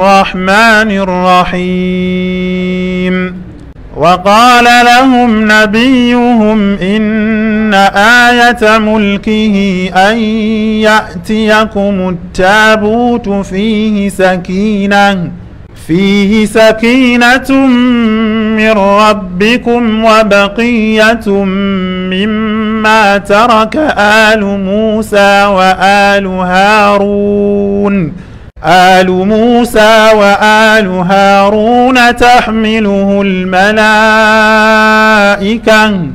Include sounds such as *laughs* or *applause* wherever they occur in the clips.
الرحمن الرحيم وقال لهم نبيهم إن آية ملكه أن يأتيكم التابوت فيه سكينة فيه سكينة من ربكم وبقية مما ترك آل موسى وآل هارون آل موسى وآل هارون تحمله الملائكة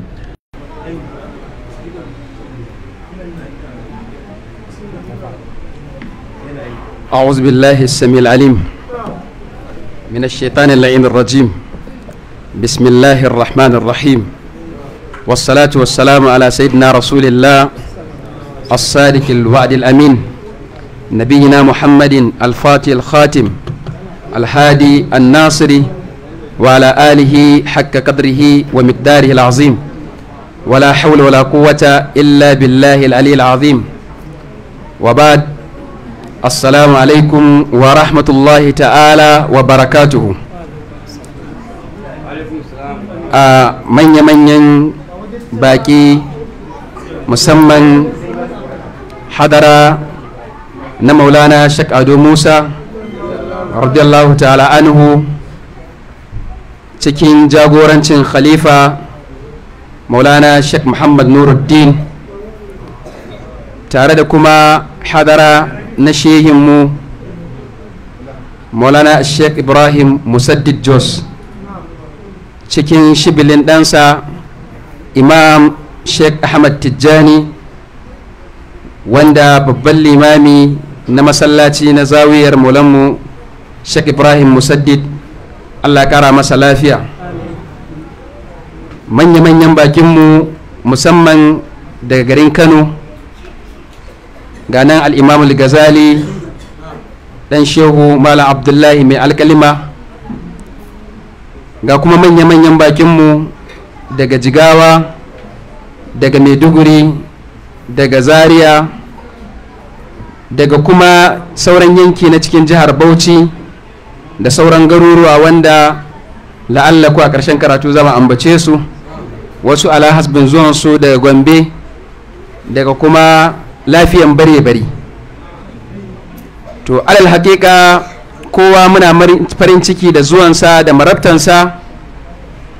أعوذ بالله السميع العليم من الشيطان اللعين الرجيم بسم الله الرحمن الرحيم والصلاة والسلام على سيدنا رسول الله الصادق الوعد الأمين نبينا محمد الفاتح الخاتم الهادي الناصري وعلى آله حق قدره ومقداره العظيم ولا حول ولا قوة إلا بالله العلي العظيم وبعد السلام عليكم ورحمة الله تعالى وبركاته a manya-manyan baki musamman hadara na maulana shakado ado musa radiyallahu ta'ala anhu cikin jagorancin khalifa maulana shek muhammad nuruddin tare da kuma hadara na shehinmu maulana shek ibrahim musaddid jos cikin shibilin ɗansa imam shek ahmad tijjani wanda babban limami na masallaci na zawiyar mulanmu Sheikh Ibrahim Musaddid Allah kara masa lafiya manya-manyan bakinmu musamman daga garin Kano ga nan al'imam al-Ghazali dan shehu Malam Abdullahi mai alkalima ga kuma manya-manyan bakinmu daga Jigawa daga Maiduguri daga Zaria daga kuma sauran yanki na cikin jihar bauchi da sauran garuruwa wanda la'alla a ƙarshen karatu zama ambace su wasu ala hasbin zuwan daga gombe daga kuma lafiyan bare-bare to alal haƙiƙa kowa muna farin ciki da zuwansa da marabtansa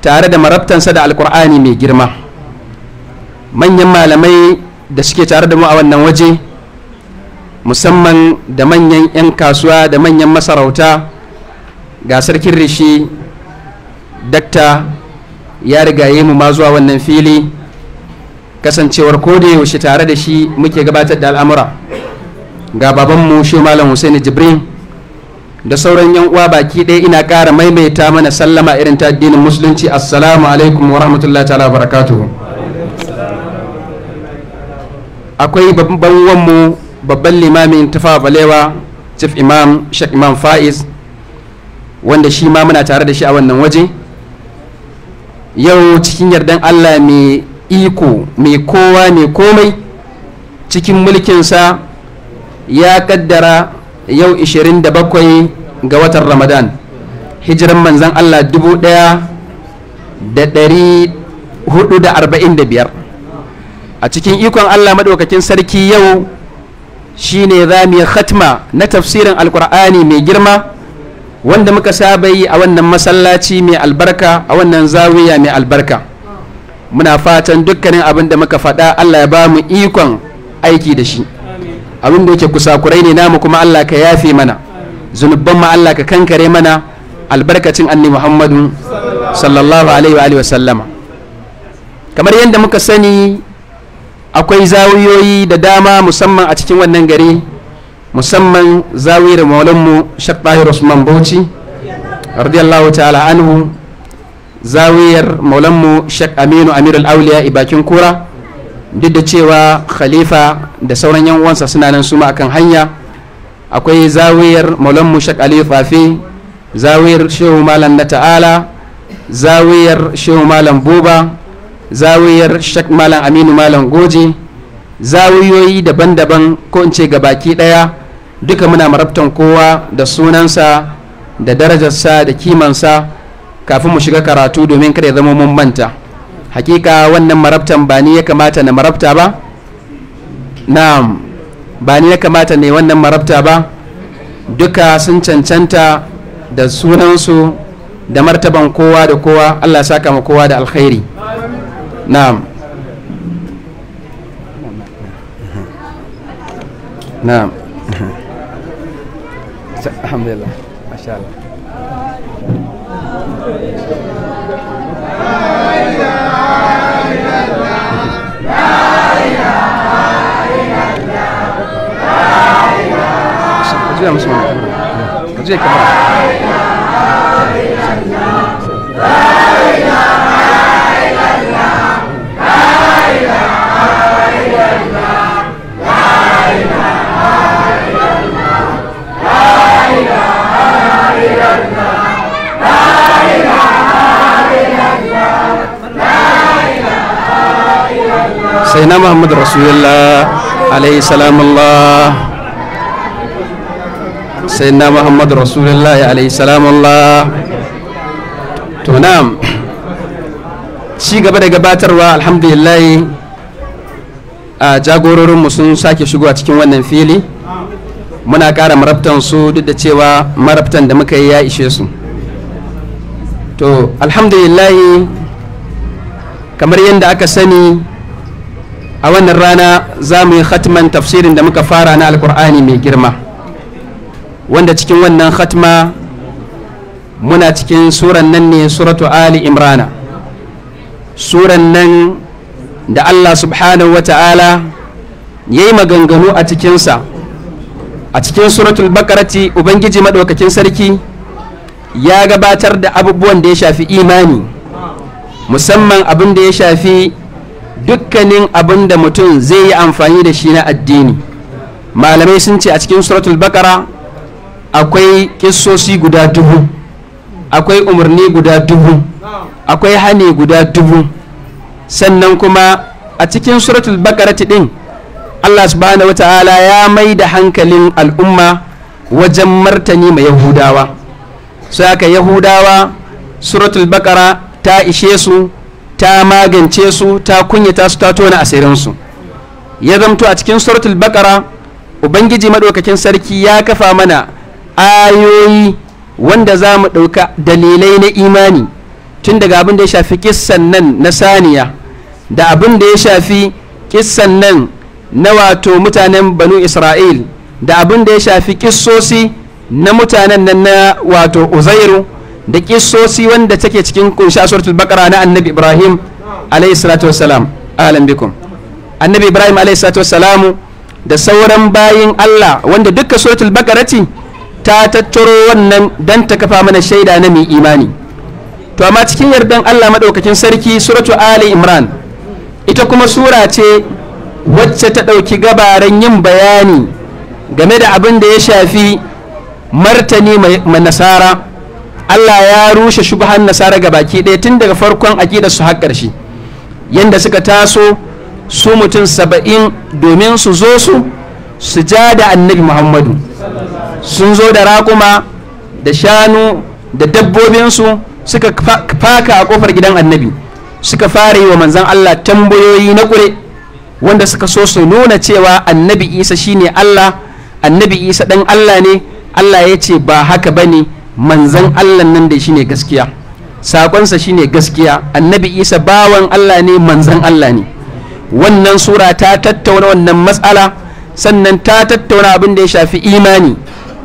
tare da marabtansa da alkur'ani mai girma manyan malamai da suke tare da mu a wannan waje musamman da manyan 'yan kasuwa da manyan masarauta ga sarkin rishi dakta ya rigaye mu ma zuwa wannan fili kasancewar ko da yaushe tare da shi muke gabatar da al'amura ga babanmu shi malam Hussein Jibrin da sauran yan uwa baki ɗaya ina ƙara maimaita mana sallama irin ta addinin musulunci assalamu alaikum wa rahmatullahi ta'ala barakatuhu akwai babban wanmu babban limamin tafawa balewa chief imam sheikh imam faiz wanda shi ma muna tare da shi a wannan waje yau cikin yardan allah mai iko mai kowa mai komai cikin mulkinsa ya kaddara yau 27 ga watan ramadan hijiran manzan allah da 1445 a cikin ikon allah maɗaukakin sarki yau Shi ne za mu yi khatma na tafsirin alkur'ani mai girma wanda muka saba yi a wannan masallaci mai albarka a wannan zawiya mai albarka muna fatan dukkanin abin da muka faɗa allah ya ba mu ikon aiki da shi abin da yake kusakurai ne namu kuma allah ka yafe mana zunubban ma allah ka kankare mana albarkacin anni muhammadu sallallahu alaihi wa sallama kamar yadda muka sani akwai zawiyoyi da dama musamman a cikin wannan gari musamman zawiyar maulanmu shakbahir usman bauchi radiyallahu ta'ala anhu zawiyar maulanmu shak aminu amirul auliya ibakin kura duk da cewa khalifa da sauran yan uwansa suna nan suma akan hanya akwai zawiyar maulanmu shak aliyu fafi zawiyar shehu malam na ta'ala zawiyar shehu malam buba zawiyar shak malam aminu malam goje zawiyoyi daban-daban ko in ce baki ɗaya duka muna marabtan kowa da sunansa da darajarsa da kimansa kafin mu shiga karatu domin kada ya zama mun manta hakika wannan marabtan ba ni ya kamata na marabta ba na'am ba ni ya kamata ne wannan marabta ba duka sun cancanta da sunansu da martaban kowa da kowa allah saka ma kowa da alkhairi نعم نعم الحمد لله ما شاء الله Gdzie kamerę? Gdzie kamerę? سيدنا محمد رسول الله عليه سلام الله سيدنا محمد رسول الله عليه سلام الله ci gaba da gabatarwa alhamdulillah a jagororinmu sun sake shigowa cikin wannan fili muna kara marabtan su duk da cewa marabtan da muka yi ya ishe su to alhamdulillah kamar yadda aka sani a wannan rana za mu yi hatman tafsirin da muka fara na alkur'ani mai girma wanda cikin wannan hatma muna cikin suran nan ne suratu ali imrana suran nan da allah subhanahu wa ta'ala ya yi maganganu a cikinsa a cikin suratul bakarati ubangiji maɗaukakin sarki ya gabatar da abubuwan da ya shafi imani musamman abin da ya shafi dukkanin abin da mutum zai yi amfani da shi na addini malamai sun ce a cikin suratul bakara akwai kissosi guda dubu akwai umarni guda dubu akwai hane guda dubu sannan kuma a cikin suratul bakara ɗin allah subhanahu wa ta'ala ya mai da hankalin al'umma wajen martani mai yahudawa sai yahudawa suratul bakara ta ishe su ta magance su ta kunyata su ta tona asirinsu ya zamto a cikin suratul bakara ubangiji maɗaukakin sarki ya kafa mana ayoyi wanda za mu ɗauka dalilai na imani tun daga abin da ya shafi kissan nan na saniya da abin da ya shafi kissan nan na wato mutanen banu isra'il da abin da ya shafi kissosi na mutanen nan na wato uzairu da kisosi wanda take cikin kunsha suratul baqara na annabi ibrahim alayhi salatu wassalam ahlan bikum annabi ibrahim alayhi salatu wassalam da sauran bayin allah wanda dukkan suratul baqara ta tattaro wannan dan ta kafa mana shaida na mai imani to amma cikin yardan allah madaukakin sarki suratu ali imran ita kuma sura ce wacce ta ɗauki gabaran yin bayani game da abin da ya shafi martani mai nasara Allah ya rushe shubhan nasara ga baki ɗaya tun daga farkon aƙida su har ƙarshe yanda suka taso su mutum saba'in domin su zo su su ja da annabi muhammadu sun zo da raƙuma da shanu da dabbobinsu suka faka a ƙofar gidan annabi suka fara yi wa manzan Allah tambayoyi na ƙure wanda suka so su nuna cewa annabi isa shine Allah annabi isa ɗan Allah ne Allah ya ce ba haka ba ne manzan Allah nan da shine gaskiya saƙonsa shine gaskiya annabi isa bawan Allah ne manzan Allah ne wannan sura ta tattauna wannan matsala sannan ta tattauna abin da ya shafi imani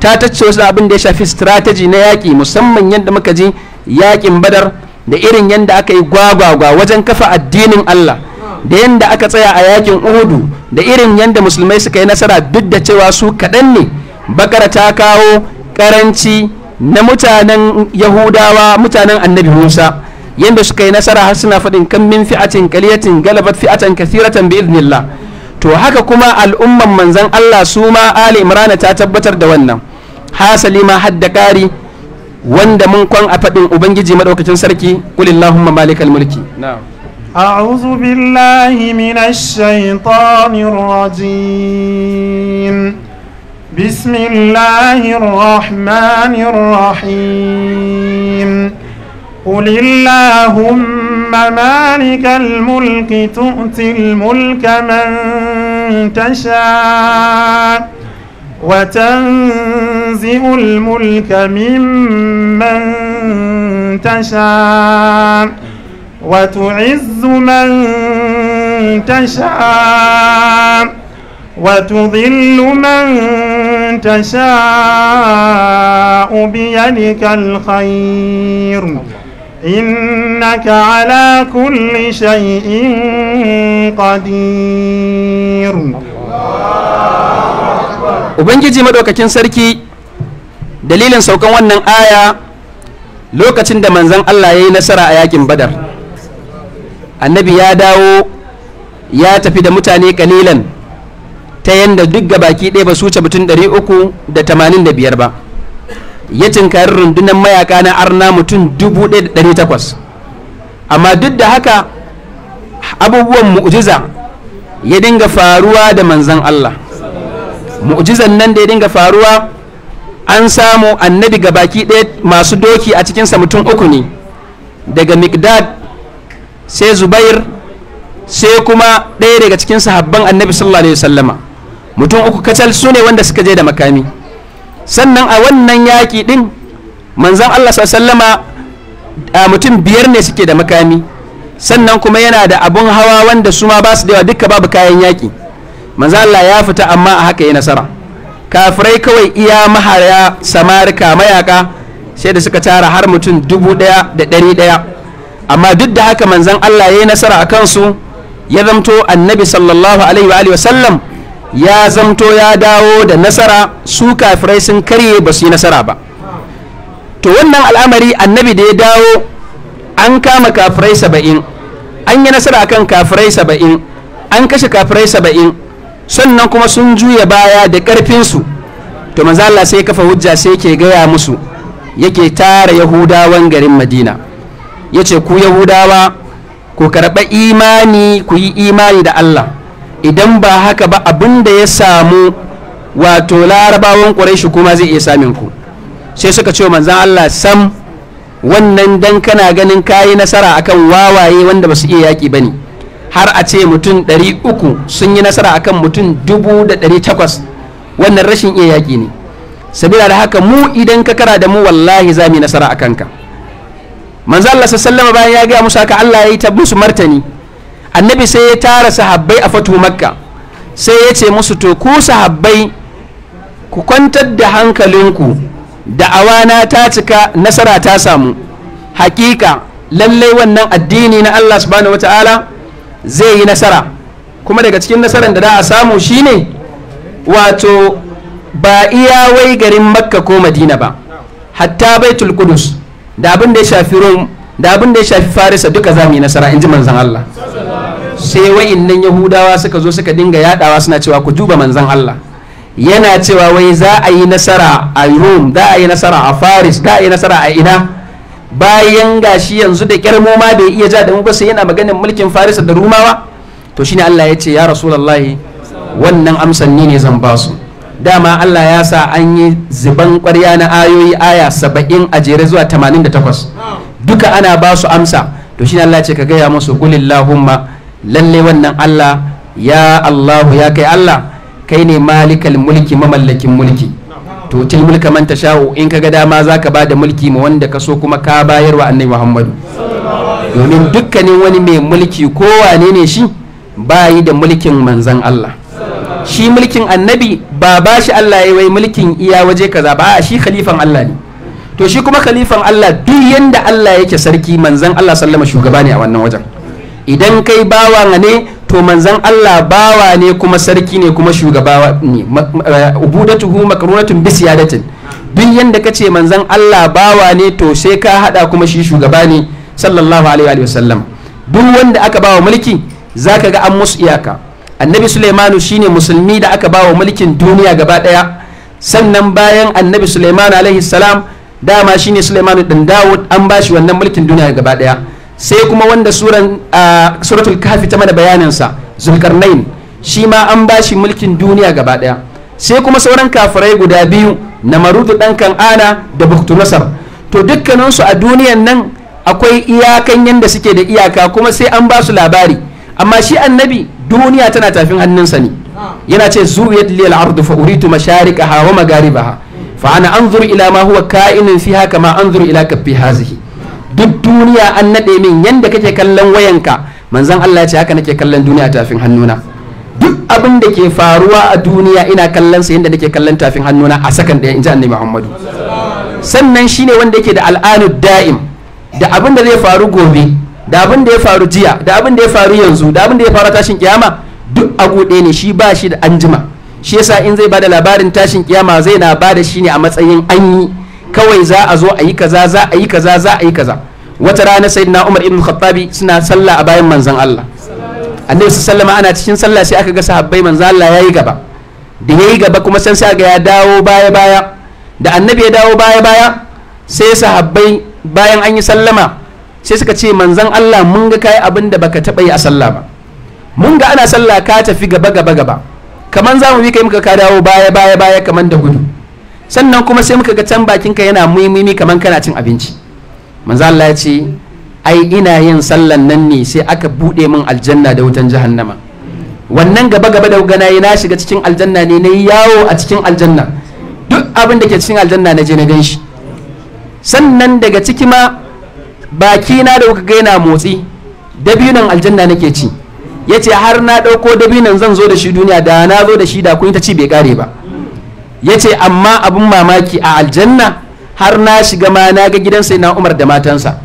ta tattauna abin da ya shafi strategy na yaƙi musamman yadda muka ji yaƙin badar da irin yadda aka yi gwagwagwa wajen kafa addinin Allah da yadda aka tsaya a yaƙin uhudu da irin yadda musulmai suka yi nasara duk da cewa su kaɗan ne bakara ta kawo ƙaranci na mutanen yahudawa mutanen annabi musa yadda suka yi nasara har suna faɗin kan min fi'atin kaliyatin galabat fi'atan kathiratan bi idnillah to haka kuma al'umman manzan Allah su ma Ali Imran ta tabbatar da wannan hasali ma hadda kari wanda mun kwan a faɗin ubangiji madaukakin sarki kulillahumma malikal mulki na'am أعوذ بالله من الشيطان الرجيم بسم الله الرحمن الرحيم قل اللهم مالك الملك تؤتي الملك من تشاء وتنزع الملك ممن تشاء وتعز من تشاء وتضل من تشاء بيدك الخير إنك على كل شيء قدير Ubangiji madaukakin sarki dalilin saukan wannan aya lokacin da manzan Allah ya yi nasara a yakin badar annabi ya dawo ya tafi da mutane kalilan ta yadda duk ga baki ɗaya ba su wuce mutum da da biyar ba ya tinkari rundunar mayaka na arna mutum 1800 amma duk da haka abubuwan mu'jiza ya dinga faruwa da manzan Allah mu'jizan nan da ya dinga faruwa an samu annabi ga baki ɗaya masu doki a cikinsa mutum uku ne daga mikdad sai zubair sai kuma ɗaya daga cikin sahabban annabi sallallahu alaihi wasallama mutum uku kacal su ne wanda suka je da makami sannan a wannan yaƙi ɗin manzan Allah sallama a mutum biyar ne suke da makami sannan kuma yana da abun hawa wanda su ma ba su da yawa duka babu kayan yaƙi manzan Allah ya fita amma a haka ya nasara kafirai kawai iya maharaya samarika mayaka sai da suka tara har mutum dubu ɗaya da ɗari ɗaya amma duk da haka manzan Allah ya yi nasara a kansu ya zamto annabi sallallahu alaihi wa sallam ya zamto ya dawo da nasara su kafirai sun karye ba su yi nasara ba to wannan al'amari annabi da ya dawo an kama kafirai saba'in an yi nasara kan kafirai saba'in an kashe kafirai saba'in sannan kuma sun juya baya da ƙarfinsu to manzo sai kafa hujja sai ke gaya musu yake tara yahudawan garin madina ya ce ku yahudawa ku karɓa imani ku yi imani da Allah idan ba haka ba abin da ya samu wato larabawan ƙuraishi kuma zai iya samin ku sai suka ce manzan Allah sam wannan dan kana ganin kayi nasara akan wawaye wanda ba su iya yaƙi ba ne har a ce mutum ɗari sun yi nasara akan mutum dubu da ɗari wannan rashin iya yaƙi ne sabila da haka mu idan ka kara da mu wallahi za mu yi nasara a kanka manzan Allah sallama bayan ya gaya musu haka Allah ya yi ta musu martani annabi sai ya tara sahabbai a fatu makka sai ya ce musu to ku sahabbai ku kwantar da hankalinku da awana ta cika nasara ta samu hakika lallai wannan addini na Allah subhanahu wa ta'ala zai yi nasara kuma daga cikin nasarar da za a samu shine wato ba iya wai garin makka ko madina ba hatta baitul qudus da abin da ya shafi rom da abin ya shafi farisa duka za mu yi nasara in ji manzan Allah sai nan yahudawa suka zo suka dinga yadawa suna cewa ku duba manzan Allah yana cewa wai za a yi nasara a Rome za a yi nasara a Faris za a yi nasara a ina bayan gashi yanzu da kyar ma bai iya ja da mu ba sai yana maganin mulkin Faris da Rumawa to shine Allah ya ce ya Rasulullahi wannan amsan ni ne zan basu dama Allah ya sa an yi ziban ƙwarya na ayoyi aya saba'in a jere zuwa 88 duka ana ba su amsa to shine Allah ya ce ka gaya musu qulillahumma lalle wannan Allah ya Allahu ya kai Allah kai ne malikal mulki mamallakin mulki to til mulka man tasha'u in kaga dama zaka bada mulki ma wanda ka so kuma ka bayar wa annabi Muhammadu domin dukkanin wani mai mulki ko wane ne shi bayi da mulkin manzan Allah shi mulkin annabi ba ba shi Allah ya wai mulkin iya waje kaza ba a shi khalifan Allah ne to shi kuma khalifan Allah duk yanda Allah yake sarki manzan Allah sallama shugaba ne a wannan wajen idan kai bawa ne to manzan Allah bawa ne kuma sarki ne kuma shugaba ne eh, ubudatuhu makarunatun bi siyadatin duk yanda kace manzan Allah bawa ne to sai ka hada kuma shi shugaba ne sallallahu alaihi wa sallam duk wanda aka bawa mulki zaka ga an musu iyaka annabi sulaimanu shine musulmi da aka bawa mulkin duniya gaba daya sannan bayan annabi sulaiman alaihi salam dama shine suleimanu dan dawud an bashi wannan mulkin duniya gaba daya sai kuma wanda suran suratul kafi ta mana bayaninsa zulkarnain shi ma an ba shi mulkin duniya gaba daya sai kuma sauran kafirai guda biyu na marudu dan kan'ana da buktu nasar to dukkaninsu a duniyan nan akwai iyakan yanda suke da iyaka kuma sai an ba su labari amma shi annabi duniya tana tafin hannunsa ne yana ce yadda lil ardu fa uritu mashariqaha wa magharibaha fa ana anzuru ila ma huwa ka'inun fiha kama anzuru ila kaffi hazihi duk duniya an naɗe min yadda kake kallon wayanka manzon Allah ya ce haka nake kallon duniya tafin hannuna duk abin da ke faruwa a duniya ina kallon sa yadda nake kallon tafin hannuna a sakan ɗaya inji annabi Muhammadu sannan shine wanda yake da al'anu da'im da abin da zai faru gobe da abin da ya faru jiya da abin da ya faru yanzu da abin da ya faru tashin kiyama duk a ɗaya ne shi ba shi da anjima shi yasa in zai bada labarin tashin kiyama zai na bada shi ne a matsayin anyi. kawai za a zo a yi kaza za a yi kaza za a yi kaza wata rana na Umar ibn Khattabi suna sallah a bayan manzon Allah annabi sallama ana cikin sallah sai aka ga sahabbai manzon Allah yayi gaba da yayi gaba kuma san sai ga ya dawo baya baya da annabi ya dawo baya baya sai sahabbai bayan an yi sallama sai suka ce manzon Allah mun ga kai abin da baka taba yi a sallah ba mun ga ana sallah ka tafi gaba gaba gaba kaman zamu bi kai muka ka dawo baya baya baya kaman da gudu sannan kuma sai muka ga can bakin ka yana muimimi kaman kana cin abinci manzo Allah ya ce ai ina yin sallan nan ne sai aka bude min aljanna da wutan jahannama wannan gaba gaba da gana na shiga cikin aljanna ne na yawo a cikin aljanna duk abin da ke cikin aljanna na je na gan shi sannan daga ciki ma baki na da kuka ga yana motsi dabinan aljanna nake ci yace har na dauko dabinan zan zo da shi duniya da na zo da shi da kun ta ci bai kare ba ya ce amma abin mamaki a aljanna har na shiga ma na ga gidan sai na umar da matansa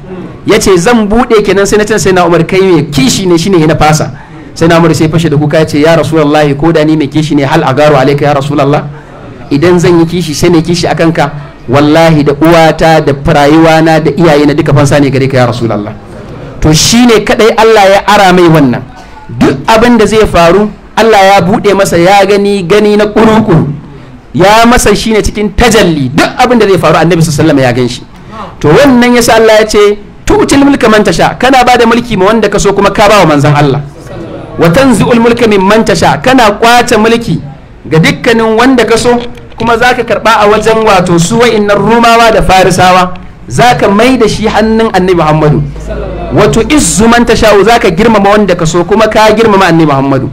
ya ce zan buɗe kenan sai na can sai na umar kai mai kishi ne shine na fasa sai na umar sai fashe da kuka ce ya rasulallahi ko da ni mai kishi ne hal agaru alaika ya rasulallah idan zan yi kishi sai ne kishi akan ka wallahi da uwata da na da iyaye na duka fansa ne gare ka ya rasulallah to shine kadai Allah ya ara mai wannan duk abin da zai faru Allah ya buɗe masa ya gani gani na kurukuru ya masa shi ne cikin tajalli duk abin da zai faru annabi sallallahu ya gan shi to wannan yasa Allah ya ce tu'til mulka man tasha kana ba da mulki ma wanda ka so kuma ka ba wa manzon Allah wa tanzi'ul mulka mimman tasha kana kwace mulki ga dukkanin wanda ka so kuma zaka karba a wajen wato su wa'innan rumawa da farisawa zaka mai da shi hannun annabi Muhammadu wato izzu man za zaka girmama wanda ka so kuma ka girmama annabi Muhammadu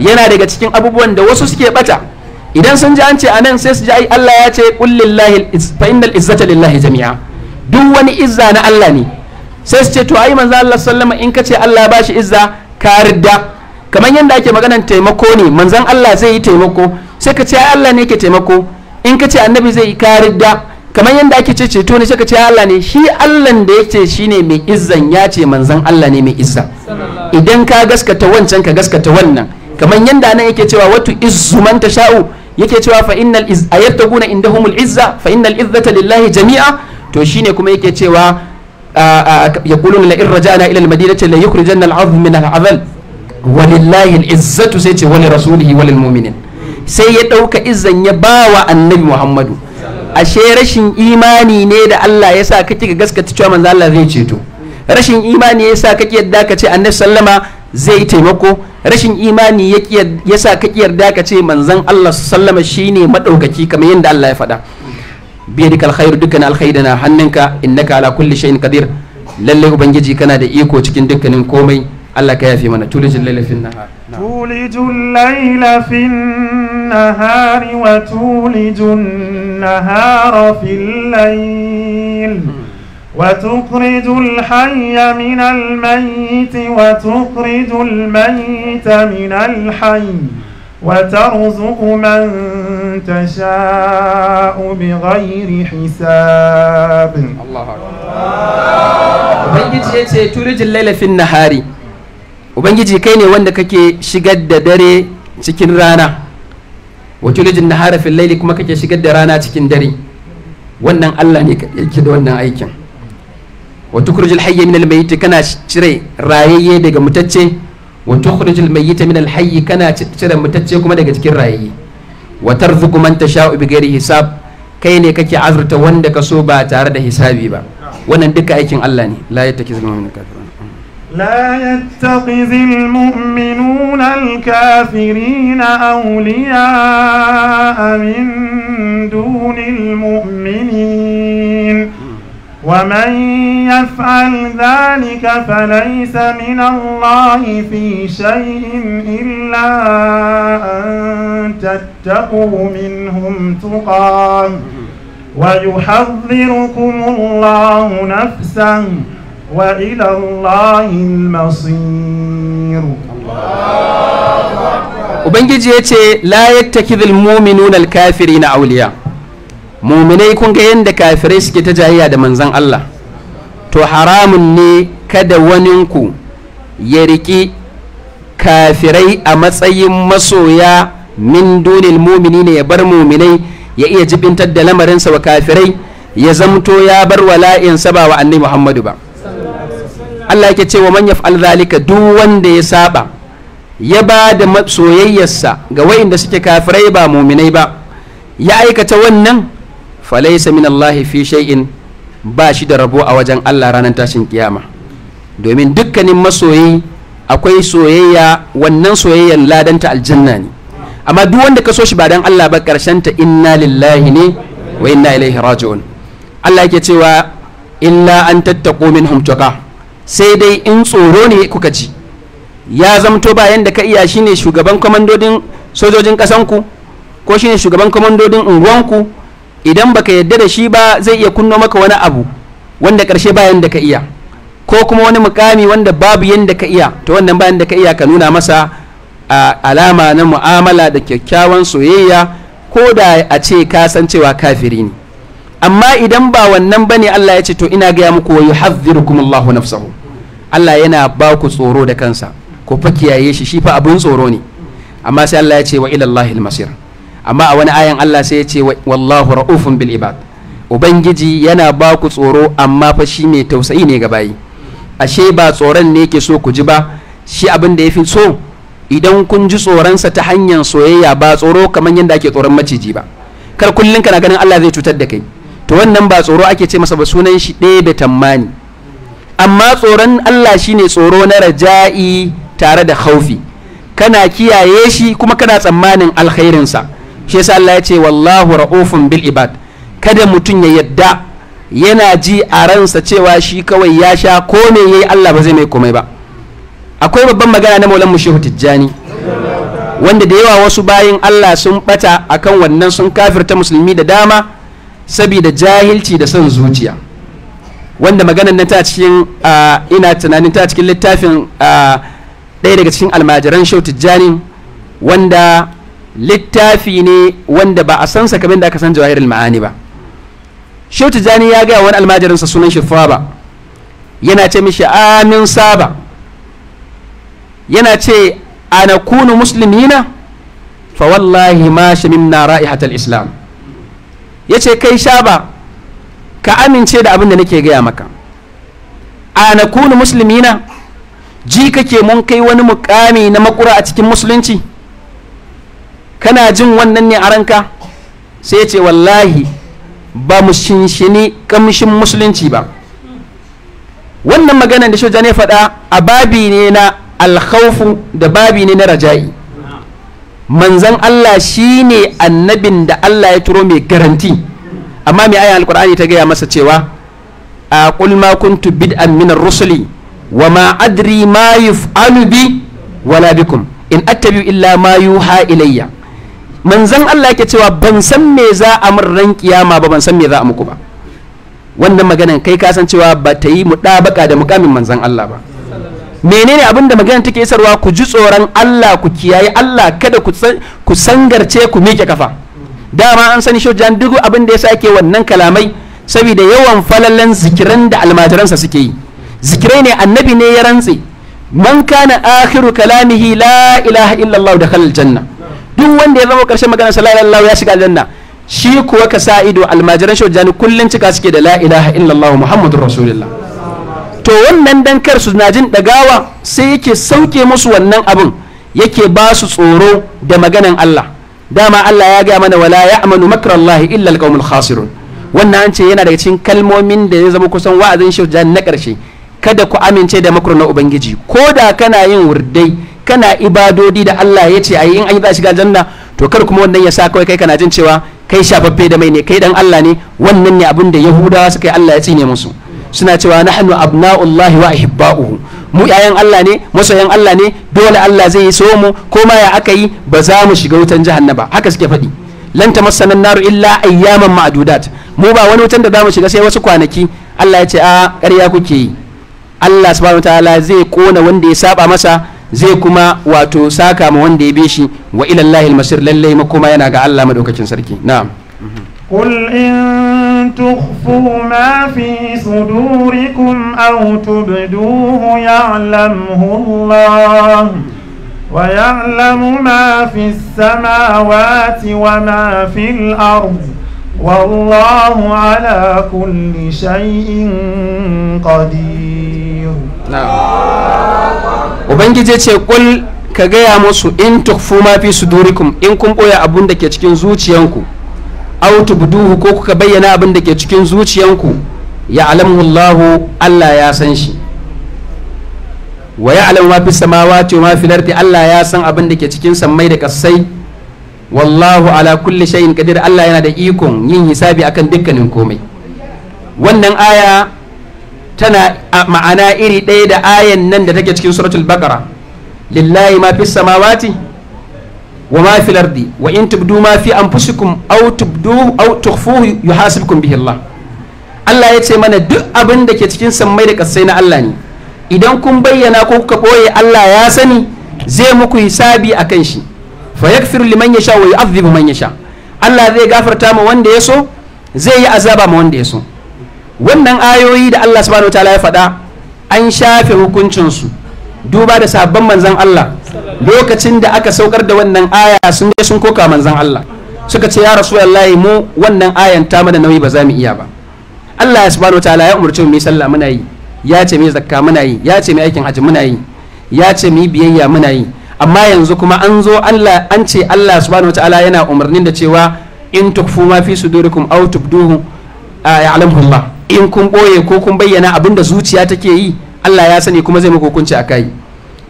yana daga cikin abubuwan da wasu suke bata idan sun ji an ce anan sai su ji ai Allah ya ce qul lillahi fa innal izzata lillahi jami'a duk wani izza na Allah ne sai su ce to ai manzo Allah sallama in ka ce Allah ba bashi izza ka ridda kamar yadda ake maganan taimako ne manzon Allah zai yi taimako sai ka ce Allah ne yake taimako in ka ce annabi zai yi ka ridda kamar yadda ake ce ceto ne sai ka ce Allah ne shi Allah da yake shine mai izzan ya ce manzon Allah ne mai izza idan ka gaskata wancan ka gaskata wannan kamar yadda nan yake cewa watu izzu man tasha'u yake cewa fa innal iz ayattaquna indahumul izza fa innal izzata lillahi jami'a to shine kuma yake cewa yaquluna la in raja'na ila al madinati la yukhrijanna al azm min al 'azal lillahi al izzatu sai ce wani rasulihi lil mu'minin sai ya dauka izzan ya ba wa annabi muhammadu ashe rashin imani ne da Allah ya sa kake gaskata cewa manzo Allah zai ceto rashin imani ya sa kake yadda ka ce annabi sallama zai taimako rashin imani ya sa ka yarda ka ce manzan Allah sallama shi ne maɗaukaki kamar yadda Allah ya faɗa biyadika alkhairu dukkan alkhairu na hannunka innaka ala kulli shay'in qadir lalle ubangiji kana da iko cikin dukkanin komai Allah ka yafe mana tulijin layla fin nahar tulijin layla fin nahari wa tulijin nahara fil layl hmm. وتخرج الحي من الميت وتخرج الميت من الحي وترزق من تشاء بغير حساب الله أكبر تولج الليل في النهار وبنجي كيني وانا كاكي شقد داري تكين رانا وتولج النهار في الليل كما كاكي شقد رانا تكين داري وانا الله نيك يكيد وانا ايكي wa tukhrijul hayya minal mayyit kana cire rayayye daga mutacce wa tukhrijul mayyita minal hayyi kana cire mutacce kuma daga cikin rayayye wa tarzuqu man tasha'u bighairi hisab kai ne kake azurta wanda ka so ba tare da hisabi ba wannan duka aikin Allah ne la kafirin la kafirun لا muminuna al الكافرين أولياء من dunil mu'minin ومن يفعل ذلك فليس من الله في شيء إلا أن تتقوا منهم تقى ويحذركم الله نفسا وإلى الله المصير الله ya ce, La لا يتخذ المؤمنون الكافرين أولياء muminai kun ga yadda kafirai suke ta jayayya da manzan Allah to haramun ne kada waninku ya riƙi kafirai a matsayin masoya min dunil mumini ne ya bar muminai ya iya jibintar da lamarinsa wa kafirai ya zamto ya bar wala'insa ba wa annai Muhammadu ba Allah yake cewa man yaf'al zalika duk wanda ya saba ya ba da soyayyarsa ga wayanda suke kafirai ba muminai ba ya aikata wannan falaisa min Allah fi shay'in ba shi da rabo a wajen Allah ranar tashin kiyama domin dukkanin masoyi akwai soyayya wannan soyayyan ladanta aljanna ne amma duk wanda ka so shi ba dan Allah ba karshen ta inna lillahi ne wa inna ilaihi raji'un Allah yake cewa illa an tattaqu minhum tuqa sai dai in tsoro ne kuka ji ya zamto ba da ka iya shine shugaban kwamandodin sojojin kasanku ko shine shugaban kwamandodin unguwanku idan baka yadda da shi ba zai iya kunno maka wani abu wanda karshe bayan da ka iya ko kuma wani mukami wanda babu yadda ka iya to wannan bayan da ka iya ka nuna masa alama na mu'amala da kyakkyawan soyayya ko da a ce ka san cewa kafiri ne amma idan ba wannan bane Allah ya ce to ina gaya muku wa yuhadhdhirukum Allahu nafsahu Allah yana ba ku tsoro da kansa ko fa kiyaye shi shi fa abun tsoro ne amma sai Allah ya ce wa ila Allahil masir amma a wani ayan Allah sai ya ce wallahu ra'ufun bil ibad ubangiji yana ba ku tsoro amma fa shi mai tausayi ne ga bayi ashe ba tsoron ne yake so ku ji ba shi abin da ya fi so idan kun ji tsoronsa ta hanyar soyayya ba tsoro kamar yadda ake tsoron maciji ba kar kullum kana ganin Allah zai cutar da kai to wannan ba tsoro ake ce masa ba sunan shi ɗaya da tammani amma tsoron Allah shine tsoro na raja'i tare da haufi kana kiyaye shi kuma kana tsammanin alkhairinsa shi yasa Allah ya ce wallahu ra'ufun bil ibad kada mutum ya yadda yana ji a ransa cewa shi kawai ya sha ko me yayi Allah ba zai mai komai ba akwai babban magana na Maulan Mushehu Tijjani wanda da yawa wasu bayin Allah sun bata akan wannan sun kafirta musulmi da dama saboda jahilci da son zuciya wanda maganar nan ta cikin ina tunanin ta cikin littafin ɗaya daga cikin almajiran Shehu Tijjani wanda littafi ne wanda ba a san sa da aka san jawahirul ma'ani ba shehu tijani ya gaya wani sa sunan shi ba yana ce mishi amin saba yana ce ana kunu muslimina fa wallahi ma shamimna ra'ihatul islam yace kai shaba ka amince da abin da nake gaya maka ana kunu muslimina ji kake mun kai wani mukami na makura a cikin musulunci kana jin wannan ne a ranka sai ce wallahi ba mu shinshini kamshin musulunci ba wannan magana da shoja ne faɗa a babi ne na alkhawfu da babi ne na raja'i manzan Allah shi ne annabin da Allah ya turo mai garanti amma mai ayan alkur'ani ta gaya masa cewa a kulma ma kuntu bid'an min rusuli wa ma adri ma yuf'alu bi wala bikum in attabi illa ma yuha ilayya manzan Allah yake cewa ban san me za a min ran kiyama ba ban san me za a muku ba wannan maganan kai ka san cewa ba ta yi mudabaka da mukamin manzon Allah ba menene abinda da take isarwa ku ji tsoron Allah ku kiyaye Allah kada ku sangarce ku miƙe kafa dama an sani shojan duk abin da ya sake wannan kalamai saboda yawan falalan zikiran da almajiransa suke yi zikirai ne annabi ne ya rantse man kana akhiru kalamihi la ilaha illallah da janna duk wanda ya zama karshen magana sa la ya shiga aljanna shi kuwa ka sa ido almajiran shawjani kullum cika suke da la ilaha illallah muhammadur rasulullah to wannan dan kar su na jin dagawa sai yake sauke musu wannan abin yake ba su tsoro da maganan Allah dama Allah ya gaya mana wala ya ya'manu makrallahi illa alqaumul khasirun wannan an ce yana daga cikin kalmomin da ya zama kusan wa'azin shawjani na karshe kada ku amince da makarar na ubangiji ko da kana yin wurdai kana ibadodi da Allah ya ce ayi in an za shiga janna to kar kuma wannan ya sa kawai kai kana jin cewa kai shafaffe da mai ne kai dan Allah ne wannan ne abin da yahudawa suka yi Allah ya tsine musu suna cewa na nahnu abna'ullahi wa ahibba'uhu mu yayan Allah ne masoyan Allah ne dole Allah zai so mu ko ma ya aka yi ba za mu shiga wutan jahannaba haka suke faɗi lan tamassana naru illa ayyaman ma'dudat mu ba wani wutan da za mu shiga sai wasu kwanaki Allah ya ce a ƙarya kuke yi Allah subhanahu wataala zai kona wanda ya saba masa zai kuma wato saka ma wanda ya bi shi wa ila ilallahi almasir ma kuma yana ga Allah madaukakin sarki na'am qul in tukhfu ma fi sudurikum aw tubduhu ya'lamuhu Allah ويعلم ما في السماوات وما في الأرض والله على كل شيء قدير نعم ubangiji ce kul ka gaya musu in tukfu ma fi sudurikum in kun boye abun da ke cikin zuciyanku aw tubduhu ko kuka bayyana abin da ke cikin zuciyanku ya alamu Allah Allah ya san shi wa ya alamu ma fi samawati wa ma fi lardi Allah ya san abin da ke cikin sammai da kasai wallahu ala kulli shay'in qadir Allah yana da ikon yin hisabi akan dukkanin komai wannan aya tana ma'ana iri ɗaya da ayan nan da take cikin suratul bakara lillahi ma fi samawati wa ma fi lardi wa in tubdu ma fi anfusikum aw tubdu aw tukhfuhu yuhasibkum bihi Allah Allah ya ce mana duk abin da ke cikin sammai da kasai na Allah ne idan kun bayyana ko kuka ɓoye Allah ya sani zai muku hisabi akan shi fa yakfiru liman yasha wa yu'adhibu man yasha Allah zai gafarta ma wanda ya so zai yi azaba ma wanda ya so wannan ayoyi da Allah subhanahu wataala ya faɗa an shafe hukuncinsu duba da sabon manzan Allah lokacin da aka saukar da wannan aya sun je sun koka manzan Allah suka ce ya rasulullahi mu wannan ayan ta mana nauyi ba za mu iya ba Allah ya subhanahu wataala ya umarci mu sallah muna yi ya ce mu zakka muna yi ya ce mu aikin hajji muna yi ya ce mu biyayya muna yi amma yanzu kuma an zo Allah an ce Allah subhanahu wataala yana umarnin da cewa in tukfu ma fi sudurikum aw tubduhu ya'lamu Allah in kun ɓoye ko kun bayyana abin da zuciya take yi Allah ya sani kuma zai muku hukunci a kai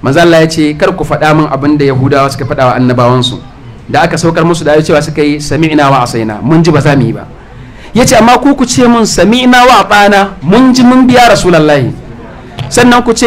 manzo Allah ya ce kar ku faɗa min abin da Yahudawa suka faɗa wa annabawansu da aka saukar musu da cewa suka yi sami'na wa asaina mun ji ba za mu yi ba Ya ce amma ku ku ce mun sami'na wa atana mun ji mun biya rasulullahi sannan ku ce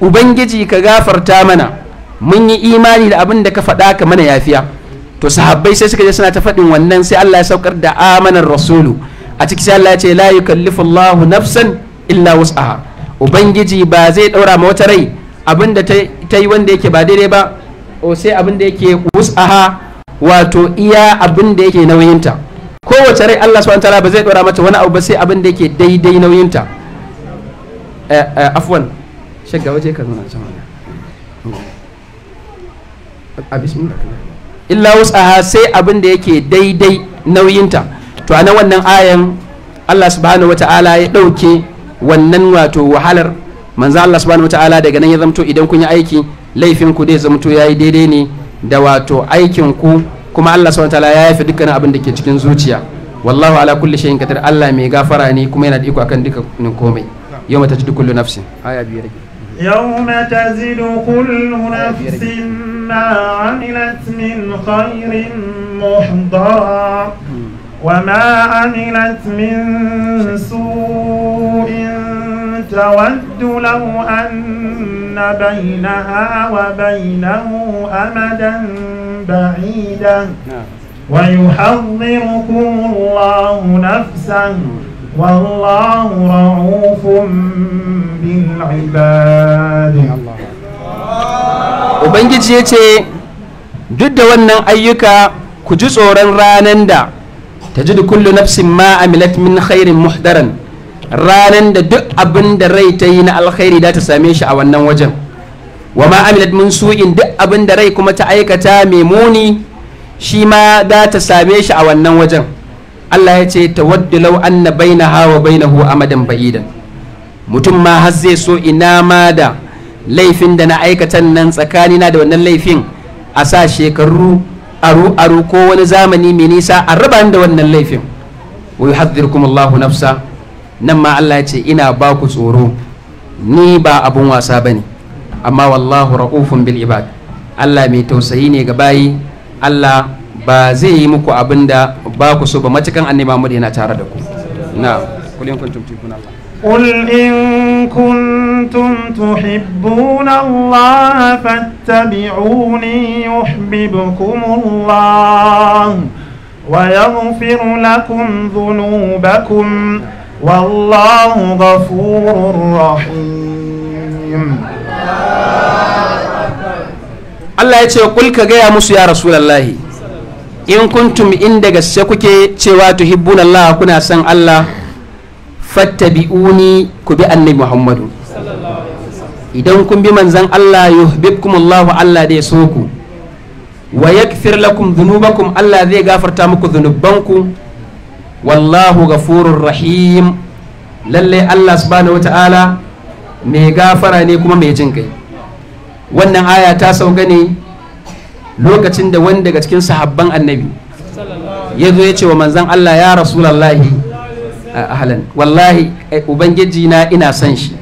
ubangiji ka gafarta mana mun yi imani da abin da ka faɗa ka mana yafiya to sahabbai sai suka je suna ta faɗin wannan sai Allah ya saukar da amanar rasulu a ciki sai Allah ya ce la yukallifu Allah nafsan illa wus'aha ubangiji ba zai daura ma wata rai abinda ta yi wanda yake ba daidai ba o sai abinda yake wus'aha wato iya abinda yake nauyinta kowace rai Allah subhanahu wataala ba zai daura mata wani abu ba sai abinda yake daidai nauyinta eh, eh, afwan shagga waje ka nuna can a bismillah illa wus'aha sai abinda yake daidai nauyinta to a wannan ayan Allah subhanahu wata'ala ya ɗauke wannan wato wahalar manzo Allah subhanahu wata'ala daga nan ya zamto idan kun yi aiki laifin ku dai zamto yayi daidai ne da wato aikin ku kuma Allah subhanahu wata'ala ya yafe dukkanin abin da ke cikin zuciya wallahu ala kulli shay'in qadir Allah mai gafara ne kuma yana da iko akan dukkanin komai yawma tajidu kullu nafsin aya biyar يوم تزد كل نفس ما عملت من خير محضرا وما عملت من سوء تود لو أن بينها وبينه أمدا بعيدا نعم. ويحذركم الله نفسا والله رعوف بالعباد وبنجي جيتي جد Duk ايكا wannan ayyuka ku tajidu kullu nafsin ma amilat min khairin muhdaran ranan da duk abin da rai ta yi na alkhairi da ta same shi a wannan wajen wa ma amilat min su'in duk abin rai kuma ta aikata mai muni shi ma da ta same shi a wannan wajen Allah ya ce tawaddu law anna bainaha wa bainahu amadan ba'idan mutum ma har zai so ina ma da laifin da na aikata nan tsakanina da wannan laifin a sa shekaru aru aru ko wani zamani mai nisa a raba da wannan laifin wa kuma Allahu nafsa nan ma Allah ya ce ina ba ku tsoro ni ba abun wasa bane amma wallahu ra'ufun bil ibad Allah mai tausayi ne ga bayi Allah ba zai yi muku abin da ba ku so ba matukan annabi Muhammad yana tare da ku na kulin kuntum tikun Allah قل إن كنتم تحبون الله فاتبعوني يحببكم الله ويغفر لكم ذنوبكم والله غفور رحيم Allah ya ce kul ka gaya musu ya rasulallahi in kuntum inda gaske kuke cewa tuhibbun Allah kuna san Allah fattabi'uni ku bi annabi muhammadu idan kun bi manzan Allah yuhibbukum Allah Allah ya so ku wa yakfir lakum dhunubakum Allah zai gafarta muku dhunubanku wallahu ghafurur rahim lalle Allah subhanahu wataala mai gafara ne kuma mai jin kai wannan aya ta sauka ne lokacin da wanda daga cikin sahabban annabi ya zo ya ce wa manzan Allah ya rasulallahi ahalan wallahi eh, ubangiji na ina son shi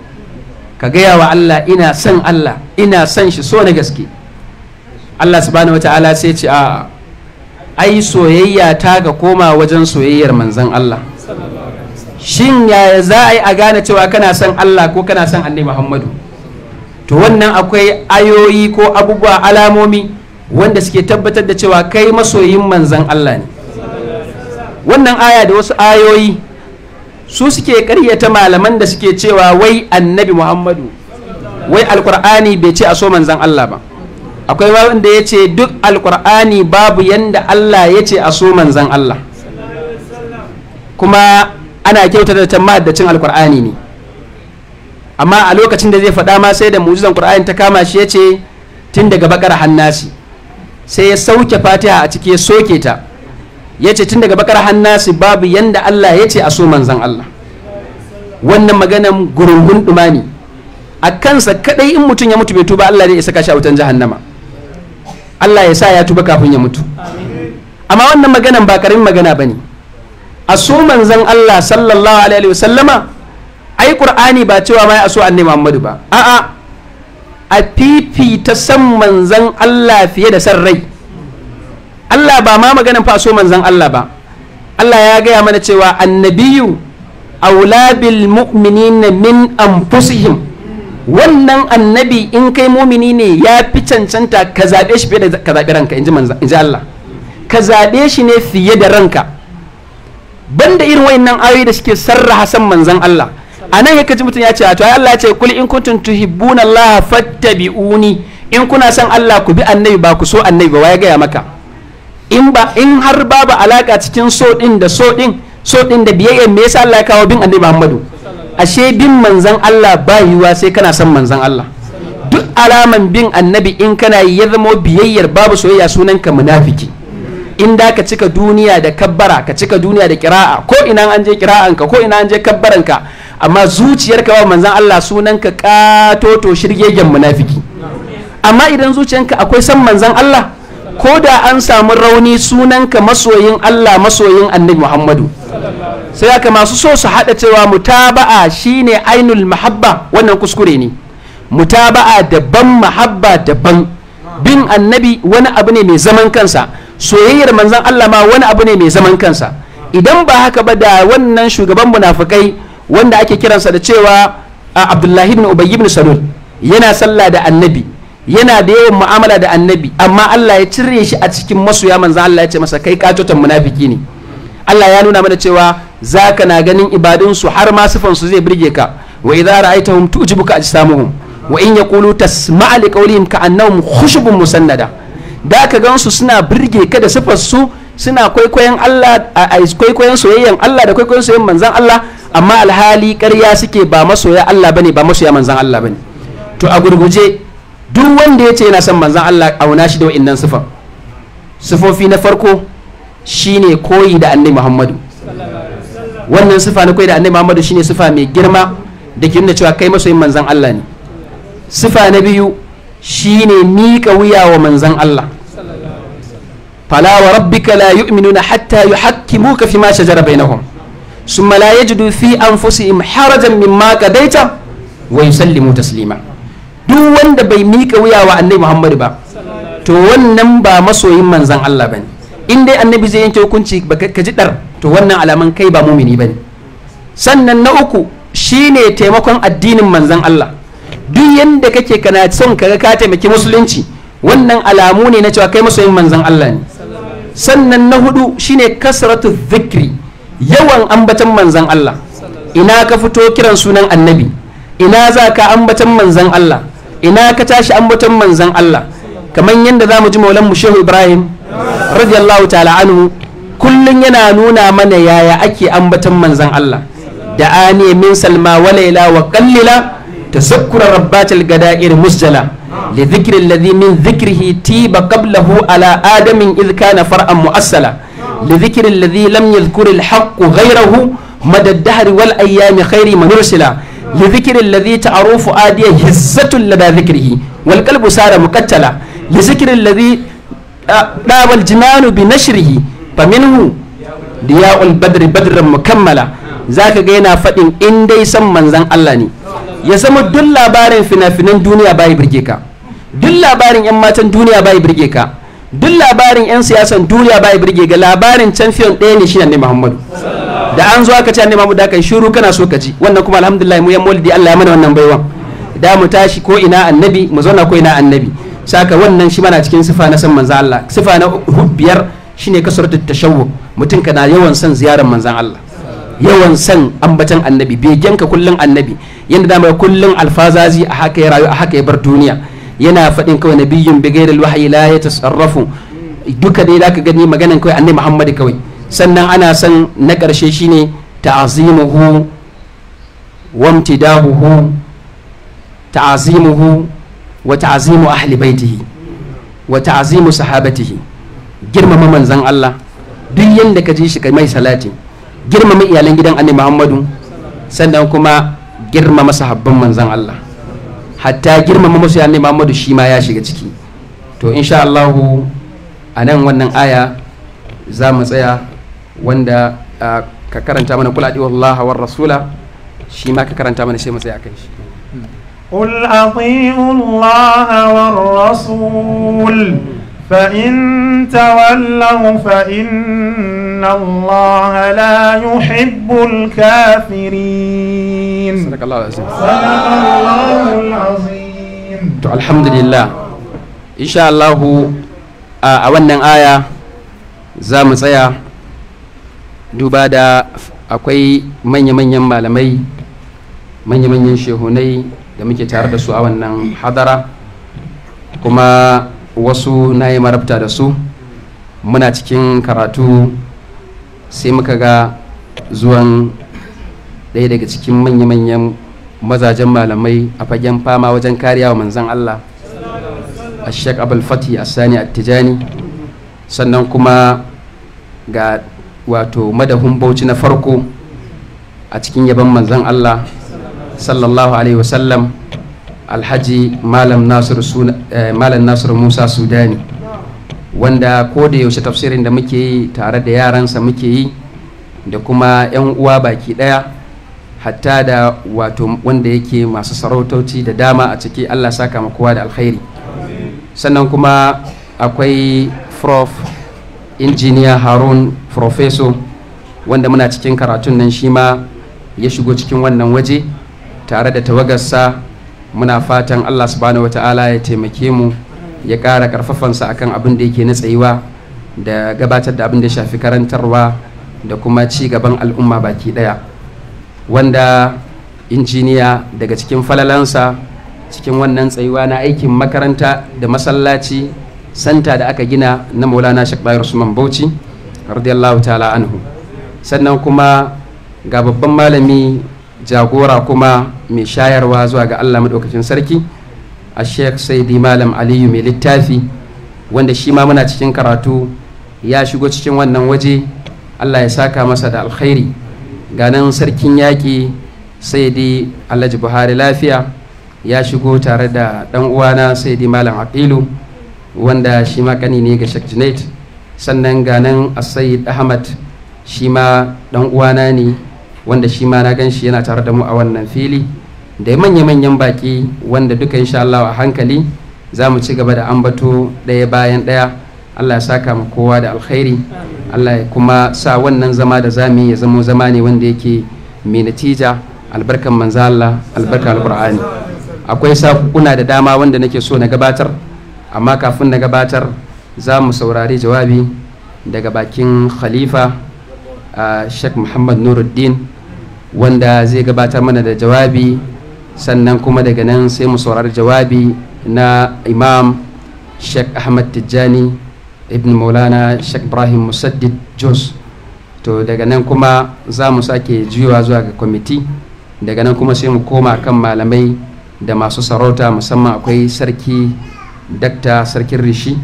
ka gaya wa Allah ina son Allah ina son shi so na gaske Allah subhanahu wata'ala sai ce a ai soyayya ta ga koma wajen soyayyar manzon Allah shin yaya za a yi a gane cewa kana son Allah ko kana son annabi Muhammadu to wannan akwai ayoyi ko abubuwa alamomi wanda suke tabbatar da cewa kai masoyin manzon Allah ne wannan aya da wasu ayoyi su suke karyata malaman da suke cewa wai annabi muhammadu wai alkur'ani bai ce a so manzan allah ba akwai wanda ya ce duk alkur'ani babu yanda allah ya ce a so manzan allah kuma ana da tamma da cin alkur'ani ne amma a lokacin da zai faɗa ma sai da mujizan qur'ani ta kama shi ya ce tun daga bakar hannasi sai ya sauke fatiha a ciki ya soke ta ya ce tun daga bakar hannasi babu yanda Allah ya ce a so manzan Allah wannan maganan gurungun dumani a kansa kadai in mutum ya mutu bai tuba Allah ne ya saka shi a wutan jahannama Allah ya sa ya tuba kafin ya mutu amma wannan maganan ba karamin magana bane a so manzan Allah sallallahu alaihi wa sallama ai qur'ani ba cewa mai a so annabi Muhammadu ba a'a a fifita san manzan Allah fiye da san rai Allah ba ma maganin faso manzan Allah ba Allah ya gaya mana cewa annabiyu aula mu'minina min anfusihim wannan annabi in kai mumini ne ya fi cancanta ka zaɓe shi fiye da ka zabe ranka in ji Allah ka zaɓe shi ne fiye da ranka banda irin wayannan ayoyi da suke sarraha san manzan Allah a yake ji mutum ya ce to Allah ya ce kul in kuntum tuhibbuna Allah fattabi'uni in kuna son Allah ku bi annabi ba ku so annabi ba wa ya gaya maka in ba in har babu alaka cikin so din da so din so din da biyayya me yasa Allah ya kawo bin annabi Muhammadu ashe bin manzan Allah ba yiwa sai kana son manzan Allah duk alaman bin annabi in kana yi ya zama biyayyar babu soyayya sunan ka munafiki in da ka cika duniya da kabbara ka cika duniya da kira'a ko ina an je kira'anka ko ina an je kabbaranka amma zuciyarka ba manzon Allah sunan ka katoto shirgegen munafiki amma idan zuciyanka akwai san manzon Allah ko da an samu rauni sunanka masoyin Allah masoyin annabi Muhammadu sai haka masu so su haɗa cewa mutaba'a shine ainul mahabba wannan kuskure ne mutaba'a daban mahabba daban bin annabi wani abu ne mai zaman kansa soyayyar manzon Allah ma wani abu ne mai zaman kansa idan ba haka ba da wannan shugaban munafikai wanda ake kiransa da cewa Abdullahi ibn Ubayy ibn Salul yana sallah da annabi yana da yawan mu'amala da annabi amma Allah ya cire shi a cikin masoya manzo Allah ya ce masa kai kacotan munafiki ne Allah ya nuna mana cewa zaka na ganin ibadun su har ma sifan su zai burge ka wa idza ra'aitahum tujibuka ajsamuhum wa in yaqulu tasma'a liqawlihim ka'annahum khushubun musannada da ka gansu suna burge ka da sifar su suna kwaikwayon Allah a kwaikwayon soyayyan Allah da kwaikwayon soyayyen manzan Allah amma alhali karya suke ba masoya Allah bane ba masoya manzan Allah bane to a gurguje duk wanda ya ce yana son manzan Allah auna shi da wa'innan sifan sifofi na farko shine koyi da annai Muhammadu wannan sifa na koyi da annai Muhammadu shine sifa mai girma da ke nuna cewa kai masoyin manzan Allah ne sifa na biyu shine miƙa wuya wa manzan Allah Falawa wa rabbika la yu'minuna hatta yuhakkimuka fima shajara bainahum summa la yajidu fi anfusihim harajan mimma qadaita wa yusallimu taslima duk wanda bai miƙa wuya wa annabi muhammadu ba to wannan ba masoyin manzan Allah ba in dai annabi zai yanke hukunci ka ji dar to wannan alaman kai ba mumini ne sannan na uku shine taimakon addinin manzan Allah duk yanda kake kana son kaga ka taimaki musulunci wannan alamu ne na cewa kai masoyin manzan Allah ne sannan na hudu shine kasaratu zikri yawan ambatan manzan Allah ina ka fito kiran sunan annabi ina za ka ambatan manzan Allah ina ka tashi an ambaton manzan Allah kamar yadda za mu ji maulan mu shehu ibrahim radiyallahu ta'ala anhu kullun yana nuna mana yaya ake ambaton manzan Allah da ani min salma wa laila wa qallila tasakkura rabbatil gada'ir musjala li dhikril ladhi min dhikrihi tiba qablahu ala adamin idh kana far'an mu'assala li dhikril ladhi lam yadhkuril al-haqq ghayrahu dahri wal ayyami khairi man ursila li dhikri alladhi ta'arufu adiya hizzatun lada dhikrihi wal qalbu sara muqattala li dhikri alladhi dawal jinanu bi nashrihi faminhu diya'ul badri badran mukammala zaka ga yana faɗin in dai san manzan Allah ne ya zama duk labarin fina-finan duniya bai birge ka labarin 'yan matan duniya bai birge ka duk labarin 'yan siyasan duniya ba ya birge ga labarin champion ɗaya ne na ne muhammadu da an zo aka ce annabi muhammadu aka shiru kana so ka ji wannan kuma alhamdulillah mu yan Allah ya mana wannan baiwan da mu tashi ko ina annabi mu zauna ko ina annabi saka wannan shi mana cikin sifa na san manzan Allah sifa na biyar shine kasuratu tashawwu mutum kana yawan son ziyarar manzan Allah yawan son ambatan annabi begenka kullun annabi yanda da kullun alfazazi a haka ya rayu a haka ya bar duniya yana faɗin kawai na biyun bigayar wahyi la tasarrafu duka dai zaka gani maganan kawai annabi Muhammad kawai sannan ana son na ƙarshe shine ta'azimuhu wamtidahuhu ta'azimuhu wa ta'azimu ahli baitihi wa ta'azimu sahabatihi girmama manzan Allah duk yanda ka ji shi mai salati girmama iyalan gidan annabi Muhammadu sannan kuma girmama sahabban manzon Allah hatta girmama ya nema madu shi ma ya shiga ciki to insha Allah a nan wannan aya za mu tsaya wanda ka karanta mana kula ɗiwa Allah wa rasula shi ma ka karanta mana sai mu tsaya kan shi قل أطيعوا الله والرسول إن الله لا يحب الكافرين صدق الله العظيم صدق الله العظيم الحمد لله إن شاء الله a wannan aya za mu tsaya duba da akwai manya-manyan malamai manya-manyan shehunai da muke tare da su a wannan hadara kuma wasu na yi marabta da su muna cikin karatu sai muka ga zuwan ɗaya daga cikin manya-manyan mazajen malamai a fagen fama wajen kariya wa manzan Allah a sheik abulfati a sani a tijani sannan kuma ga wato madahun bauchi na farko a cikin yaban manzan Allah sallallahu alaihi wasallam alhaji malam nasiru eh, musa sudani wanda ko da yaushe tafsirin da muke yi tare da yaransa muke yi da kuma 'yan uwa baki ɗaya hatta da wato wanda yake masu sarautauci da dama a ciki allah saka kowa da alkhairi sannan kuma akwai prof injiniya harun profeso wanda muna cikin karatun nan shi ma ya shigo cikin wannan waje tare da tawagarsa muna fatan allah subhanahu wata'ala ya taimake mu ya ƙara ƙarfafansa akan abin da yake na tsayuwa da gabatar da abin da shafi karantarwa da kuma ci gaban al'umma baki ɗaya wanda injiniya daga cikin falalansa cikin wannan tsayuwa na aikin makaranta da masallaci santa da aka gina na maulana shakbayar usman bauchi radiyallahu ta'ala anhu sannan kuma ga babban malami jagora kuma mai shayarwa zuwa ga allah maɗaukacin sarki a sheikh saidi malam aliyu mai littafi wanda shi ma muna cikin karatu ya shigo cikin wannan waje allah ya saka masa da alkhairi ganin sarkin yaƙi saidi alhaji buhari lafiya ya shigo tare da ɗan uwana saidi malam aqilu wanda shi ma kani ne ga sheikh junaid sannan ganin asayid ahmad shi ma ɗan uwana ne wanda shi ma na gan shi yana tare da mu a wannan fili da manya-manyan baki wanda duka insha Allah a hankali za mu ci gaba da ambato ɗaya bayan ɗaya Allah ya saka mu kowa da alkhairi Allah ya kuma sa wannan zama da zami ya zama zama ne wanda yake mai natija albarkan manza Allah albarkan alkur'ani. akwai sakuna da dama wanda nake so na gabatar amma kafin na gabatar za mu saurari jawabi daga bakin khalifa ah, Sheikh Muhammad Nuruddin wanda zai gabatar mana da jawabi sannan kuma daga nan sai mu saurari jawabi na imam sheikh ahmad tijjani ibn maulana sheikh ibrahim musaddid jos to daga nan kuma za mu sake juyowa zuwa ga kwamiti daga nan kuma sai mu koma kan malamai da masu sarauta musamman akwai sarki dakta sarkin rishi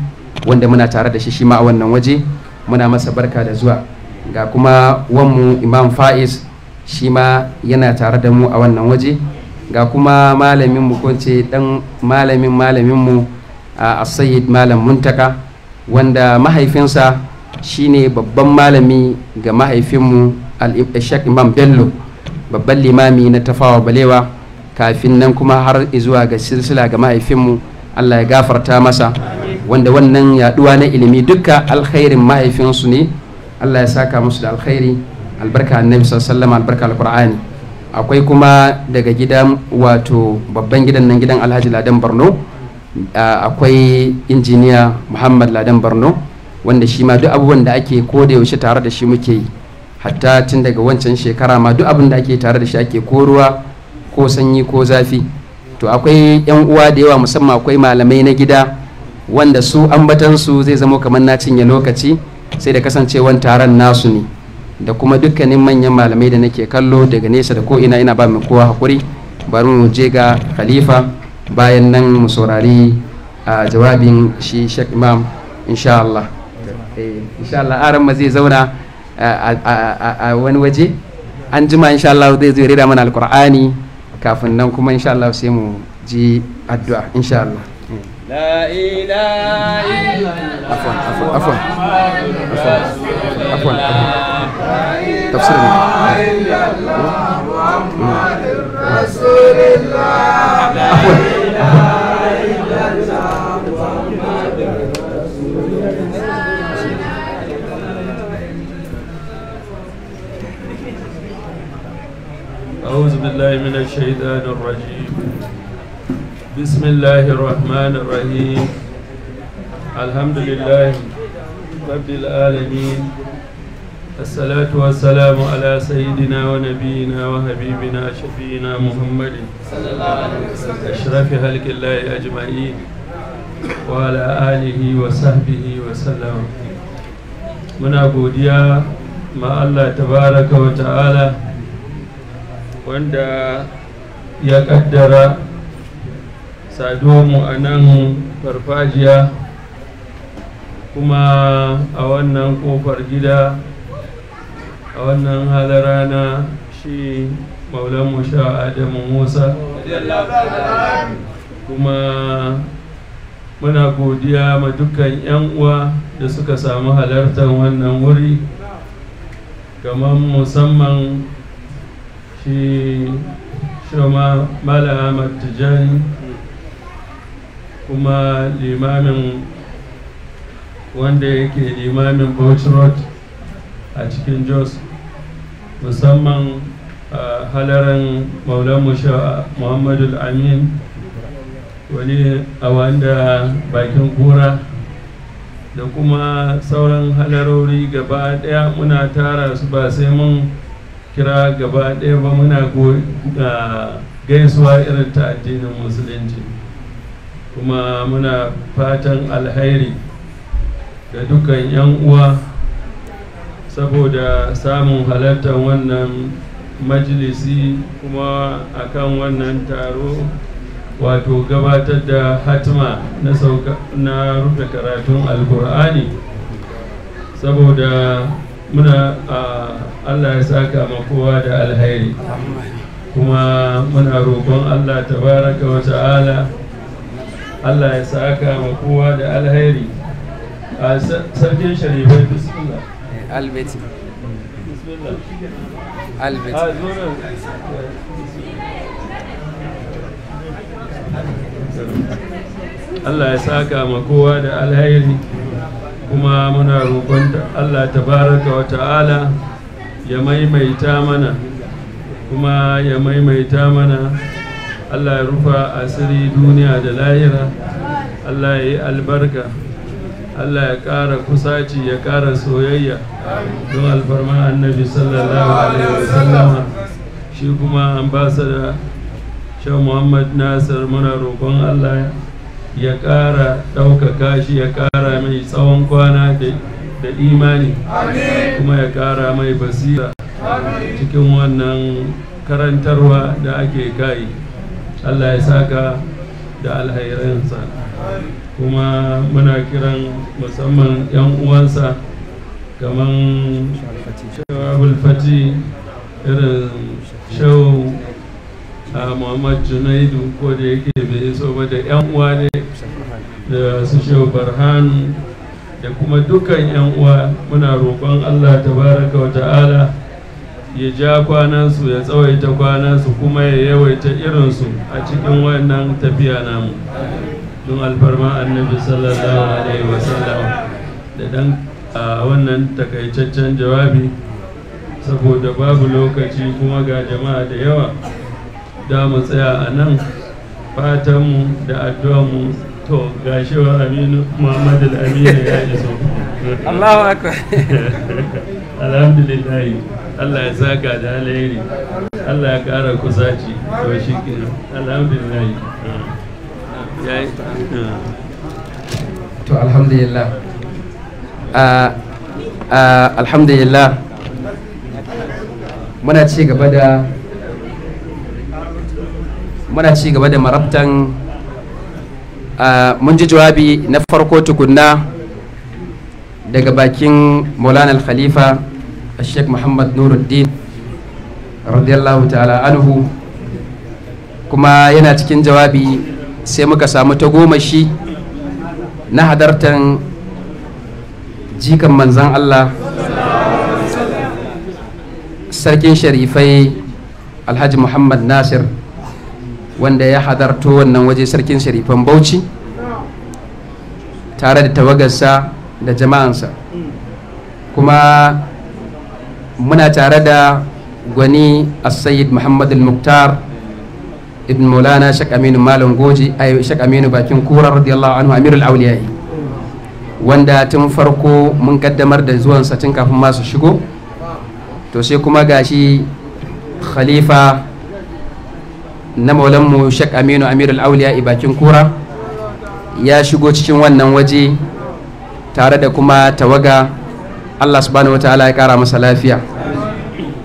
wanda muna tare da shi shi ma a wannan waje muna masa barka da zuwa ga kuma wanmu imam fais shi ma yana tare da mu a wannan waje ga kuma malamin mu ko ce dan malamin malamin mu a sayyid malam muntaka wanda mahaifinsa shine babban malami ga mahaifinmu al ishaq imam bello babban limami na tafawa balewa kafin nan kuma har zuwa ga silsila ga mahaifinmu allah ya gafarta masa wanda wannan yaduwa na ilimi duka alkhairin mahaifinsu ne allah ya saka musu da alkhairi albarka annabi sallallahu alaihi wasallam albarka alqur'ani akwai kuma daga gidan wato babban gidan nan gidan alhaji ladan barno akwai injiniya muhammad ladan barno wanda shi ma duk abubuwan da ake ko yaushe tare da shi muke yi hatta tun daga wancan shekara ma duk abin da ake tare da shi ake ko ruwa ko sanyi ko zafi to akwai yan uwa da yawa musamman akwai malamai na gida wanda su ambatansu zai zama kamar na cinye lokaci sai da kasancewan taron nasu ne da kuma dukkanin manyan malamai da nake kallo daga nesa da ko'ina ina ba mai kowa hakuri bari mu je ga khalifa bayan nan mu saurari a jawabin shi shek imam insha Allah eh, insha Allah aran ma zai zauna a wani waje an jima insha Allah zai zai rera mana alqur'ani kafin nan kuma insha Allah sai mu ji addu'a insha Allah لا إله إلا الله عفوا عفوا عفوا عفوا تفسير إلا الله محمد رسول الله لا إله إلا الله محمد رسول الله أعوذ بالله من الشيطان الرجيم بسم الله الرحمن الرحيم الحمد لله رب العالمين الصلاة والسلام على سيدنا ونبينا وحبيبنا شفينا محمد أشرف خلق الله أجمعين وعلى آله وصحبه وسلم من أبوديا ما الله تبارك وتعالى وندا يقدر saduwarmu a nan farfajiya kuma a wannan kofar gida a wannan halarana na shi maulan musha adamu musa kuma muna godiya ma dukkan 'yan uwa da suka samu halartar wannan wuri kamar musamman shi shoma mala matijani kuma limamin wanda yake limamin bauchi road a cikin jos musamman halaran musha muhammadu amin wani a wanda bakin kura da kuma sauran halarori gaba daya muna tara su ba sai mun kira gaba daya ba muna gaisuwa irin ta addinin musulunci kuma muna fatan alhairi da dukkan 'yan uwa saboda samun halartar wannan majalisi kuma akan wannan taro wato gabatar da hatima na rufe karatun alkur'ani saboda muna allah ya saka kowa da alhairi kuma muna roƙon allah tabaraka wa ta'ala allah ya saka kowa da alhairi a sarkin sharifai bismillah البيتي البيتي ah, Allah ya saka ma kowa da alhairi kuma muna roƙon Allah tabaraka wa ta'ala ya maimaita mana kuma ya maimaita mana Allah ya rufa asiri duniya da lahira Allah ya yi albarka Allah ya ƙara kusaci ya ƙara soyayya don alfarma annabi sallallahu alaihi wasallama shi kuma da shan muhammad nasir muna roƙon Allah ya ƙara ɗaukaka shi ya ƙara mai tsawon kwana da imani kuma ya ƙara mai basira cikin wannan karantarwa da ake kai Allah ya saka da alhairinsa. kuma muna kiran musamman 'yan uwansa kamar shawabul fati irin shawu a muhammad junaidu ko da yake bai so ba da 'yan uwa ne da su shehu barhan da kuma dukkan 'yan uwa muna roƙon allah tabaraka wa ta'ala ya ja kwanansu ya tsawaita kwanansu kuma ya yawaita irinsu a cikin wannan tafiya namu don alfarma annabi sallallahu alaihi wasallam da dan wannan takaitaccen jawabi saboda babu lokaci kuma ga jama'a da yawa da mu tsaya a nan fatanmu da addu'anmu to gashi wa aminu muhammad al-aminu ya iso Allahu akbar *laughs* alhamdulillah Allah ya saka da alheri Allah ya kara kusaci to shi alhamdulillah yayi to alhamdulillah ah, ah, alhamdulillah muna ci gaba da muna ci gaba da marabtan ah, mun ji jawabi na farko tukunna daga bakin maulana al-khalifa sheikh muhammad nuruddin radiyallahu ta'ala anhu kuma yana cikin jawabi sai muka samu ta goma shi na hadartan jikan manzan Allah sarkin sharifai alhaji muhammad nasir wanda ya hadarto wannan waje sarkin sharifan bauchi tare da tawagarsa da jama'ansa kuma muna tare da gwani asayid muhammad al-muktar ibn maulana shak aminu malam goji ai shak aminu bakin kura radiyallahu anhu amirul awliyai wanda tun farko mun kaddamar da zuwan sa tun kafin masu shigo to sai kuma gashi khalifa na maulanmu shek aminu amirul awliyai bakin kura ya shigo cikin wannan waje tare da kuma tawaga allah subhanahu wa ta'ala ya kara masa lafiya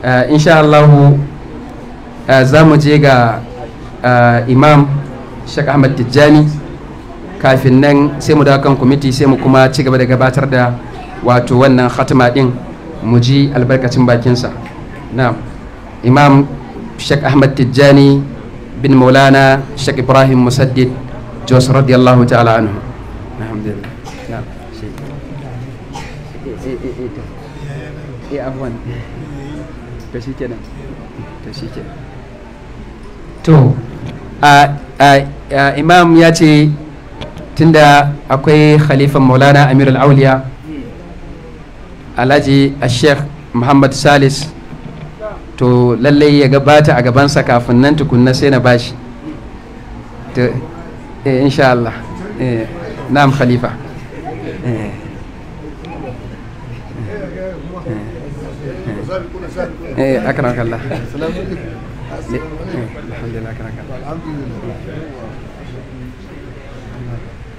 eh, insha allahu eh, za mu je ga Uh, imam shek ahmad tijjani kafin nan sai mu dawo kan kwamiti sai mu kuma ci gaba da gabatar da wato wannan khatima din mu ji albarkacin bakinsa na imam shek ahmad tijjani bin maulana shek ibrahim musaddid jos radiyallahu ta'ala anhu eh, eh, eh, to imam ya ce tunda akwai khalifan maulana amir al'auliya alhaji sheikh muhammad salis to lallai ya gabata a gabansa kafin nan tukunna sai na bashi to eh, insha Allah eh, na'am khalifa eh, eh alaikum لا الحمد لله كده كده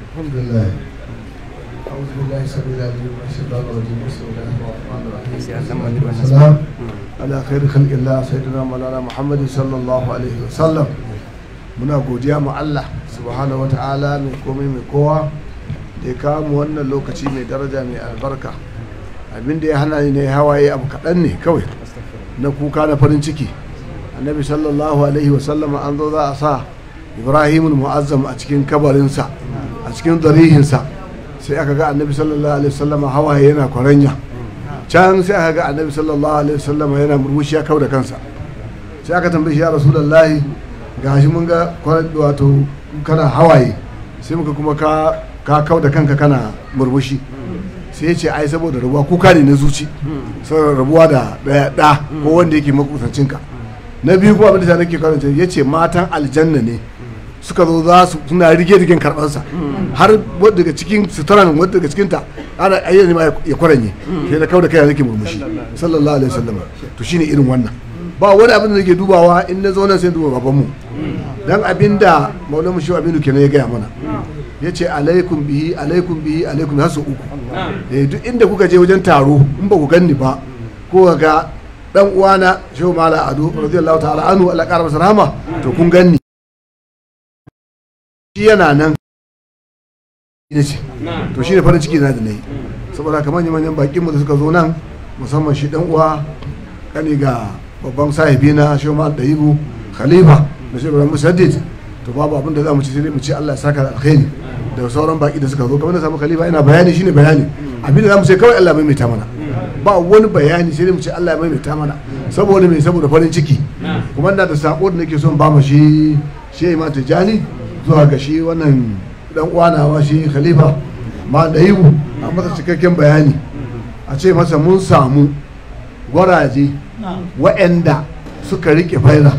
الحمد لله الحمد لله أعوذ بالله سبيل العليم من الشيطان الرجيم بسم الله الرحمن الرحيم والسلام على خير خلق الله سيدنا مولانا محمد صلى الله عليه وسلم muna godiya ma Allah subhanahu wata'ala mai komai mai kowa da ya kawo mu wannan lokaci mai daraja mai albarka abinda ya hana ne hawaye abu kaɗan ne kawai na kuka na farin ciki annabi sallallahu alaihi wasallama an zo za a sa ibrahim mu'azzam a cikin kabarinsa a cikin zarihinsa sai aka ga annabi sallallahu alaihi wasallama hawaye yana kwaranya can sai aka ga annabi sallallahu alaihi wasallama yana murmushi ya kau da kansa sai aka tambaye shi ya rasulullahi gashi mun ga kwaran wato kana hawaye sai muka kuma ka ka kau da kanka kana murmushi sai ya ce ai saboda rabuwa kuka ne na zuci saboda rabuwa da ɗaya ɗa ko wanda yake makusancinka na biyu kuma abinda nake ce ya ce matan aljanna ne suka zo za su suna rige rigen karɓarsa har wadda daga cikin suturan wadda daga ta ana ayyana ne ma ya kwaranye sai da kawai da kai nake murmushi sallallahu alaihi wasallam to shine irin wannan ba wani abin da nake dubawa in na zo nan sai duba baban mu dan abinda maulana shi abinu kenan ya gaya mana ya ce alaikum bihi alaikum bihi alaikum hasu uku eh, duk inda kuka je wajen taro in ba ku ganni ba ko ga dan uwana shehu mala ado radiyallahu ta'ala anhu Allah ƙara masa rahama to kun ganni shi yana nan ina ce to shi ne farin ciki na da nayi saboda kamar manyan bakin mu da suka zo nan musamman shi dan uwa kani ga babban sahibi na shehu mala dayibu khalifa da shehu ibrahim musaddid to babu abin da za mu ci sai mu ci Allah ya saka da alkhairi da sauran baki da suka zo kamar da samu khalifa ina bayani shi ne bayani abin da za mu sai kawai Allah mai mai ta mana ba wani bayani sai mu ce Allah ya maimaita mana saboda mai saboda farin ciki kuma ina da sako da nake son ba mu shi shi mata jani zuwa ga shi wannan dan uwanawa shi Khalifa ma daibu a masa cikakken bayani a ce masa mun samu gwaraje wa'anda suka rike faila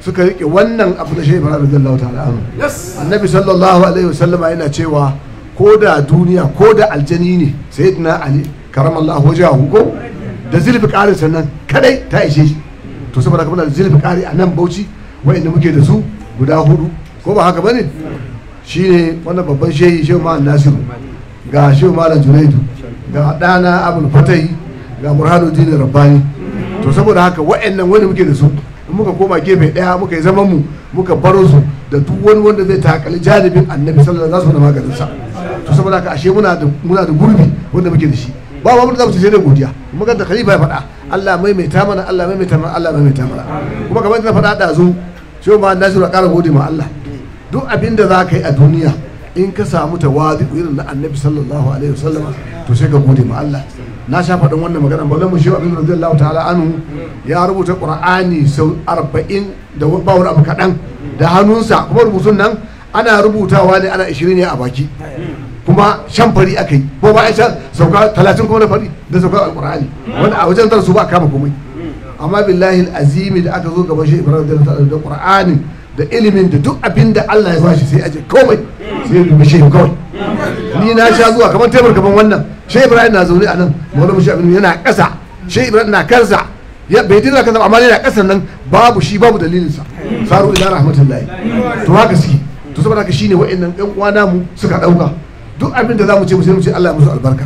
suka rike wannan abu da shi da radiyallahu ta'ala annabi sallallahu alaihi wasallama yana cewa ko da duniya ko da aljani ne sayyidina ali Allah wajahu hunko da zilfi ƙarin sannan kadai ta ishe shi to saboda kuma da zilfi ƙari a nan bauchi wa'anda muke da su guda hudu ko ba haka bane shine wannan babban shehi shehu malam nasiru ga shehu malam junaidu ga ɗana abul fatai ga burhanuddin rabbani to saboda haka wa'annan wani muke da su in muka koma gefe ɗaya muka yi zaman mu muka baro su da duk wani wanda zai takali jalibin annabi sallallahu alaihi wasallam za su da maganin sa to saboda haka ashe muna da muna da gurbi wanda muke da shi ba wa mutum sai da godiya kuma ga khalifa ya faɗa Allah maimaita mana Allah maimaita mana Allah maimaita mana kuma kamar da faɗa da zo shi ma na a ƙara gode ma Allah duk abin da za ka yi a duniya in ka samu ta wazi irin na Annabi sallallahu alaihi wasallam to sai ka gode ma Allah na sha faɗin wannan magana ba mu shi abin da Allah ta'ala anu ya rubuta qur'ani sau 40 da ba wani abu kadan da hannunsa kuma rubutun nan ana rubutawa ne ana 20 ne a baki kuma shan fari aka yi ko bayan shan sauka talatin kuma na fari da sauka alkur'ani wanda a wajen darasu ba kama komai amma billahi azimi da aka zo gaba shi ibrahim da da qur'ani da ilimin da duk abin da Allah ya bashi sai aje komai sai dubi shi kawai ni na sha zuwa kamar tebur kamar wannan shi ibrahim na zaune a nan maulana shi abin yana kasa shi ibrahim na kansa ya bai dinga kansa amma yana kasa nan babu shi babu dalilin sa saru ila rahmatullahi to haka suke to saboda haka shine wa'annan ɗan uwana mu suka dauka duk abin da za mu ce musu ce Allah ya musu albarka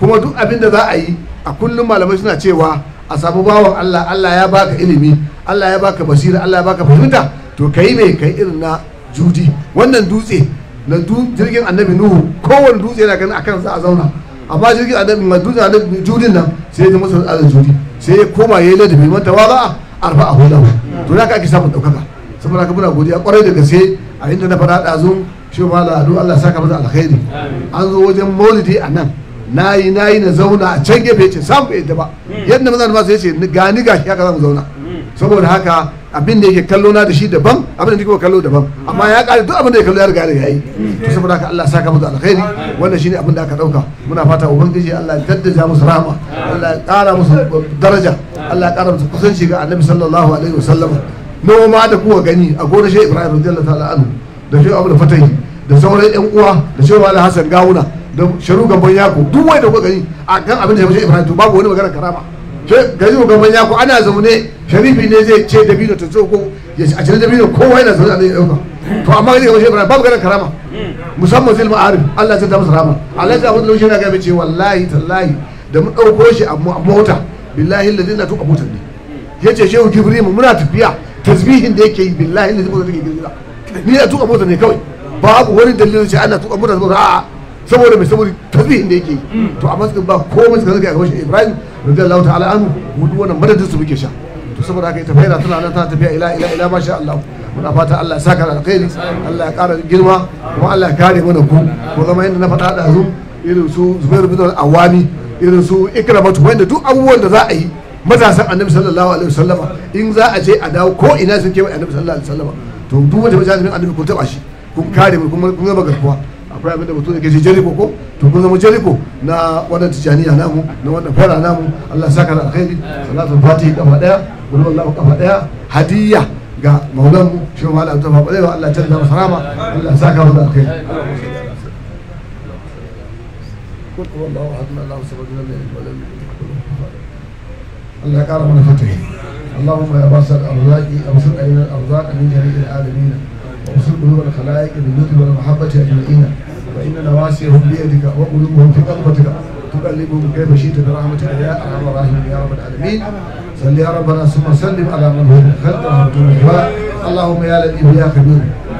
kuma duk abin da za a yi a kullum malamai suna cewa a samu bawan Allah Allah ya baka ilimi Allah ya baka basira Allah ya baka fahimta to kai mai kai irin na judi wannan dutse na jirgin annabi nuhu kowane dutse yana ganin akan sa a zauna amma jirgin annabi ma dutse annabi judin nan sai ya ji masa judi sai ya koma ya yi ladabi manta wa za a arba a hulahu to da ka ake samun ɗaukaka saboda ka muna godiya kwarai da gaske a inda na faɗa ɗazun shi ma da adu Allah saka masa alkhairi an zo wajen maulidi a nan nayi nayi na zauna a can gefe ce sam bai ba hmm. yadda mazan ba sai ce ga ni gashi haka zamu zauna hmm. saboda haka abin da yake kallo na da shi daban abin da yake kallo daban hmm. amma ya kare duk abin da ya kallo ya riga ya yi to saboda haka Allah saka masa alkhairi wannan shine abin da aka dauka muna fata ubangiji Allah ya daddaja musu rahama Allah ya kara musu daraja Allah ya kara musu kusanci ga Annabi sallallahu alaihi wasallam noma da kuwa gani a gona shi Ibrahim radiyallahu ta'ala anhu da shehu abu da fatahi da sauran yan uwa da shehu ala hassan gawuna da sharu gaban yako duk wai da kuka a kan abin da ya mace ibrahim to babu wani magana karama gari gaban yako ana zaune sharifi ne zai ce dabino ta zo ko ya a cire dabino kowa yana zaune a nan ya to amma ga gaban ibrahim babu magana karama musamman zil ma'arif Allah zai ta masa rama Allah zai ta masa laushi na ga ce wallahi tallahi da mu dauko shi a mota billahi na tuka motar ne yace shehu jibril muna tafiya tasbihin da yake yi billahi alladhi mota take girgiza ni na tuka mota ne kawai babu wani dalilin shi ana tuka mota saboda a saboda mai saboda tasbihin da yake yi to a suka ba komai suka zaka gaban shi Ibrahim radiyallahu ta'ala anhu mu duk wannan madadin su muke sha to saboda haka ita faira tana nan tana tafiya ila ila ila masha Allah muna fata Allah ya saka alkhairi Allah ya kara girma kuma Allah ya kare mana ku ko zama yadda na faɗaɗa da su irin su Zubairu bin Awami irin su Ikramatu wanda duk abubuwan da za a yi matasan Annabi sallallahu alaihi wasallama in za a je a dawo ko ina suke wa Annabi sallallahu alaihi wasallama to duk wanda wajen jami'in annabi kun taba shi kun kare mu kun zama garkuwa akwai abinda da mutum da ke jeriko ko to kun zama jeriko na wannan tijaniya namu na wannan fara namu Allah saka da alkhairi salatul fatihi kafa daya gudu Allah kafa daya hadiyya ga maulan mu shi ma Allah ta fa Allah ta da sarama Allah saka da alkhairi اللهم يا باس الارزاق ابصر علينا الارزاق من جميع العالمين وابصر قلوب الخلائق باللطف والمحبه اجمعين فان نواسيهم بيدك وقلوبهم في قلبتك تقلبهم كيف شئت برحمتك يا ارحم الراحمين يا رب العالمين صل يا ربنا ثم سلم على من هو خلق اللهم يا لذيذ يا خبير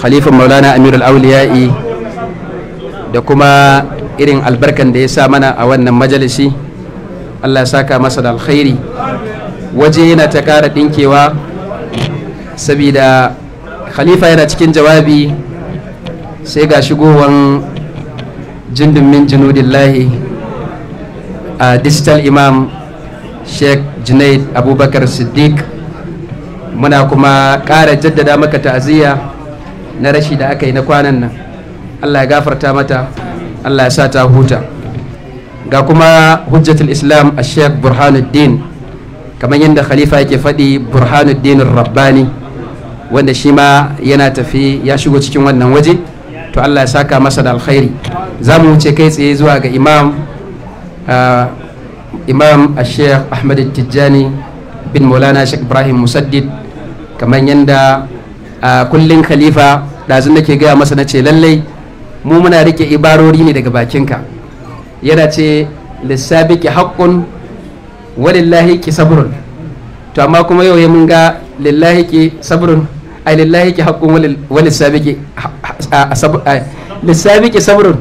khalifan maulana amirul auliya'i da kuma irin albarkan da ya sa mana a wannan majalisi allah ya saka masa da alkhairi waje yana ta kara ɗinkewa sabida khalifa yana cikin jawabi sai ga shigowan jindin min jinudillahi a digital imam sheikh junaid abubakar siddiq muna kuma ƙara jaddada maka ta'aziyya na rashi da aka yi na kwanan nan allah ya gafarta mata allah ya sa ta huta ga kuma hujjatul islam a sheikh burhanuddin kamar yadda khalifa yake faɗi burhanuddin rabbani wanda shi ma yana tafi ya shigo cikin wannan waje to allah ya saka masa da alkhairi za mu wuce kai tsaye zuwa ga imam ah, imam a sheikh ahmad tijjani bin maulana sheikh ibrahim musaddid kamar yadda a kullin khalifa ɗazun nake gaya masa na ce lallai mu muna rike ibarori ne daga bakinka yana ce lissabiki haƙƙun walillahi ki sabrun to amma kuma yau ya mun ga lillahi ki sabrun ai lillahi ki haƙƙun walisabiki ki sabrun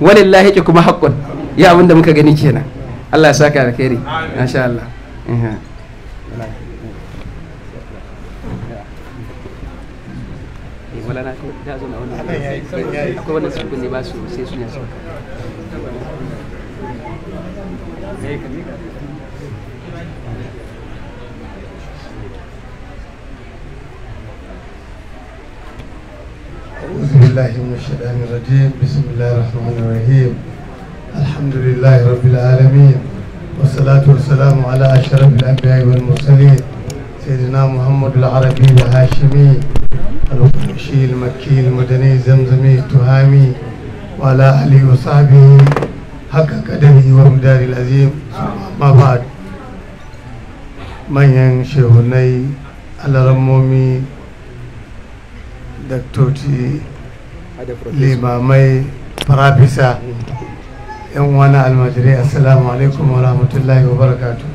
walillahi ki kuma haƙƙun ya abinda muka gani kenan Allah ya saka alkhairi masha Allah akwai الله من الشيطان الرجيم بسم الله الرحمن الرحيم الحمد لله رب العالمين والصلاة والسلام على أشرف الأنبياء والمرسلين سيدنا محمد العربي الهاشمي المشي المكي المدني زمزمي تهامي وعلى آله وصحبه حق قدره ومدار العظيم ما بعد manyan shehunai alarammomi daktoci limamai farafisa yan wani almajirai assalamu alaikum wa rahmatullahi wa barakatuh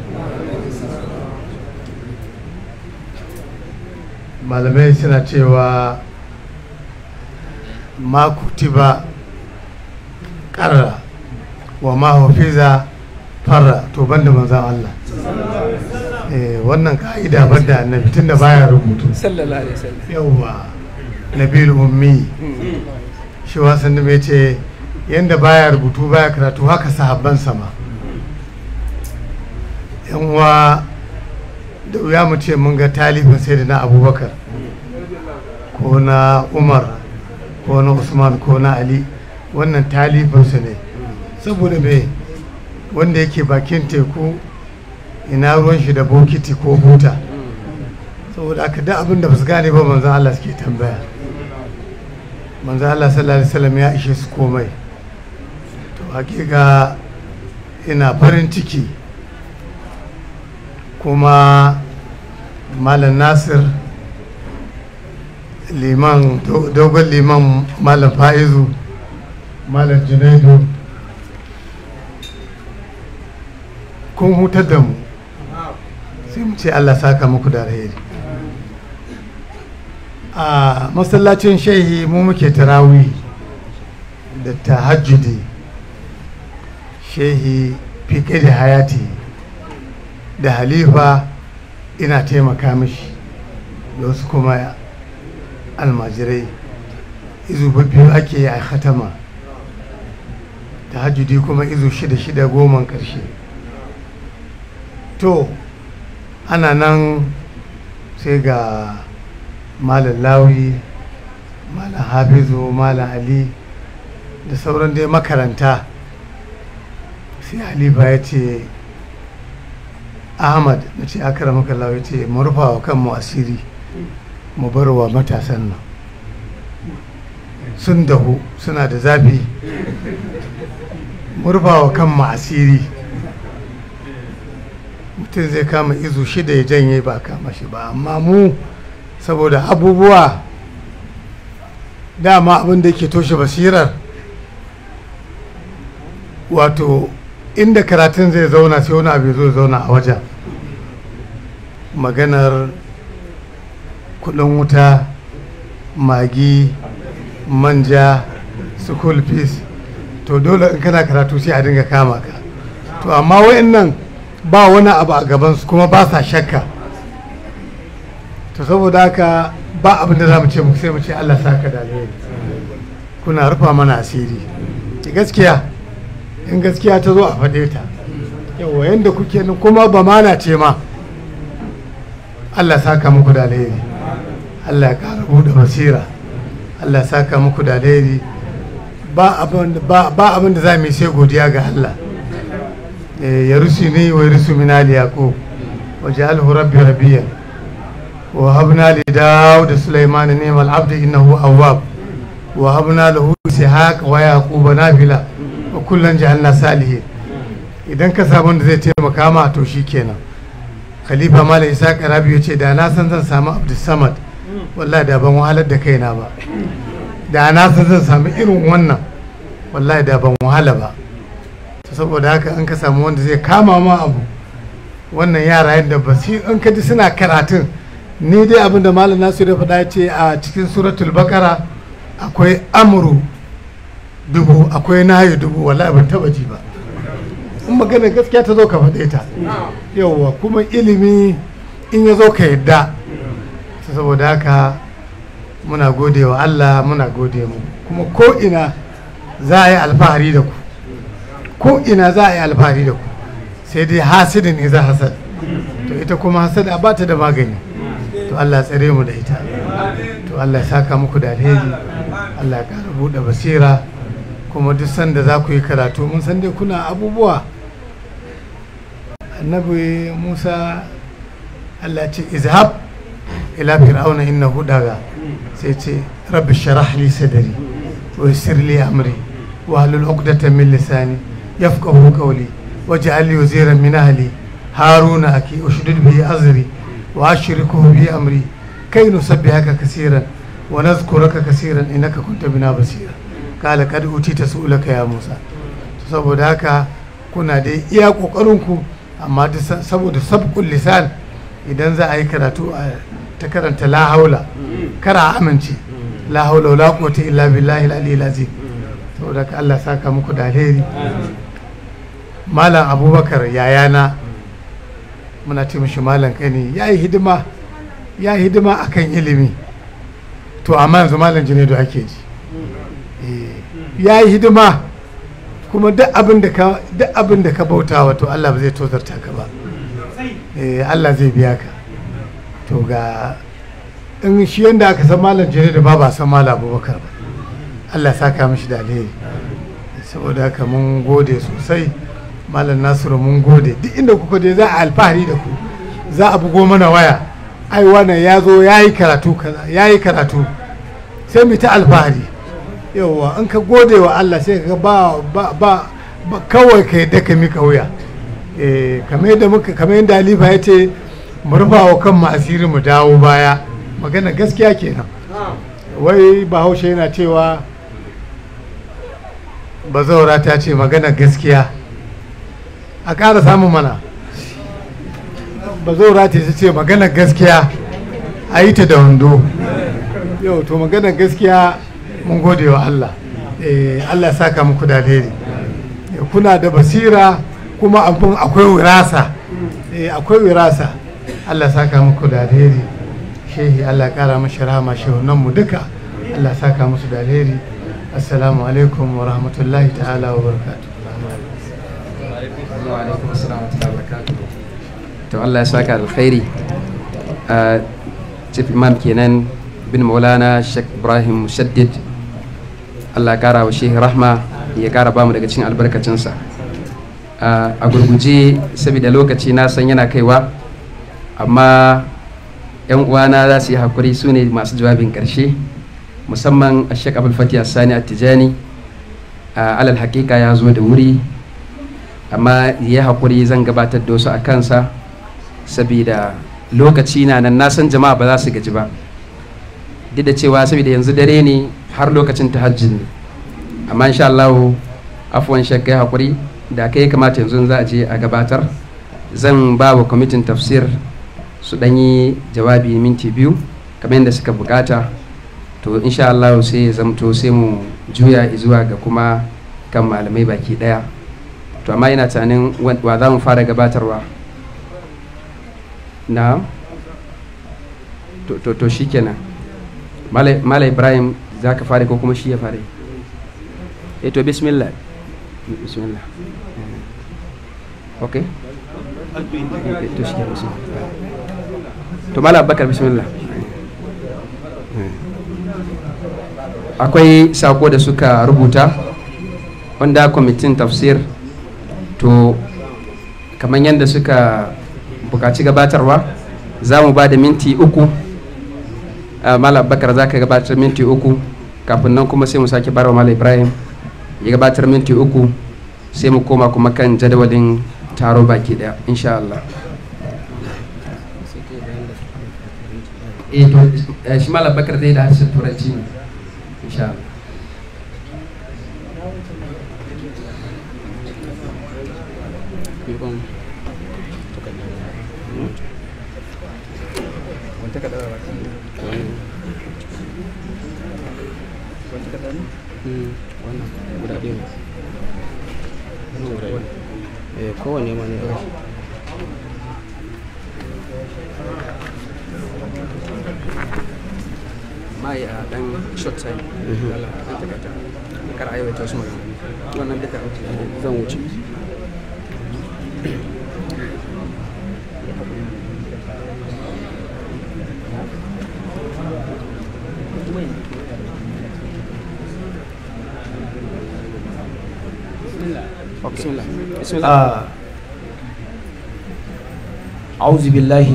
malamai suna cewa makutiba ƙarra wa mahaifiza fara to ban da manzan Allah eh, wannan ka'ida ban da annabi tun da baya rubutu yauwa nabil ummi shi wasan da ce yadda baya rubutu baya karatu haka sahabban sama yan uwa da wuya mu ce mun ga talibin sai da na abubakar ko na umar ko na usman ko na ali wannan talifinsu ne saboda me wanda yake bakin teku ina ruwan shi da bokiti ko buta saboda aka da abin da ba su gane ba manzan Allah suke tambaya manzan Allah sallallahu alaihi wasallam ya ishe su komai to hakika ina farin ciki kuma malam nasir liman dogon liman malam fa'izu malam junaidu kun hutar da mu sai mu ce allah saka muku da alheri a masallacin shehi mu muke tarawi da tahajjudi shehi fike da hayati da halifa ina taimaka mishi da wasu kuma almajirai izu biyu ake a hatama ta hajjudi kuma izu shida shida goman karshe to ana nan sai ga malam lawi malam hafizu malam ali da sauran dai makaranta sai Ali ya ce ahmad na ce Akara ramaka lawi ce marufa wa kanmu asiri mu bar wa matasan nan sun dahu suna da zafi wa kanmu asiri mutum zai kama izu shida ya janye ba kama shi ba amma mu saboda abubuwa dama abin da ke toshe basirar wato inda karatun zai zauna sai wani abu zai zauna a wajen maganar kudin wuta magi manja school fees to dole in kana karatu sai a dinga kama ka to amma wayannan ba wani abu a gabansu kuma ba sa shakka to saboda haka ba abin da za mu ce mu sai mu ce Allah saka da kuna rufa mana asiri gaskiya in gaskiya ta zo a faɗe ta yawa yadda kuke kuma ba mana ce ma Allah saka muku da alheri Allah ya ƙara da basira Allah ya saka muku da alheri ba abin da za mu yi sai godiya ga Allah eh, ya rusu ne wa rusu min ali yaqo wa ja'alhu rabbi rabbiya wa habna li daud sulaiman ni'mal abdi innahu awwab wa habna lahu sihaq wa yaqub nafila wa kullan ja'alna salih idan ka samu da zai taimaka ma to shikenan khalifa mala isa karabi ya ce da na san zan samu abdul samad wallahi da ban wahalar da kaina ba da na san zan sami irin wannan wallahi da ban wahala ba to saboda haka an ka samu wanda zai kama ma abu wannan yara yadda ba an ka ji suna karatun ni dai abin da malam nasu da faɗa ce a cikin suratul bakara akwai amuru dubu akwai nayi dubu wallahi ban taba ji ba in magana gaskiya ta zo ka faɗe ta yawwa kuma ilimi in ya zo ka yadda saboda haka muna gode wa allah muna gode mu kuma ko'ina za a yi alfahari da ku ko'ina za a yi alfahari da ku sai dai hasidin ne za hasad to ita kuma hasada ba ta da magani to allah tsare mu da ita to allah ya saka muku da alheri allah ya kara buɗe basira kuma duk sanda za ku yi karatu mun san dai kuna abubuwa annabi musa allah ce izhab ila fir'auna innahu daga sai ce rabbi sharah li sadri wa yassir li amri wa halul uqdata min lisani yafqahu qawli waj'al li waziran min ahli haruna aki ushdud bi azri wa ashriku bi amri kai nusabbihaka kaseeran wa nadhkuraka kaseeran innaka kunta bina basira kala kad utita su'ulaka ya musa saboda haka kuna da iya kokarinku amma saboda sabqul lisan idan za a yi karatu a ta karanta la haula kara amince la haula wala quwwata illa billahi al-aliyyil azim saboda ka Allah saka muku da alheri malam abubakar yayana muna ce mishi malam ne ya yi hidima ya yi hidima akan ilimi to amma yanzu malam jinedo ake ji eh, ya yi hidima kuma duk abin da ka bauta wato Allah ba zai tozarta ka ba eh, Allah zai biya ka to ga in shi yadda aka san malam da ba ba san malam abubakar ba allah ka mishi da alheri saboda haka mun gode sosai malam nasiru mun gode duk inda kuka je za a alfahari da ku za a bugo mana waya ai wannan ya zo ya yi karatu kaza ya yi karatu sai mu ta alfahari yauwa in ka gode wa allah sai ka ba ba kawai ka yadda ka mika wuya eh, kamar yadda muka kamar yadda alifa ya ce mu rufa wa kanmu asiri mu dawo baya magana gaskiya kenan wai bahaushe yana cewa bazaura ta ce magana gaskiya a ƙara samun mana bazaura ta ce magana gaskiya a yi ta da wando yau to magana gaskiya mun gode wa Allah eh, Allah saka muku da alheri kuna da basira kuma abin akwai wirasa eh, akwai wirasa Allah saka muku da alheri shehi Allah kara mashi rahama shehunan mu duka Allah saka musu da alheri assalamu alaikum wa rahmatullahi ta'ala wa barakatuh to Allah ya saka alkhairi uh, chief imam kenan bin maulana sheikh ibrahim mushaddid Allah kara wa shehi rahma ya kara bamu daga cikin albarkacinsa uh, a gurguje saboda lokaci na san yana kaiwa amma 'yan uwana za su yi hakuri su ne masu jawabin karshe musamman a shek abulfati sani a tijani a alal hakika ya zo da wuri amma ya hakuri zan gabatar da wasu a kansa saboda lokaci na nan na san jama'a ba za su gaji ba duk da cewa saboda yanzu dare ne har lokacin ta ne amma insha Allah afwan shek kai hakuri da kai kamata yanzu za a je a gabatar zan ba wa kwamitin tafsir su dan yi jawabi minti biyu kamar yadda suka bukata to insha Allah sai ya zamto sai mu juya zuwa ga kuma kan malamai baki ɗaya to amma ina tunanin wa za mu fara gabatarwa na to to, to shikenan mala ibrahim za ka fara ko kuma shi ya fara e to bismillah bismillah eh. ok to shi to mala abubakar bismillah akwai sako da suka rubuta wanda kwamitin tafsir to kamar yadda suka bukaci gabatarwa za mu ba da minti uku mala abubakar za ka gabatar minti uku kafin nan kuma sai mu sake barawa mala ibrahim ya gabatar minti uku sai mu koma kuma kan jadawalin taro baki daya insha Allah. eh to eh, shi malam bakar dai da harshen turanci ne insha Allah hmm. hmm. eh, kowane ma ne أعوذ بالله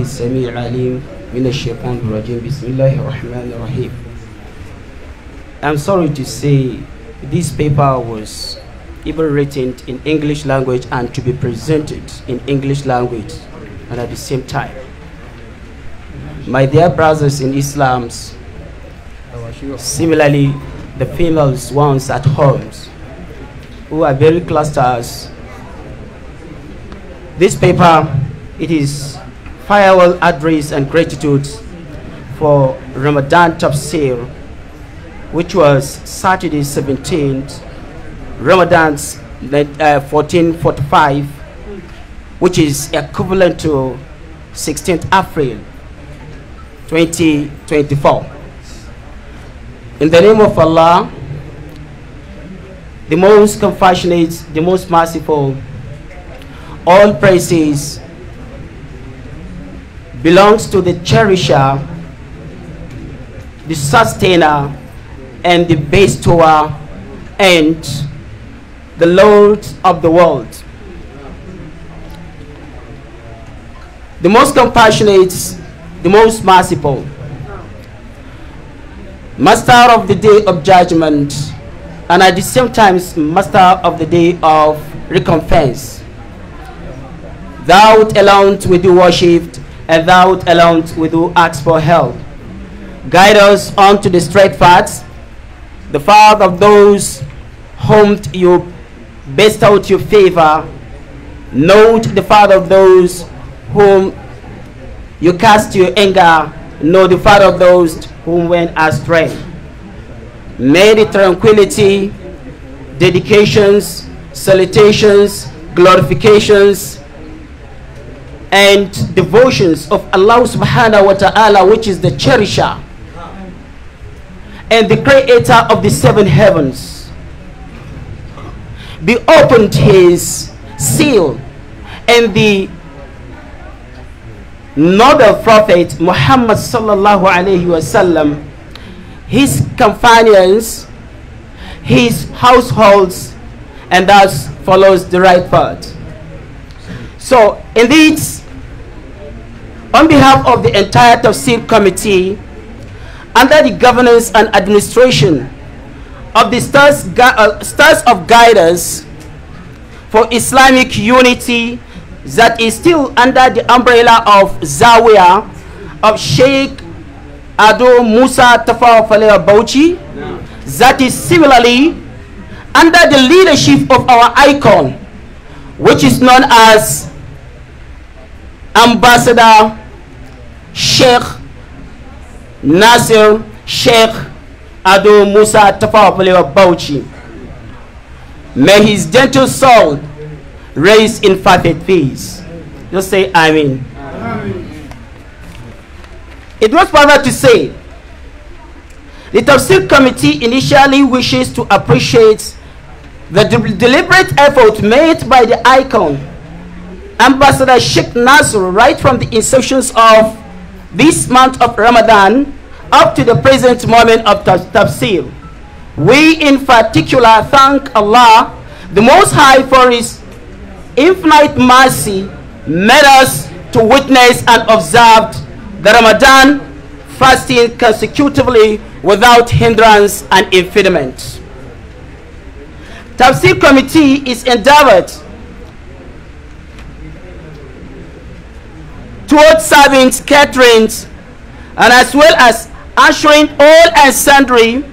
السميع العليم من الشيطان الرجيم بسم الله الرحمن الرحيم I'm sorry to say this paper was even written in English language and to be presented in English language and at the same time. My dear brothers in Islam, similarly, the females ones at homes who are very close to us. This paper, it is farewell address and gratitude for Ramadan Tafsir which was Saturday 17th, Ramadan uh, 1445, which is equivalent to 16th April 2024. In the name of Allah, the most compassionate, the most merciful, all praises belongs to the cherisher, the sustainer, and the bestower and the Lord of the world. The most compassionate, the most merciful. Master of the day of judgment and at the same time master of the day of recompense. Thou alone we do worship, and thou alone we do ask for help. Guide us unto the straight path the father of those whom you bestowed your favor. know the father of those whom you cast your anger. Know the father of those whom went astray. May the tranquility, dedications, salutations, glorifications, and devotions of Allah subhanahu wa ta'ala, which is the cherisher and the creator of the seven heavens. They opened his seal, and the noble prophet Muhammad sallallahu alaihi wasallam, his companions, his households, and thus follows the right path. So, indeed, on behalf of the entire Tafsir committee, under the governance and administration of the Stars, uh, Stars of Guidance for Islamic Unity that is still under the umbrella of Zawiya of Sheikh Ado Musa Tafawa Faleo Bauchi that is similarly under the leadership of our icon which is known as Ambassador Sheikh nasir sheikh ado musa tafawapalewa bauchi may his gentle soul raise in perfect peace just say amen, mean. it was further to say the tafsir committee initially wishes to appreciate the de deliberate effort made by the icon ambassador sheikh nasir right from the inception of this month of Ramadan up to the present moment of tafsir. We in particular thank Allah, the Most High, for His infinite mercy, made us to witness and observe the Ramadan fasting consecutively without hindrance and impediment. Tafsir committee is endeavored towards servants, caterings, and as well as ushering all and sundry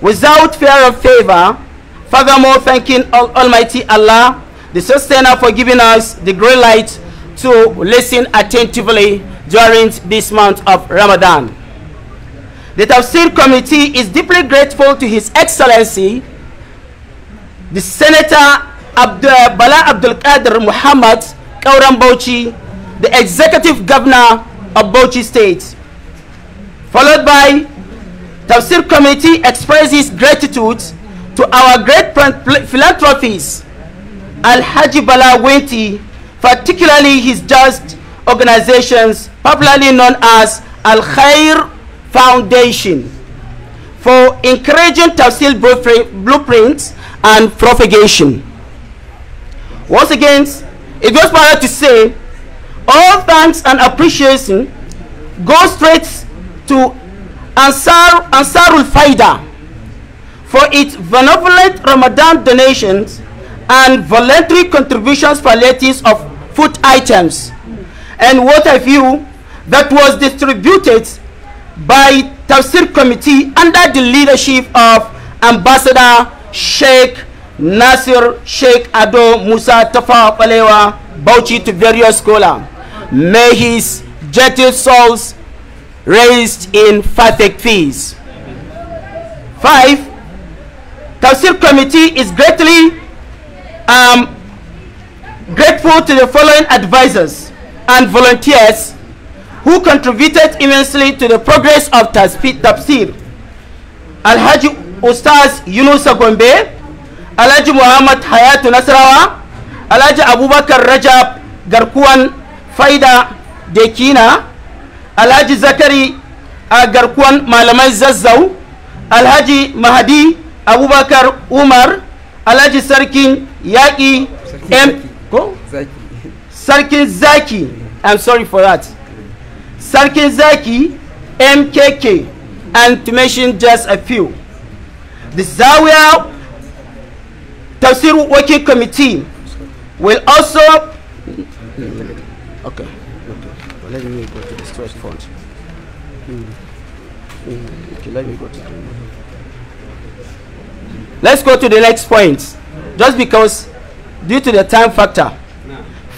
without fear of favor. Furthermore, thanking Almighty Allah, the sustainer, for giving us the great light to listen attentively during this month of Ramadan. The Tafsir Committee is deeply grateful to His Excellency, the Senator Abdul Bala Abdul Qadir Muhammad Kauram Bauchi, the executive governor of Bochi State, followed by Tafsir Committee expresses gratitude to our great philanthropist, Al-Haji Bala Winti, particularly his just organizations, popularly known as Al Khair Foundation, for encouraging Tafsir blueprints and propagation. Once again, it goes without to say all thanks and appreciation go straight to Ansar, Ansarul Faida for its benevolent Ramadan donations and voluntary contributions for ladies of food items and water view that was distributed by Tafsir Committee under the leadership of Ambassador Sheikh Nasir Sheikh Ado Musa Tafa Palewa Bauchi to various scholars. May his gentle souls raised in perfect peace. Five, Council Committee is greatly um, grateful to the following advisors and volunteers who contributed immensely to the progress of Tafsir. Alhaji Ustaz Yunus Gombe, Alhaji Muhammad Hayat Nasrawa, Alhaji Abubakar Rajab Garkuan faida da kina alhaji zakari a garkuwan malamai zazzau alhaji mahadi abubakar umar alhaji sarkin yaƙi sarkin zaki i'm sorry for that sarkin zaki mkk and to mention just a few the zawiya tafsir working committee will also Okay, okay. Well, let me go to the straight point. Mm. Mm. Okay, let me go to the... Let's go to the next point. Just because, due to the time factor.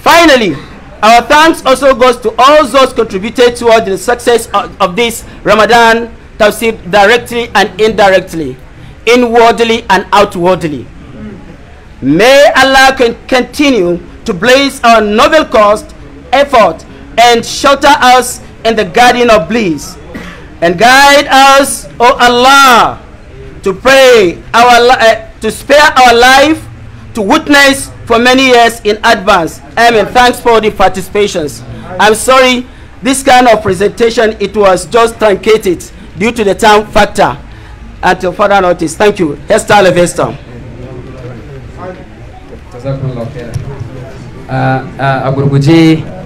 Finally, our thanks also goes to all those contributed towards the success of, of this Ramadan tafsir directly and indirectly, inwardly and outwardly. May Allah continue to bless our novel cause effort and shelter us in the garden of bliss. And guide us, O Allah, to pray our uh, to spare our life to witness for many years in advance. Amen. Thanks for the participations. I'm sorry, this kind of presentation, it was just truncated due to the time factor. Until further notice. Thank you. Hester Levester. Uh, uh,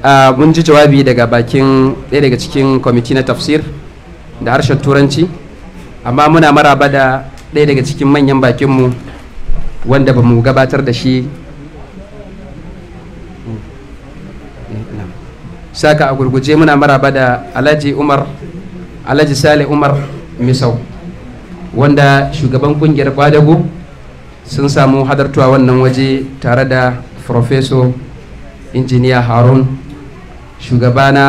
Ah, mun ji jawabi daga bakin ɗaya daga cikin kwamiti na tafsir da harshen turanci amma muna maraba da ɗaya daga cikin manyan bakinmu wanda ba mu gabatar da shi saka a gurguje muna maraba da alhaji umar alhaji sale umar misau wanda shugaban kungiyar kwadago sun samu hadartuwa wannan waje tare da profeso injiniya harun Shugabana na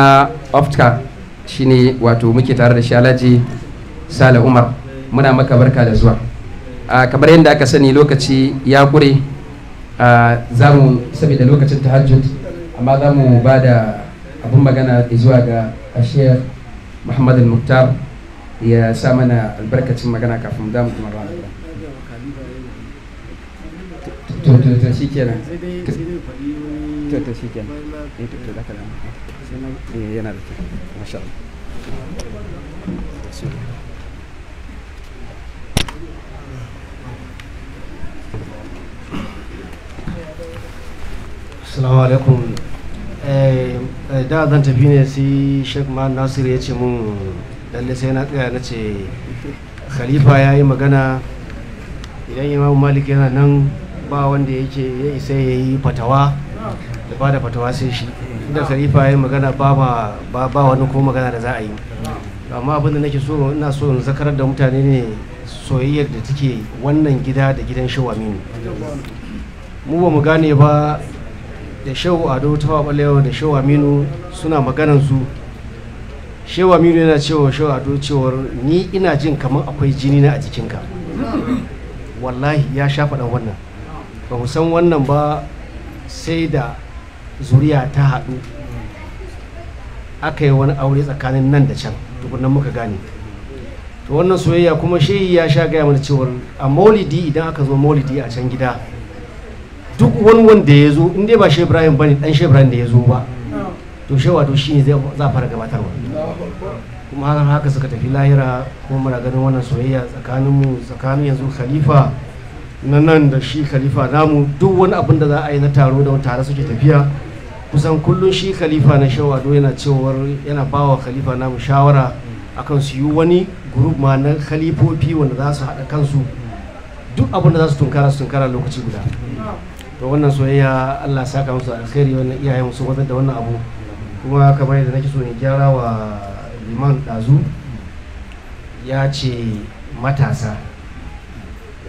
ofta shine wato muke tare da shalaji sale umar muna maka barka da zuwa kamar yadda aka sani lokaci ya kure za mu saboda lokacin tahajjud amma za mu ba da abin magana zuwa ga ashiyar muhammad al-muktar ya sa mana albarkacin magana kafin za mu kuma ba to to to shi kenan eh to to zaka damu eh yana eh, da kyau masha Allah Assalamu alaikum da zan tafi ne sai Sheikh Mahmud Nasir ya ce mun lalle sai na tsaya na ce khalifa ya yi magana idan imamu malik yana nan ba wanda yake ya isa ya yi fatawa da ba da fatawa sai shi inda sarifa ya yi magana ba wani ko magana da za a yi amma abinda nake so ina so in zakarar da mutane ne soyayyar da take wannan gida da gidan shehu aminu mu ba mu gane ba da shehu ado balewa da shehu aminu suna maganan su shehu aminu yana cewa shehu ado cewar ni ina jin kamar akwai jini na a jikinka wallahi ya sha faɗan wannan ba san wannan ba sai da zuriya ta haɗu aka yi wani aure tsakanin nan da can tukunan muka gane to wannan soyayya kuma shehi ya sha gaya mana cewar a maulidi idan aka zo maulidi a can gida duk wani wanda ya zo in ba shi ibrahim bane dan shi ibrahim da ya zo ba to shi wato shine zai za fara gabatarwa kuma hakan haka suka tafi lahira kuma muna ganin wannan soyayya tsakanin mu tsakanin yanzu khalifa na nan da shi khalifa namu duk wani abin da za a yi na taro da wata tare suke tafiya kusan kullum shi khalifa na shan yana cewa yana bawa khalifa namu shawara akan su yi wani gurub ma na khalifofi wanda za su haɗa kansu duk abin da za su tunkara su tunkara lokaci guda to wannan soyayya Allah saka musu alkhairi wannan iyayen musu wazar da wannan abu kuma kamar yadda nake so ne gyara wa liman ɗazu ya ce matasa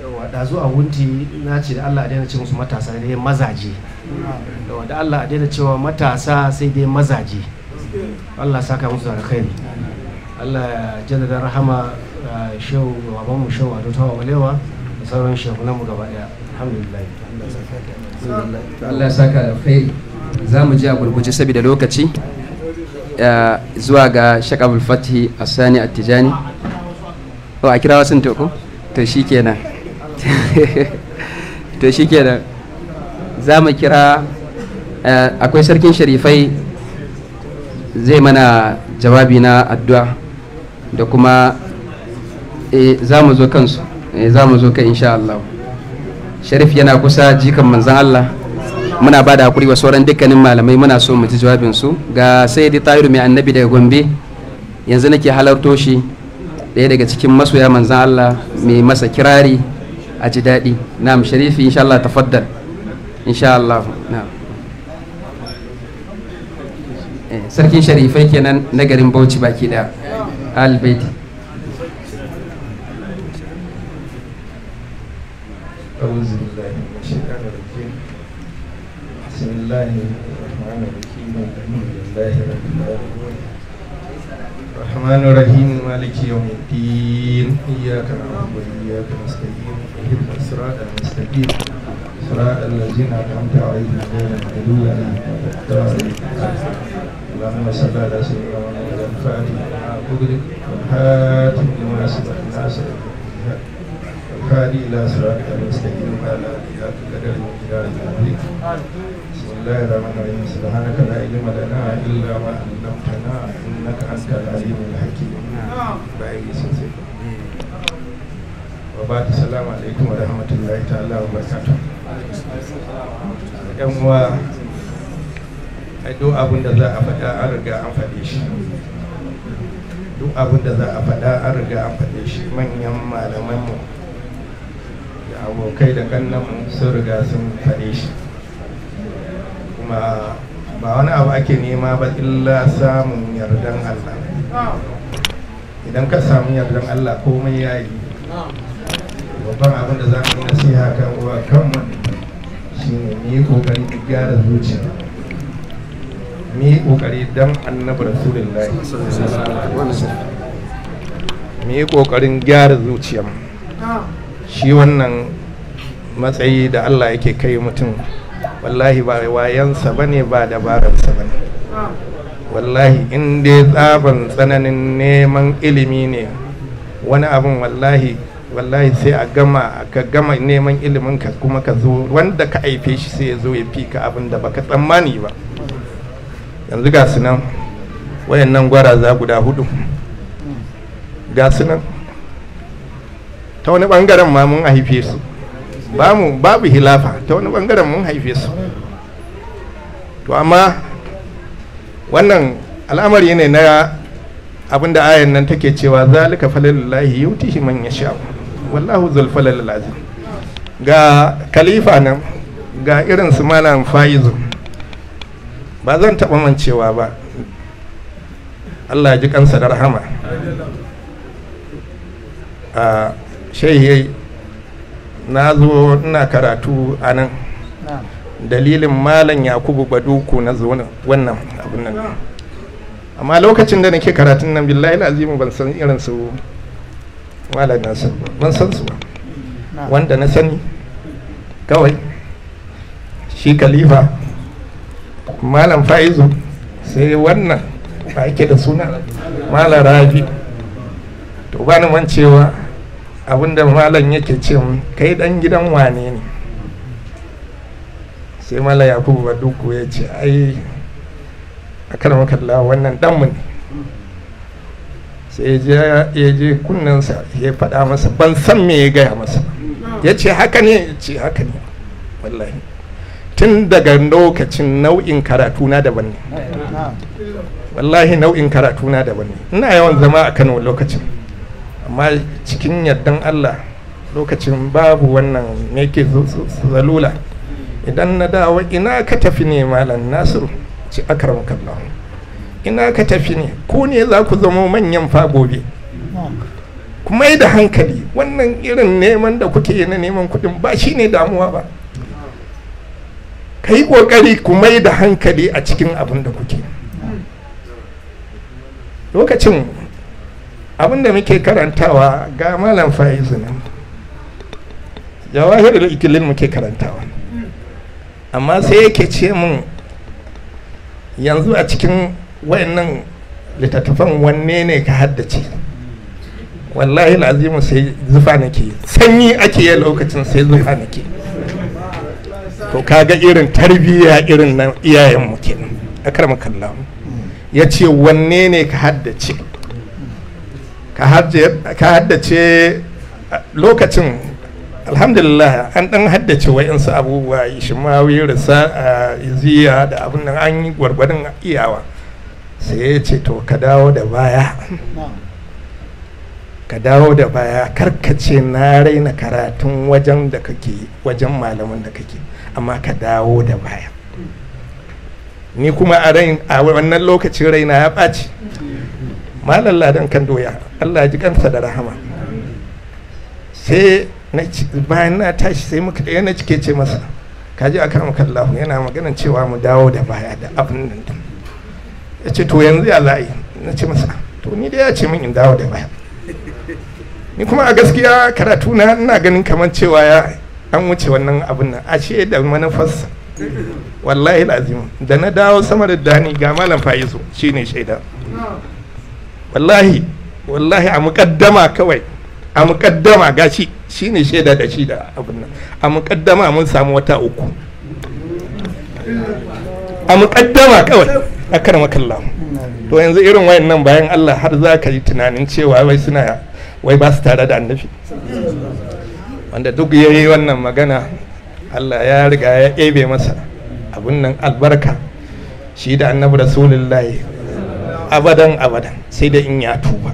wa ɗazu a wunti na ce da Allah a daina ce musu matasa da mazaje da wanda Allah a daina cewa matasa sai dai mazaje Allah ka musu da kai Allah ya da rahama shehu baban mu shehu wato tawa walewa da sauran na mu gaba daya alhamdulillah Allah ya saka da kai za mu ji a gurguje saboda lokaci zuwa ga shakabul fatihi a sani a tijani a kira wasu to shi kenan *laughs* to shi kenan za mu kira eh, akwai sarkin sharifai zai mana jawabi na addu'a da kuma eh, za mu zo kansu eh, za mu zo kai insha Allah sharif yana kusa jikan manzan Allah muna ba da hakuri wa sauran dukkanin malamai muna so mu ji jawabinsu ga sai da tayiru mai annabi daga gombe yanzu nake halarto shi ɗaya daga cikin masoya manzan Allah mai masa kirari a ji daɗi na sharifi insha Allah tafaddal insha Allah sarkin sharifai kenan na garin bauchi baki da albaiti الرحمن الرحيم مالك يوم الدين إياك نعبد وإياك نستعين اهدنا الصراط المستقيم صراط الذين أنعمت عليهم غير المغضوب عليهم ولا الضالين اللهم صل على سيدنا محمد الفاتح مع قدرك والحاتم لما سبق الناس الهادي إلى صراطك المستقيم وعلى آله قدر ومقدار العظيم بسم الله الرحمن الرحيم سبحانك لا علم لنا إلا ما علمتنا إنك أنت العليم الحكيم. نعم. wa salamu alaikum wa rahmatullahi ta'ala wa barakatuh yan uwa ai duk abin da za a faɗa an riga an faɗe shi duk abin da za a faɗa an riga an faɗe shi manyan malamanmu da abokai da kannanmu sun riga sun faɗe shi kuma ba wani abu ake nema ba illa samun yardan Allah idan ka samu yardan Allah komai ya yi babban abin da za mu yi nasiha kan uwa kanmu shi ne mu yi kokari mu gyara zuciya mu yi kokari dan annabi rasulullahi mu yi kokarin gyara zuciyar shi wannan matsayi da Allah yake kai mutum wallahi ba wayansa bane ba dabararsa bane wallahi in dai tsaban tsananin neman ilimi ne wani abin wallahi wallahi sai a gama ka gama neman ilimin ka kuma ka zo wanda ka aife shi sai ya zo ya fi ka abin da baka tsammani ba yanzu ga su nan wayannan gwaraza guda hudu ga su nan ta wani bangaren ma mun haife su babu hilafa ta wani bangaren mun haife su to amma wannan al'amari ne na abinda ayan nan take cewa zalika falilullahi yutihi man yasha'u wallahu zulfalal azim ga khalifa nan ga irin su malam faizu ba zan taɓa mancewa ba allah ji kansa da rahama a shayi na zo ina karatu a nan dalilin malam yakubu baduku na zo wannan abin nan amma lokacin da nake karatun nan billahi lazimu ban san irin su malam nasir ban san su ba wanda na sani kawai shi khalifa malam faizu sai wannan ba ake da suna malam rabi to ba ni mancewa abinda malam yake ce kai dan gidan wane ne sai malam yakubu baduku ya ce ai a kan makalla wannan danmu ne sai ya je kunnensa ya faɗa masa ban san me ya gaya masa ya ce haka ne ya ce haka ne wallahi tun daga lokacin nau'in karatu na daban ne wallahi nau'in karatu na daban ne ina yawan zama a kano lokacin amma cikin yardan allah lokacin babu wannan me ke zalula idan na dawo ina ka tafi ne malam nasiru ci akaram kallahu ina ka tafi ne ko ne za ku zama manyan fagobe ku mai da hankali wannan irin neman da kuke yi na neman kuɗin ba shi ne damuwa ba ka yi ƙoƙari ku mai da hankali a cikin abin da kuke lokacin abin da muke karantawa ga malam fa'izu nan jawahirul ikilin muke karantawa amma sai yake ce mun yanzu a cikin wayannan littattafan wanne ne ka haddace wallahi lazimu sai zufa nake sanyi ake yi lokacin sai zufa nake to kaga irin tarbiyya irin na iyayenmu kenan akarma kalla ya ce wanne ne ka haddace ka haddace lokacin alhamdulillah an dan haddace wa'insu abubuwa shimawi risa iziya da abin nan an yi gwargwadon iyawa sai ya ce to ka dawo da baya ka dawo da baya karkace na raina karatun wajen da kake wajen malamin da kake amma ka dawo da baya ni kuma a rain a wannan lokacin raina ya ɓaci malam ladan kan doya allah ji kansa da rahama sai bayan na tashi sai muka ɗaya na cike ce masa kaji a kan allahu yana maganin cewa mu dawo da baya da abin nan ya ce to yanzu ya la'ayi na ce masa to ni da ya ce min in dawo da baya *laughs* ni kuma a gaskiya karatu na ina ganin kamar cewa ya an wuce wannan abin nan a ce da manufarsa wallahi lazim da na dawo sama da dani ga malam fa'izu shine shaida wallahi wallahi a muƙaddama kawai a muƙaddama gashi shine shaida da shi da abin nan a muƙaddama mun samu wata uku a muƙaddama kawai makalla, to yanzu irin wayannan bayan Allah har za ka yi tunanin cewa wai suna wai ba su tare da annabi wanda duk ya yi wannan magana Allah ya riga ya ebe masa abun nan albarka shi da annabi rasulullahi abadan abadan sai da in ya tuba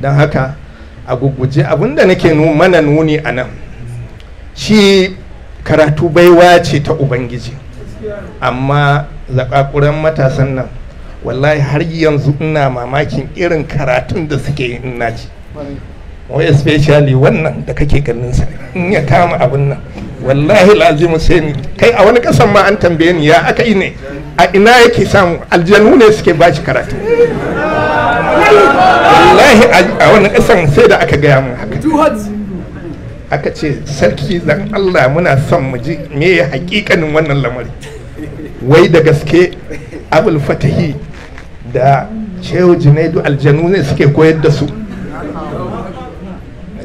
don haka a gugguje abun da nake mana nuni a nan shi karatu baiwa ce ta ubangiji amma zakakuran matasan nan wallahi har yanzu ina mamakin irin karatun da suke ina ci wai especially wannan da kake ganin sa in ya kama abin nan wallahi lazimu sai ni kai a wani kasan ma an tambaye ni ya aka yi ne a ina yake samu aljanu ne suke bashi karatu wallahi a wani kasan sai da aka gaya mun haka aka ce sarki zan Allah muna son mu ji me hakikanin wannan lamari wai da gaske abul fatahi da shehu junaidu aljanu ne suke koyar da su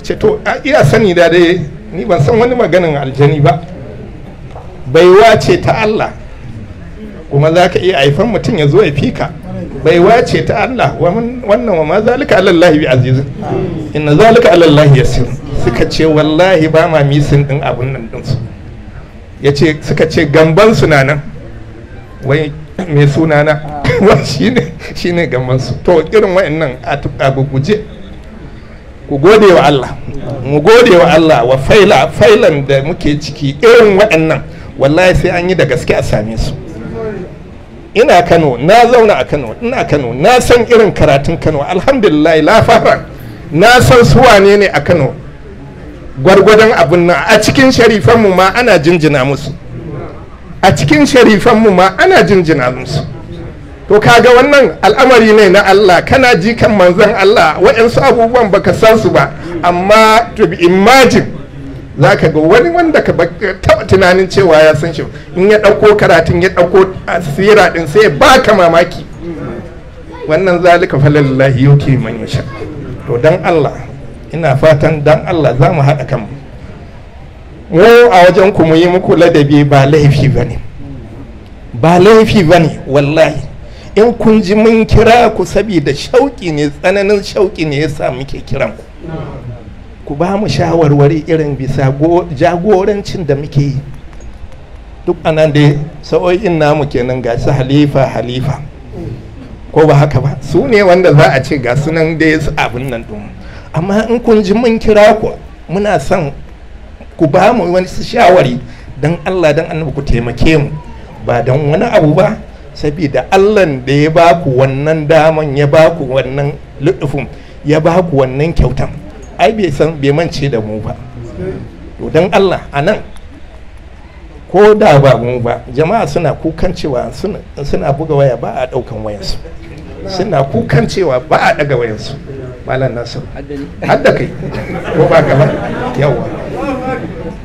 ce to iya sani da dai ni ban san wani maganin aljani ba baiwa ce ta Allah kuma za ka iya haifan mutum ya zo ya fika baiwa ce ta Allah wannan wa ma zalika alallahi bi azizin inna zalika alallahi yasir suka ce wallahi ba ma misin din abun nan din su ce suka ce gambansu na nan wai mai suna na shi ne su to irin nan a guguje ku gode wa Allah mu gode wa Allah wa faila failan da muke ciki irin nan wallahi sai an yi da gaske a same su ina Kano na zauna a Kano ina Kano na san irin karatun Kano alhamdulillah la fara na san su wane ne a Kano gwargwadon abin nan a cikin sharifanmu ma ana jinjina musu a cikin sharifanmu ma ana jinjina musu to kaga wannan al'amari ne na Allah kana ji kan manzon Allah waɗansu abubuwan baka san su ba amma to be imagine za ka ga wani wanda ka taɓa tunanin cewa ya san shi in ya ɗauko karatun ya ɗauko asira ɗin sai ba ka mamaki wannan zalika falallahi yau ke man sha to dan Allah ina fatan dan Allah za mu haɗa kanmu mu a wajen ku mu yi muku ladabi ba laifi ba ne ba laifi ba ne wallahi in kun ji mun kira ku saboda shauƙi ne tsananin shauƙi ne ya sa muke kiran ku ku ba mu shawarwari irin bisa jagorancin da muke yi duk anan dai sa'o'in namu kenan ga su halifa halifa ko ba haka ba su ne wanda za a ce ga sunan dai su abin nan ɗin amma in kun ji mun kira ku muna son ku ba mu wani shawari don Allah don annabi ku taimake mu ba don wani abu ba saboda Allah da ya ba ku wannan daman ya ba ku wannan ludufin ya ba ku wannan kyautan ai bai san bai mance da mu ba to don Allah a nan ko da ba mu ba jama'a suna kukan cewa suna buga waya ba a daukan wayansu suna kukan cewa ba a daga wayansu malam nasu hadda kai ko ba gaba yawa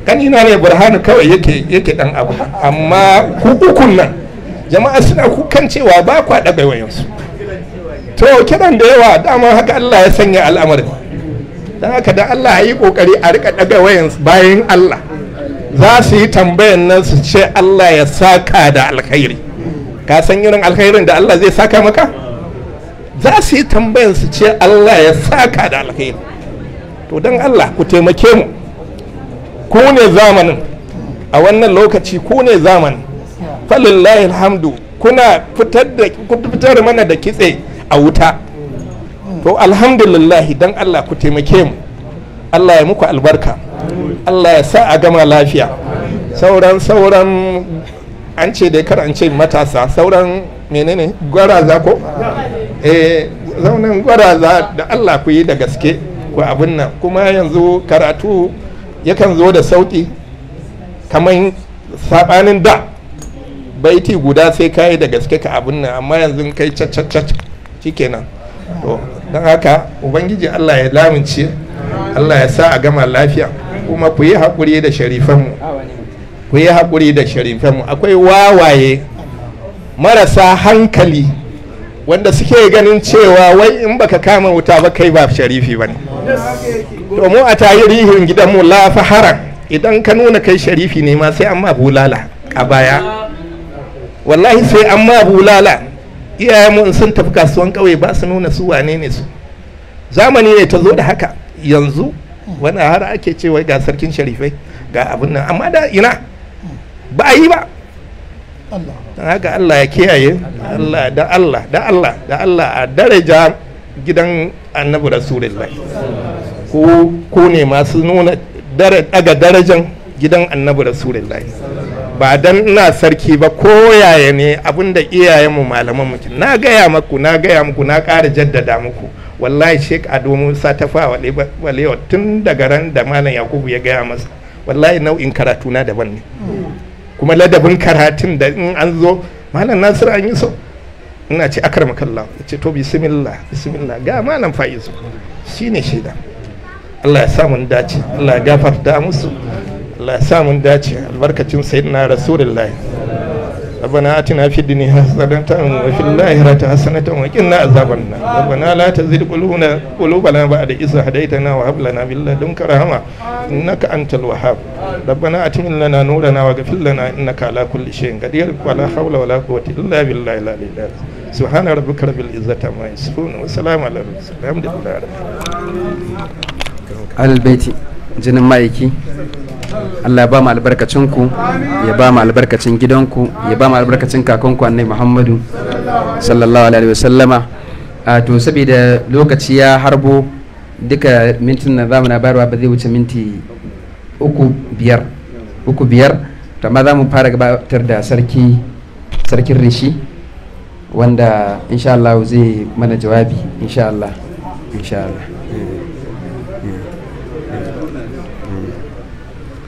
kanina ne burhanu kawai yake yake dan abu amma ku ukun nan jama'a suna kukan cewa ba kwa daga wayansu to kiran da yawa dama haka Allah ya sanya al'amarin dan haka da Allah ya yi kokari a rika daga wayansu bayan Allah za su yi tambayan nan su ce Allah ya saka da alkhairi ka san irin alkhairin da Allah zai saka maka za su yi tambayan su ce Allah ya saka da alkhairi to dan Allah ku taimake mu ku ne zamanin a wannan lokaci ku ne zamanin falillahi alhamdu kuna fitar da mana da kitse a wuta to alhamdulillahi dan Allah ku taimake mu Allah ya muku albarka Allah ya sa a gama lafiya sauran sauran an ce dai kar an ce matasa sauran menene gwaraza ko eh zaunan gwaraza da Allah ku yi da gaske ku abin nan kuma yanzu karatu yakan zo da sauti kamar saɓanin da baiti guda sai kayi da gaske ka abin nan amma yanzu kai cacacac shikenan to don haka ubangiji allah ya lamince allah ya sa a gama lafiya kuma ku yi haƙuri da sharifanmu ku yi haƙuri da sharifanmu akwai wawaye marasa hankali wanda suke ganin cewa wai in baka kama wuta ba kai ba sharifi ba ne to mu a tarihin gidanmu la fahara idan ka nuna kai sharifi ne ma sai an ma bulala a baya wallahi sai an ma bulala iyayenmu in sun tafi kasuwan kauye ba su nuna su wane ne su zamani ne ta zo da haka yanzu wani har ake cewa ga sarkin sharifai ga abin nan amma da ina ba a yi ba haka Allah ya kiyaye Allah da Allah da Allah da Allah a daraja gidan annabi rasulullahi ko ko ne masu nuna daga darajan gidan annabi rasulullahi ba dan ina sarki ba ko yaya ne abinda iyayenmu malaman mutum na gaya maku na gaya muku na ƙara jaddada muku wallahi sheik ado musa ta fawa wale tun daga ran da malam yakubu ya gaya masa wallahi nau'in karatu na daban ne kuma ladabin karatun da in an zo malam nasiru an yi so ina ce akarmakallah ya ce to bismillah bismillah ga malam fa'izu shine shaida Allah ya samu dace Allah ya gafarta musu Allah ya samu dace albarkacin sayyidina rasulullahi rabbana atina fid dunya hasanatan wa fil lahirati hasanatan wa qina azaban nar rabbana la tazid quluna qulubana ba'da id hadaytana wa hab lana min ladunka rahma innaka antal wahhab rabbana atina lana nurana wa ghfir lana innaka ala kulli shay'in qadir wa la hawla wa la quwwata illa billahi la ilaha illa anta subhana rabbika rabbil izzati amma yasifun wa salamun ala mursalin alhamdulillah albaiti jinin ma'aiki Allah ya ba mu albarkacin ku ya ba mu albarkacin gidanku ya ba mu albarkacin kakanku annabi Muhammadu sallallahu alaihi wasallama a to saboda lokaci ya harbo duka mintin na zamu na bayarwa ba zai wuce minti uku biyar uku biyar to amma za mu fara gabatar da sarki sarkin rishi wanda insha Allah zai mana jawabi insha Allah insha Allah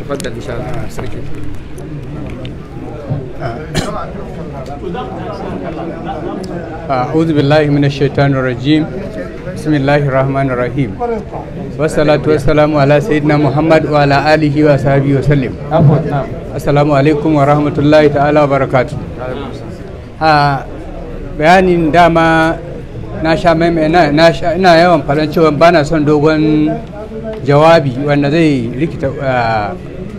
تفضل ان شاء الله احسنك أعوذ بالله من الشيطان الرجيم بسم الله الرحمن الرحيم والصلاة والسلام على سيدنا محمد وعلى آله وصحبه وسلم السلام عليكم ورحمة الله تعالى وبركاته bayanin dama na sha ina yawan يوم cewa ba na son dogon jawabi wanda zai rikita ah,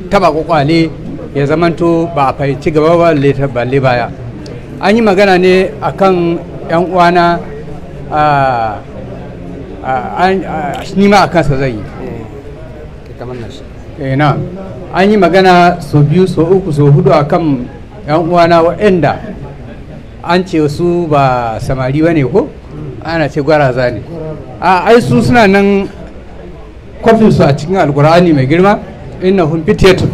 taba kwakwale ya zamanto ba a fahimci gaba ba balle baya an yi magana ne a kan yan uwana ah, ah, ni ma a kansa zai yi eh, eh, an yi magana so biyu so uku so hudu akan yan uwana waɗanda an ce su ba samari ba ne ko ana ce gwaraza ne a ai su suna nan kwafinsu a cikin alkur'ani mai girma innahum fityatun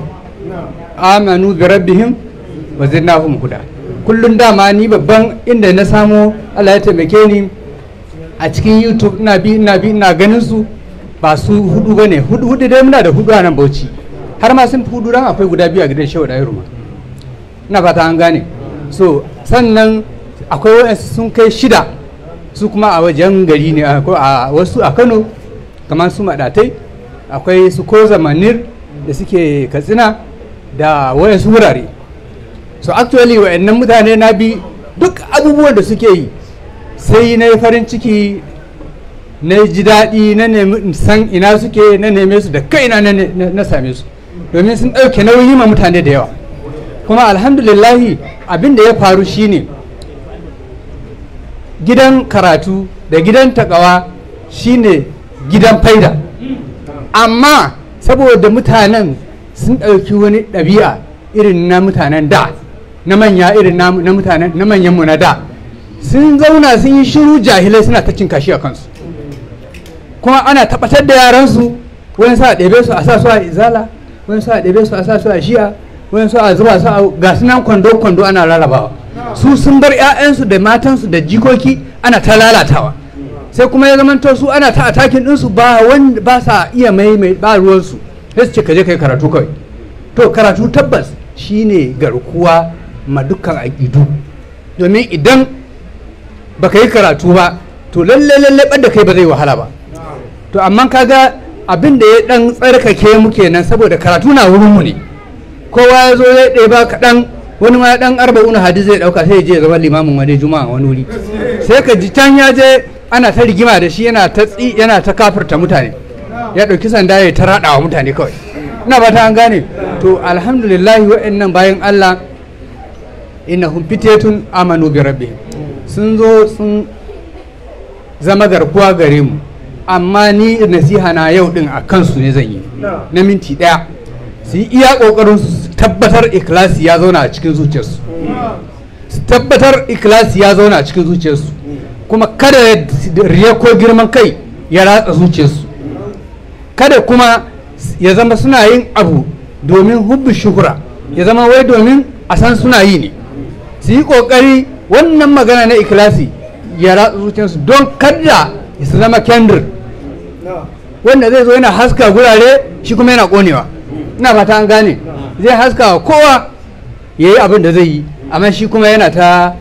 amanu bi rabbihim wa zinnahum huda kullun dama ni babban inda na samo Allah ya taimake ni a cikin YouTube ina bi ina bi ina ganin su ba su hudu bane hudu hudu dai muna da hudu a nan Bauchi har ma sun hudu ran akwai guda biyu a gidan Shehu Dairu ma ina fata an gane so sannan akwai waɗansu sun kai shida su kuma a wajen gari ne a wasu a Kano kamar su maɗatai akwai su ko zamanir da suke katsina da wayan su wurare so actually wa'annan mutane na bi duk abubuwan da suke yi sai na yi farin ciki na ji daɗi na nemi san ina suke na neme su da kaina na same su domin sun ɗauke nauyi ma mutane da yawa kuma alhamdulillahi abin da ya faru shine gidan karatu da gidan takawa shine gidan faida amma saboda mutanen sun ɗauki wani ɗabi'a irin na mutanen da na manya irin na mutanen na manyanmu na da sun zauna sun yi shiru jahilai suna ta cin kashi a kansu kuma ana tabbatar da yaransu wani sa ɗebe su a sa su a izala wani sa ɗebe su a sa su a shiya wani sa a zuba su a ga sunan kwando kwando ana lalabawa su sun bar 'ya'yansu da matansu da jikoki ana ta lalatawa sai kuma ya zamanto su ana ta atakin ɗinsu ba wanda ba sa iya mai ba ruwansu sai su ce ka je kai karatu kawai to karatu tabbas shine garkuwa ma dukkan aƙidu domin idan baka yi karatu ba to lalle lalle da kai ba zai wahala ba to amma ka ga abin da ya dan tsarkake mu kenan saboda karatu na wurin mu ne kowa ya zo ya ɗeba kaɗan wani ma dan na hadis zai ɗauka sai ya je ya zama limamin wani juma'a wani wuri sai ka ji can ya je ana ta rigima da shi yana ta tsi yana ta kafirta mutane ya ɗauki sanda ya ta raɗawa mutane kawai ina ba ta an gane to alhamdulillah wa'annan bayan Allah innahum fitatun amanu bi rabbih sun zo sun zama garkuwa gare mu amma ni nasiha na yau din a kansu ne zan yi na minti ɗaya su yi iya kokarin su tabbatar ikilasi ya zauna a cikin zuciyarsu su tabbatar ikilasi ya zauna a cikin zuciyarsu kuma kada riya ko girman kai ya ratsa zuciyarsu kada kuma ya zama suna yin abu domin hubbin shuhura ya zama wai domin a san suna yi ne su yi ƙoƙari wannan magana na ikilasi ya ratsa zuciyarsu don kada su zama kendir wanda zai zo yana haska gurare shi kuma yana ƙonewa ina fata an gane zai haska wa kowa ya yi abin da zai yi amma shi kuma yana ta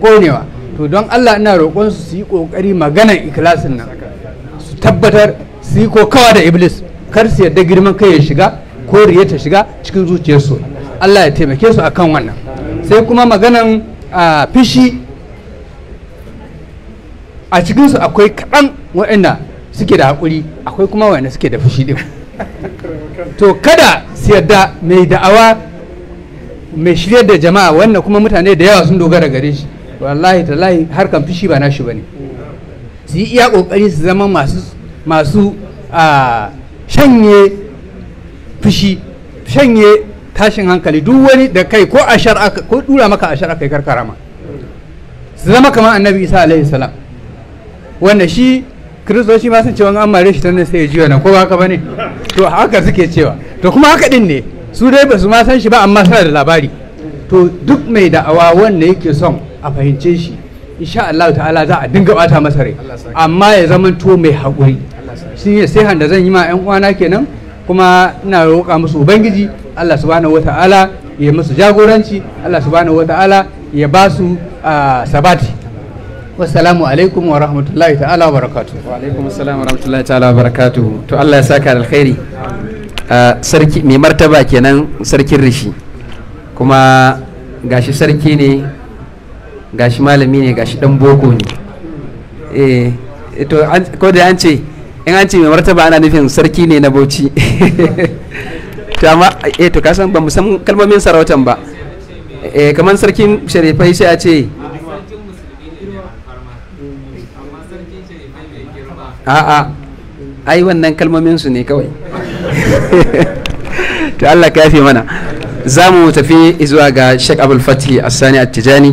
ƙonewa to don Allah ina roƙon su su yi ƙoƙari maganar ikilasin nan su tabbatar su yi kokawa da iblis kar su yadda girman kai ya shiga ko riya ta shiga cikin zuciyarsu Allah ya taimake su akan wannan sai kuma maganan fishi a cikinsu akwai kaɗan waɗanda suke da haƙuri akwai kuma waɗanda suke da fushi ɗin to kada su yadda mai da'awa mai shirya da jama'a wannan kuma mutane da yawa sun dogara gare shi wallahi talahi harkan fishi ba nashi bane su yi iya kokari su zama masu masu a shanye fishi shanye tashin hankali duk wani da kai ko a shar'a ko dura maka a shar'a kai ma su zama kamar annabi isa alaihi salam wanda shi kiristoci ma sun ce wani an mare shi tannan sai ya ji nan ko haka bane to haka suke cewa to kuma haka din ne su dai ba su ma san shi ba amma suna da labari to duk mai da'awa wanda yake son a fahimce shi insha Allah ta'ala za a dinga bata masa rai amma ya zama to mai haƙuri shi ne sai da zan yi ma 'yan uwana kenan kuma ina roƙa musu ubangiji Allah subhanahu wata'ala ya musu jagoranci Allah subhanahu wata'ala ya ba su sabati wassalamu alaikum wa rahmatullahi ta'ala wa barakatu. wa alaikum assalam wa rahmatullahi ta'ala wa barakatu. to Allah ya saka alkhairi sarki mai martaba kenan sarkin rishi kuma gashi sarki ne gashi malami ne gashi dan boko ne eh, eh to ko da an ce in an ce mai martaba ana nufin sarki ne na bauchi *laughs* to amma eh to kasan ba mu san kalmomin sarautan ba eh kamar sarkin sharifai sai a ce a'a ai wannan kalmomin su ne kawai *laughs* to Allah ka yafe mana za mu tafi zuwa ga Sheikh Abdul Fatih Asani At-Tijani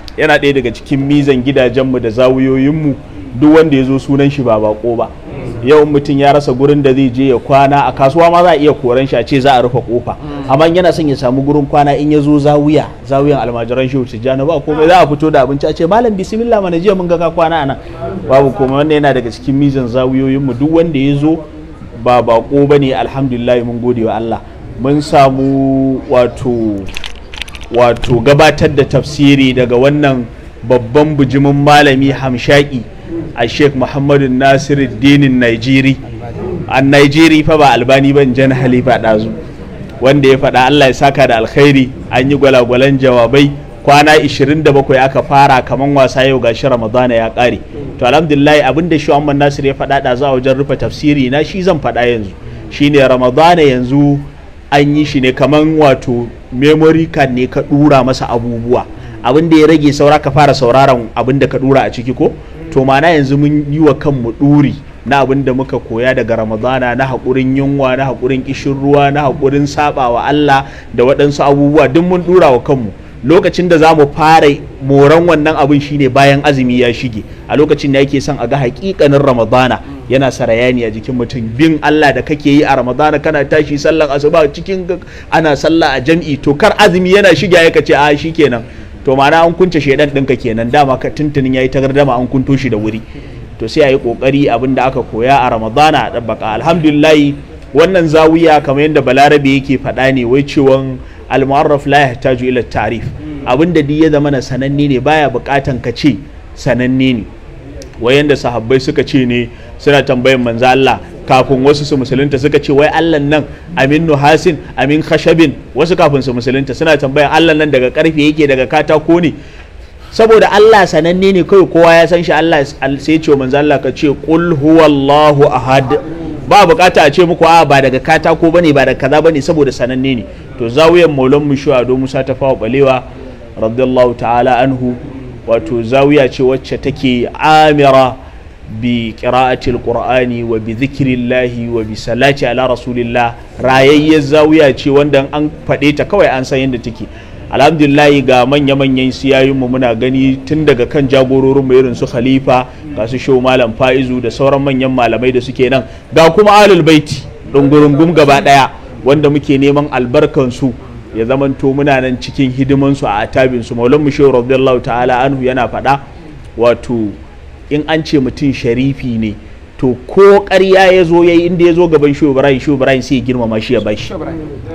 yana ɗaya daga cikin mizan gidajenmu da zawuyoyinmu duk wanda ya zo sunan shi ba bako ba yau mutum ya rasa gurin da zai je ya kwana a kasuwa ma za a iya koran shi a ce za a rufe kofa amma yana son ya samu gurin kwana in ya zo zawuya zawuyan almajiran shi shehu jana ba komai za a fito da abinci a ce malam bismillah mana jiya mun ga ka kwana anan babu komai wanda yana daga cikin mizan zawuyoyinmu mu duk wanda ya zo ba bako bane alhamdulillah mun gode wa Allah mun samu wato wato gabatar da tafsiri daga wannan babban bujimin malami hamshaki a sheikh muhammadu nasiru dinin nigeri a nigeri fa ba albani ban jan halifa ɗazu wanda ya faɗa allah ya saka da alkhairi an yi gwalagwalan jawabai kwana 27 aka fara kamar wasa yau gashi ramadana ya ƙare to alhamdulillahi abin da shi nasiru ya faɗa ɗazu a wajen rufe tafsiri na shi zan faɗa yanzu shine ramadana yanzu an yi shi ne kaman wato memory card ne ka dura masa abubuwa abin da ya rage saura ka fara sauraron abin da ka dura a ciki ko to mana yanzu mun yi wa kanmu duri na abin da muka koya daga ramadana na haƙurin yunwa na haƙurin ƙishin ruwa na haƙurin saɓawa Allah da waɗansu abubuwa duk mun dura wa kanmu lokacin da za mu fara moran wannan abin shine bayan azumi ya shige a lokacin da yake son a ga haƙiƙanin ramadana yana sarayani a jikin mutum bin Allah da kake yi a Ramadana kana tashi sallar asuba cikin ana sallah a jam'i to kar azumi yana shiga ya ce a ah, shikenan to ma'ana an kunce shedan ɗinka kenan dama ka tuntunin yayi tagardama an kunto shi da wuri to sai ayi kokari abin da aka koya a Ramadana a dabbaka alhamdulillah wannan zawiya kamar yadda Balarabe yake faɗa ne wai cewan almu'arraf la yahtaju ila tarif abin da duk ya zama sananne ne baya bukatan ka ce sananne ne da sahabbai suka ce ne suna tambayan manzo Allah kafin wasu su musulunta suka ce wai Allah nan amin nuhasin amin khashabin wasu kafin su musulunta suna tambayan Allah nan daga karfe yake daga katako ne saboda Allah sananne ne kai kowa ya san shi Allah sai ce manzo Allah ka ce qul huwallahu ahad ba bukata a ce muku a ba daga katako bane ba daga kaza bane saboda sananne ne to zawiyan maulan a do Musa ta fawo balewa radiyallahu ta'ala anhu wato zawiya ce wacce take amira bi qira'atil qur'ani wa bi zikirillahi wa bi salati ala rasulillah rayayye zawiya ce wanda an faɗe ta kawai an san yadda take alhamdulillahi ga manya-manyan mu muna gani tun daga kan mu irin su khalifa ga su show malam fa'izu da sauran manyan malamai da suke nan ga kuma alul baiti dungurungum gaba daya wanda muke neman albarkansu su ya zamanto muna nan cikin hidimansu a atabinsu maulan mushe radiyallahu ta'ala anhu yana faɗa wato in an ce mutum sharifi ne to ko ƙarya ya zo ya yi inda ya zo gaban shehu ibrahim shehu ibrahim sai ya girmama shi ya bashi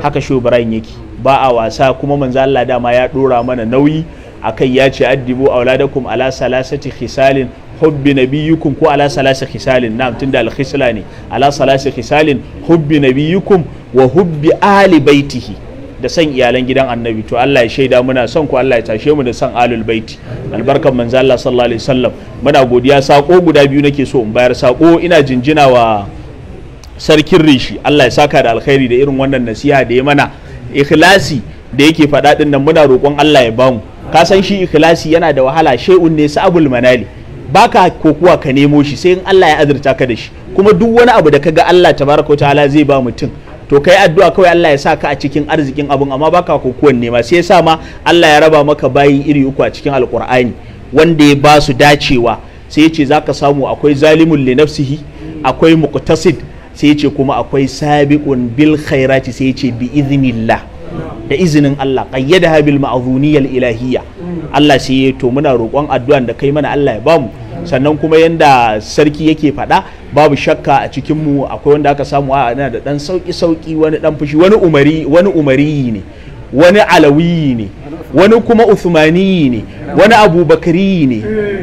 haka shehu ibrahim yake ba a wasa kuma manzo Allah ma ya dora mana nauyi akai ya ce addibu auladakum ala salasati khisalin hubbi nabiyyukum ko ala salasa khisalin na'am tunda al-khisla ne ala salasa khisalin hubbi nabiyyukum wa hubbi ali baitihi da san iyalan gidan annabi to Allah ya shaida muna son ku Allah ya tashe mu da san alul baiti albarkan manzo Allah sallallahu alaihi wasallam muna godiya sako guda biyu nake so in bayar sako ina jinjina wa sarkin rishi Allah ya saka da alkhairi da irin wannan nasiha da ya mana ikhlasi da yake faɗa din nan muna roƙon Allah ya bamu ka san shi ikhlasi yana da wahala shay'un ne sabul manali baka kokuwa ka nemo shi sai in Allah ya azurta ka da shi kuma duk wani abu da kaga Allah tabaraka wa ta'ala zai ba mutum to kai addu'a kawai Allah ya saka a cikin arzikin abun amma baka kokuwan nema sai yasa ma Allah ya raba maka bayi iri uku a cikin alkur'ani wanda ya ba su dacewa sai ya ce zaka samu akwai zalimun li nafsihi akwai muqtasid sai ya ce kuma akwai sabiqun bil khairati sai ya ce bi iznillah da izinin Allah qayyadaha bil ma'zuniyyal ilahiyya Allah sai ya to muna roƙon addu'an da kai mana Allah ya bamu sannan kuma yanda sarki yake faɗa babu shakka a cikin mu akwai wanda aka samu a yana da dan sauki sauki wani dan fushi wani umari wani umariyi ne wani alawiyi ne wani kuma uthmaniyi ne wani abubakariyi ne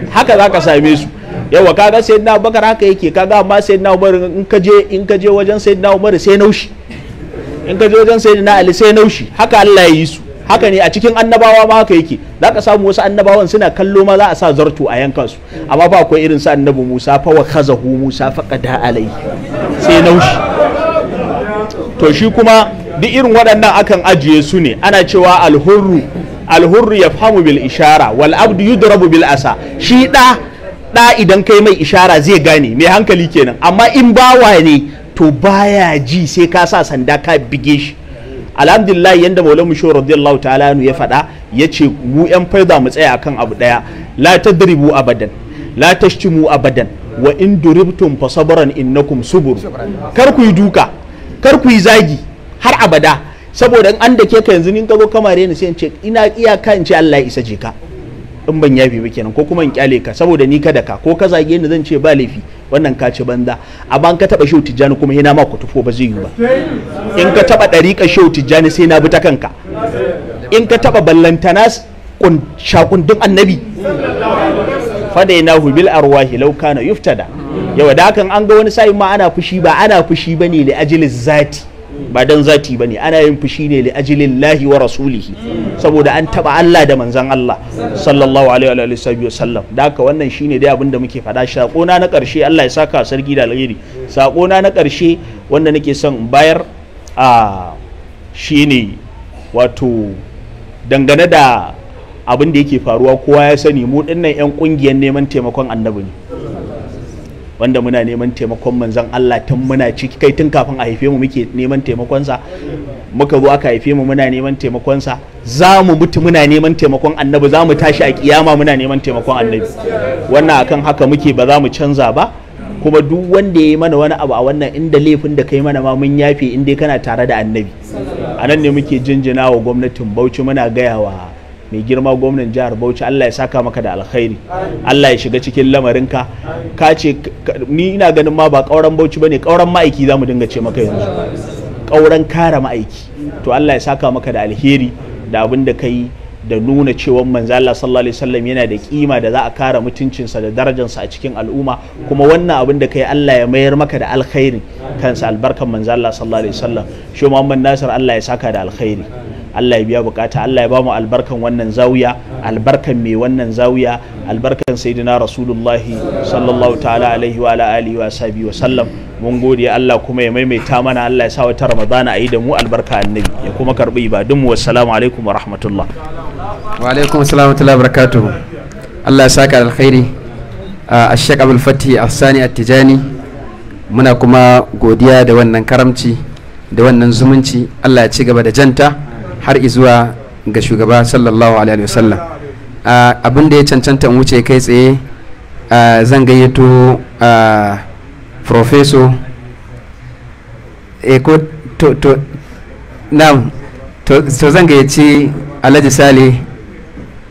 haka zaka same su yawa kaga na abubakar haka yake kaga amma na umar in ka je in ka je wajen na umar sai naushi in ka je wajen na ali sai naushi haka Allah ya yi su haka ne a cikin annabawa ma haka yake za ka samu wasu annabawan suna kallo ma za a sa zarto a yankansu amma ba kuwa irin sa annabi Musa fa wa kazahu Musa fa qada alai sai naushi to shi kuma duk irin waɗannan akan ajiye su ne ana cewa alhurru alhurru yafhamu bil ishara wal abdu yudrabu bil asa shi da da idan kai mai ishara zai gane mai hankali kenan amma in bawa ne to baya ji sai ka sa sanda ka bige shi alhamdulillah yadda maulan mu shawar radiyallahu ta'ala ya faɗa ya ce mu yan faida mu tsaya akan abu ɗaya la diribu abadan la tashtimu abadan wa in duribtum fasabaran innakum subur kar ku yi duka kar ku yi zagi har abada saboda in an da ke ka yanzu in ka zo kamare ni sai in ce ina iyaka in ce Allah ya isa je ka in ban yafi ba kenan ko kuma in kyale ka saboda ni kada ka ko ka zage ni zan ce ba laifi wannan ka ci A ma ka taba shoti tijjani kuma hina ma ku tufo ba zai yi ba in ka taba dariƙa shoti tijjani sai na bi ta kanka in ka taba ballantana shakundin annabi fada yana hubil arwahi lau kana yuftada yawa da hakan an ga wani sa'in ma ana fushi ba ana fushi bane li ajili zati ba dan zati ba ne. ana yin fushi ne li ajlillahi wa rasulihi saboda an taba Allah da manzan Allah sallallahu alaihi wa sallam da haka wannan shine dai abinda muke faɗa sako na na ƙarshe Allah ya saka sarki da alheri sako na na ƙarshe wanda nake son bayar a shine wato dangane da abin da yake faruwa kowa ya sani mu dinnan yan ƙungiyar neman taimakon annabi ne wanda muna neman taimakon manzon Allah tun muna ciki kai tun kafin a haife mu muke neman taimakonsa muka zo aka haife mu muna neman taimakonsa za mu mutu muna neman taimakon annabi za mu tashi a kiyama muna neman taimakon annabi wannan akan haka muke ba za mu canza ba kuma duk wanda ya yi mana wani abu a wannan inda laifin da kai mana ma mun yafe in kana tare da annabi a nan ne muke jinjina wa gwamnatin bauchi muna gaya wa mai girma gwamnan jihar Bauchi Allah ya saka maka da alkhairi Allah ya shiga cikin lamarinka ka ce ni ina ganin ma ba kauran Bauchi ne. kauran ma'aiki zamu dinga ce maka yanzu kauran kare ma'aiki to Allah ya saka maka da alheri da abin da yi da nuna cewa manzo Allah sallallahu alaihi wasallam yana da kima da za a kare mutuncinsa da darajarsa a cikin al'umma kuma wannan abin da ka yi Allah ya mayar maka da alkhairi kansa albarkan manzo Allah sallallahu alaihi wasallam shi Muhammad Nasir Allah ya saka da alkhairi Allah ya biya bukata Allah ya ba mu albarkan wannan zawiya albarkan mai wannan zawiya albarkan sayyidina rasulullahi sallallahu ta'ala alaihi wa ala alihi wa sahbi wa sallam mun gode Allah kuma ya maimaita mana Allah ya sa wata ramadana a yi da mu albarka annabi ya kuma karbi ibadun mu assalamu alaikum wa rahmatullah wa alaikum assalamu wa rahmatullahi wa barakatuh Allah ya saka alkhairi a Sheikh Abdul Fatih Asani Attijani muna kuma godiya da wannan karamci da wannan zumunci Allah ya ci gaba da janta har izuwa ga shugaba sallallahu alaihi wasallam abin da ya cancanta in wuce kai tsaye zan gayyato profeso eko eh, to to nam to, zan gayyaci alhaji sale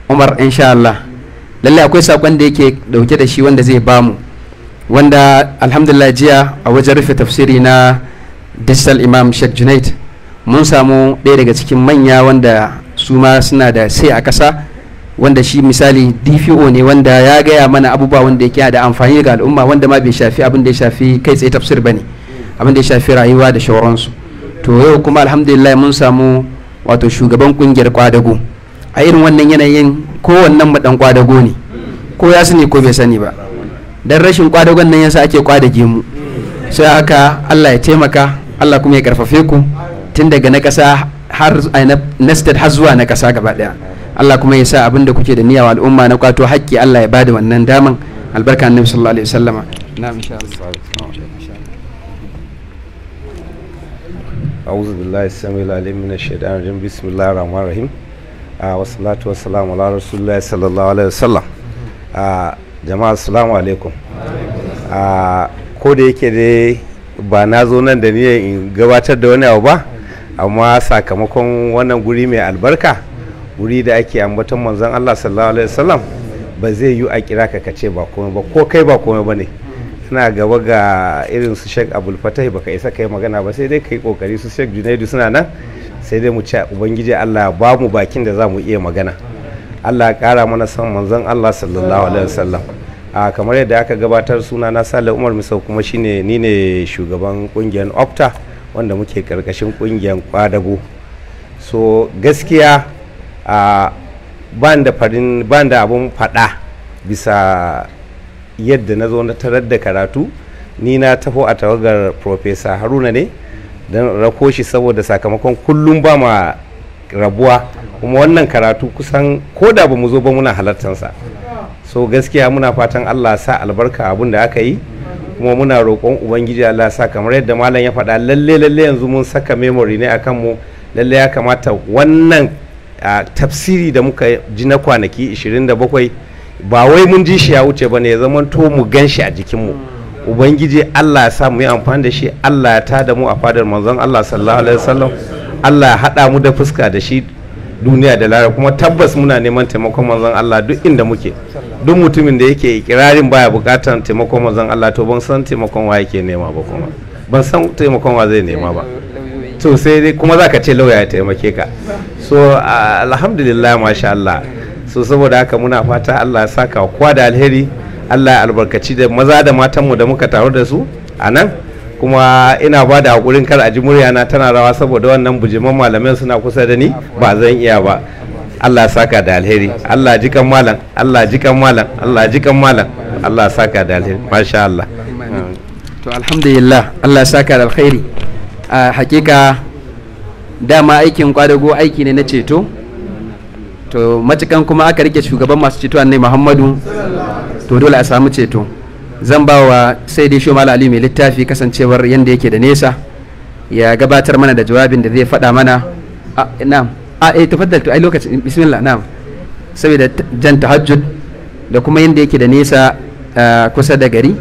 umar insha Allah lallai akwai sakon da yake dauke da shi wanda zai bamu wanda alhamdulillah jiya a wajen rufe tafsiri na digital imam sheikh junaid mun samu ɗaya daga cikin manya wanda su ma suna da sai a ƙasa wanda shi misali dpo ne wanda ya gaya mana abubuwa wanda yake da amfani ga al'umma wanda ma bai shafi abin da ya shafi kai tsaye tafsir ba ne abin da ya shafi rayuwa da shawaransu to yau kuma alhamdulillah mun samu wato shugaban kungiyar kwadago a irin wannan yanayin kowannen mu dan kwadago ne ko ya sani ko bai sani ba dan rashin kwadagon nan yasa ake kwadage mu sai haka Allah ya taimaka Allah kuma ya karfafe ku tun daga na ƙasa har na state har zuwa na ƙasa gaba ɗaya Allah kuma ya sa abin da kuke da niyyawa al'umma na kwato haƙƙi Allah ya bada wannan daman albarka annabi sallallahu alaihi wasallama na'am insha Allah a'udhu billahi samil alim min ash-shaytan rajim bismillahir rahmanir rahim. والصلاة والسلام على رسول rasulillah sallallahu alaihi عليه وسلم ah, jama'a assalamu alaikum ah, ko da yake dai ba na zo nan da niyyar in gabatar da wani abu ba amma sakamakon wannan guri mai albarka guri da ake ambaton manzon Allah sallallahu alaihi wasallam ba zai yi a kira ka kace ba komai ba ko kai ba komai ne suna gaba ga irin su Sheikh Abdul Fatah baka isa kai magana ba sai dai kai kokari su Sheikh Junaidu suna nan sai dai mu ci ubangiji Allah ba mu bakin da za mu iya magana Allah ya kara mana san manzon Allah sallallahu alaihi wasallam a kamar yadda aka gabatar suna na Sale Umar Misau kuma shine ni ne shugaban kungiyar Opta wanda muke karkashin kungiyar kwadago so gaskiya a ban da farin abun fada bisa yadda na zo na tarar da karatu ni na taho a tawagar profesa haruna ne don rako shi saboda sakamakon kullum ba ma rabuwa kuma wannan karatu kusan ko da ba mu zo ba muna halartansa so gaskiya muna fatan allah sa albarka abun da aka yi kuma muna roƙon ubangiji Allah sa kamar yadda malam ya faɗa lalle lalle yanzu mun saka memory ne akan mu lalle ya kamata wannan tafsiri da muka ji na kwanaki 27 ba wai mun ji shi ya wuce ba ne ya zama to mu gan shi a mu ubangiji Allah ya sa mu yi amfani da shi Allah ya da mu a fadar manzon Allah sallallahu alaihi wasallam Allah ya haɗa mu da fuska da shi duniya da lara kuma tabbas muna neman taimakon manzon Allah duk inda muke duk mutumin da yake ikirarin baya bukatar taimakon manzon Allah to ban san taimakon wa yake nema ba kuma ban san taimakon wa zai nema ba to sai dai kuma zaka ce lauya ya taimake ka so alhamdulillah masha Allah so saboda haka muna fata Allah ya saka kowa da alheri Allah ya albarkaci da maza da matan mu da muka taru da su a nan kuma ina ba da hakurin kar a ji na tana rawa saboda wannan bujiman malamai suna kusa da ni ba zan iya ba Allah saka da alheri Allah ji kan malam Allah ji kan malam Allah ji kan malam Allah saka da alheri masha Allah to alhamdulillah Allah saka da alheri a hakika dama aikin kwadago aiki ne na ceto to matukan kuma aka rike shugaban masu ceto ne Muhammadu to dole a samu ceto zan ba wa sai dai shomala ali mai littafi kasancewar yadda yake da nesa ya gabatar mana da jawabin da zai faɗa mana na'am a ah, eh tafaddal to ai lokaci bismillah na'am saboda jan tahajjud da kuma yanda yake da nesa ah, kusa da gari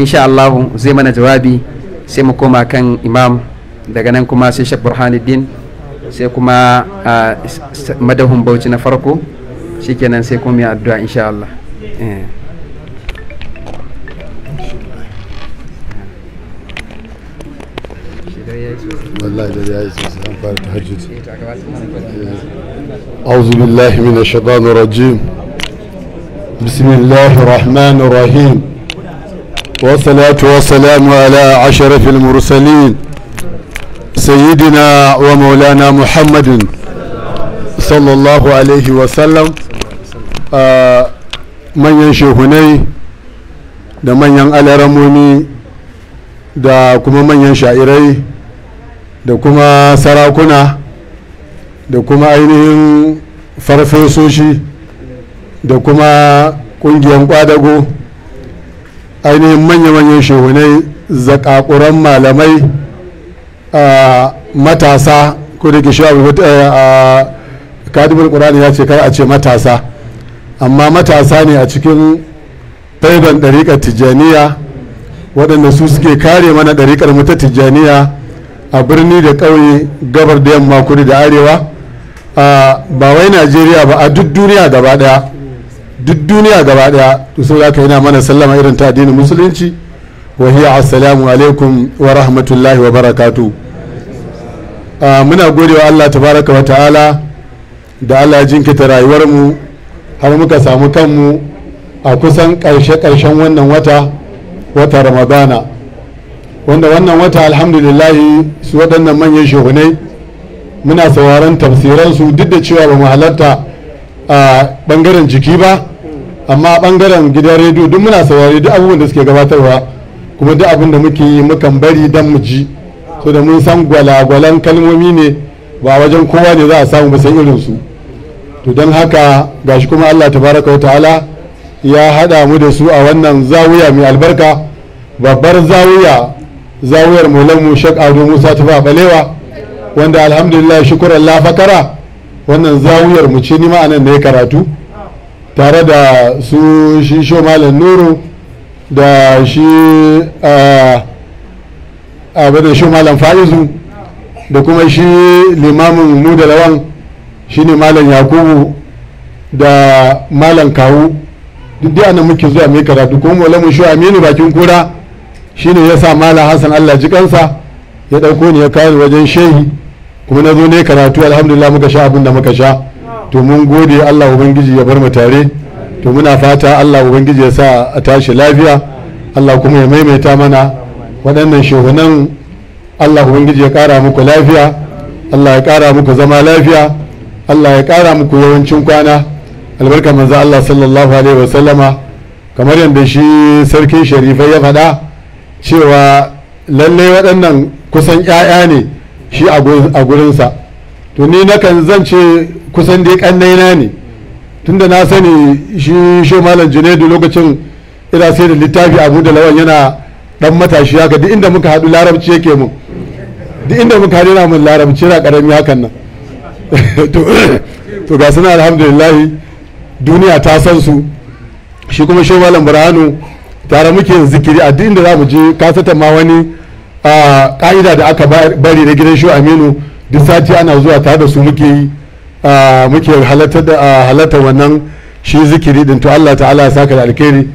insha Allah zai mana jawabi sai mu koma kan imam daga nan kuma sai Sheikh Burhanuddin sai kuma ah, madahun bauchi na farko shikenan sai kuma ya addu'a insha Allah eh. wallahi eh, eh, da ya isa sai an fara tahajjud a'udhu billahi minash shaitanir rajim bismillahir والصلاة والسلام على أشرف المرسلين سيدنا ومولانا محمد صلى الله عليه وسلم manyan shehunai da manyan alaramomi da kuma manyan sha'irai da kuma sarakuna da kuma ainihin farfesoshi da kuma ƙungiyar kwadago ainihin manya-manyan shehunai zakakuran malamai a matasa ko da ke shi eh, a kadibar ƙurani ya ce kar a ce matasa amma matasa ne a cikin faidon ɗariƙar tijjaniya waɗanda su suke kare mana ɗariƙar mu ta tijjaniya a birni da ƙauye gabar da yamma kudu da arewa ba wai najeriya ba a duk duniya gaba daya duk duniya gaba daya to sun aka yana mana sallama irin ta addinin musulunci wa hiya assalamu alaikum wa rahmatullahi wa barakatu muna gode wa allah tabaraka wa ta'ala da allah ya rayuwar mu har muka samu kanmu a kusan ƙarshe-ƙarshen wannan wata wata ramadana wanda wannan wata alhamdulillahi su waɗannan manyan shehunai muna sauraron su duk da cewa ba mu halarta a ɓangaren jiki ba amma ɓangaren gidan rediyo duk muna saurari duk abubuwan da suke gabatarwa kuma duk abin da muke yi mukan bari don mu ji so da mun san gwalagwalan kalmomi ne ba wajen kowa ne za a samu ba sai irin su to don haka gashi kuma Allah tabaraka wa ta'ala ya haɗa mu da su a wannan zawiya mai albarka babbar zawiya zawiyar mu shek ado musa tufa balewa wanda alhamdulillah shukuran allah fakara wannan zawiyar mu ce nima anan ne karatu tare da su shi sho malam nuru da shi ah, abin shi malam fa'izu da kuma shi limamin mu da lawan shi ne malam yakubu da malam kawu duk da muke zuwa mai karatu ko mu lamu shi aminu bakin kura shi shine yasa malam Hassan Allah jikansa ya ɗauko ni ya kawo wajen shehi kuma na zo ne karatu alhamdulillah muka sha abin da muka sha to mun gode Allah ubangiji ya bar mu tare to muna fata Allah ubangiji ya sa a tashi lafiya Allah kuma ya maimaita mana waɗannan shehunan Allah ubangiji ya kara muku lafiya Allah ya kara muku zama lafiya Allah ya kara muku yawancin kwana albarkar manzo Allah sallallahu alaihi sallama kamar yadda shi sarkin sharifai ya faɗa cewa lallai waɗannan kusan 'ya'ya ne shi a gurinsa to ni na kan zan ce kusan dai na ne tunda na sani shi shi malam junaidu lokacin ina sai da littafi abu da lawan yana dan matashi haka duk inda muka haɗu larabci yake mun duk inda muka haɗu yana mun larabci yana ƙarami hakan nan *laughs* *coughs* to ga suna alhamdulillahi duniya ta san su shi kuma shi malam burhanu tare muke yin zikiri a da za mu je kasata ma wani ka'ida da aka bari na gidan shu aminu duk sati ana zuwa tare da su muke yi muke halatta wannan shi zikiri din to Allah ta'ala ya saka da alkhairi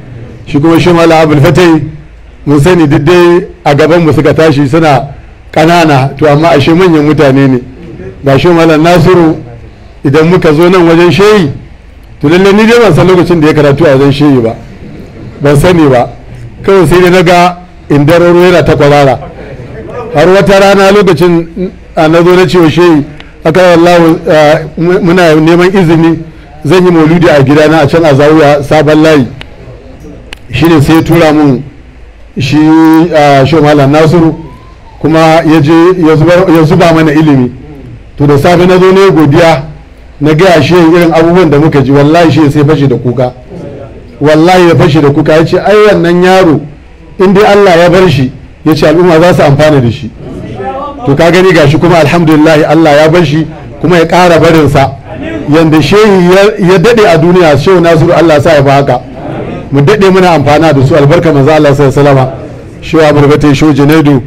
shi kuma shi mala abul fatai mun sani duk dai a gaban mu suka tashi suna kanana to amma ashe manyan mutane ne ga shi mala nasiru idan muka zo nan wajen shehi to lalle ni dai ban san lokacin da ya karatu a wajen shehi ba ban sani ba kawai sai dai naga indararo yana ta kwarara har wata rana lokacin a na zo na cewa shehi aka Allah muna neman izini zan yi mauludi a gidana a can a zawiya sabon layi ne sai tura mun shi shehu nasiru kuma ya zuba mana ilimi to da safe na zo ne godiya na gaya shi irin abubuwan da muka ji wallahi shi sai fashe da kuka wallahi ya fashe da kuka ya ce ai wannan yaro in dai Allah ya bar shi ya ce al'umma za su amfana da shi to ka gani gashi kuma alhamdulillah Allah ya bar shi kuma ya ƙara barinsa yadda shehi ya daɗe a duniya shehu nasiru Allah sa ya fi haka mu daɗe muna amfana da su albarka manzo Allah sai salama shehu aburbate shehu janaidu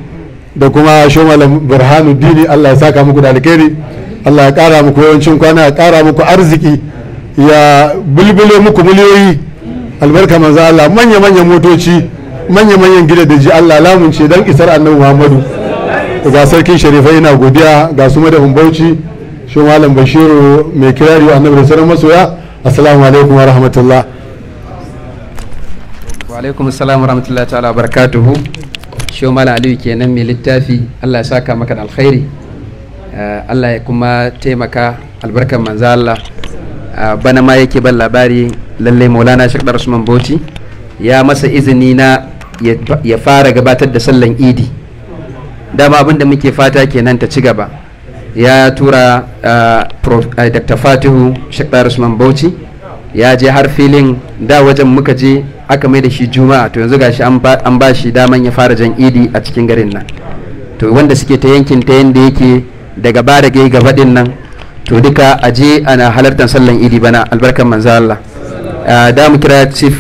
da kuma shehu malam burhanu dini Allah ya saka muku da alkhairi Allah ya ƙara muku yawancin kwana ya ƙara muku arziki ya bulbule muku miliyoyi albarka manzo Allah manya manyan motoci manya manyan gidaje Allah ce dan isar annabi Muhammadu ga sarkin sharifai na godiya ga su madafin bauchi shi malam bashiru mai kirari annabi da sauran masoya assalamu alaikum wa rahmatullah wa alaikum assalam wa rahmatullahi ta'ala wa barakatuhu shi malam aliyu kenan mai littafi Allah ya saka maka da alkhairi eh, Allah ya kuma taimaka albarkar manzo Allah eh, bana ma yake ban labari Lallai maulana shek usman bauchi ya masa izini na ya fara gabatar da sallan idi dama abin da muke fata kenan ta ci gaba ya tura dr fatihu shek usman bauchi ya je har filin da wajen muka je aka mai da shi juma'a to yanzu gashi an ba shi daman ya fara jan idi a cikin garin nan to wanda suke ta yankin ta yanda yake daga ba da gai gaba nan to duka aje ana halartar sallan idi bana albarkan manzo Allah Ah, da mu kira chief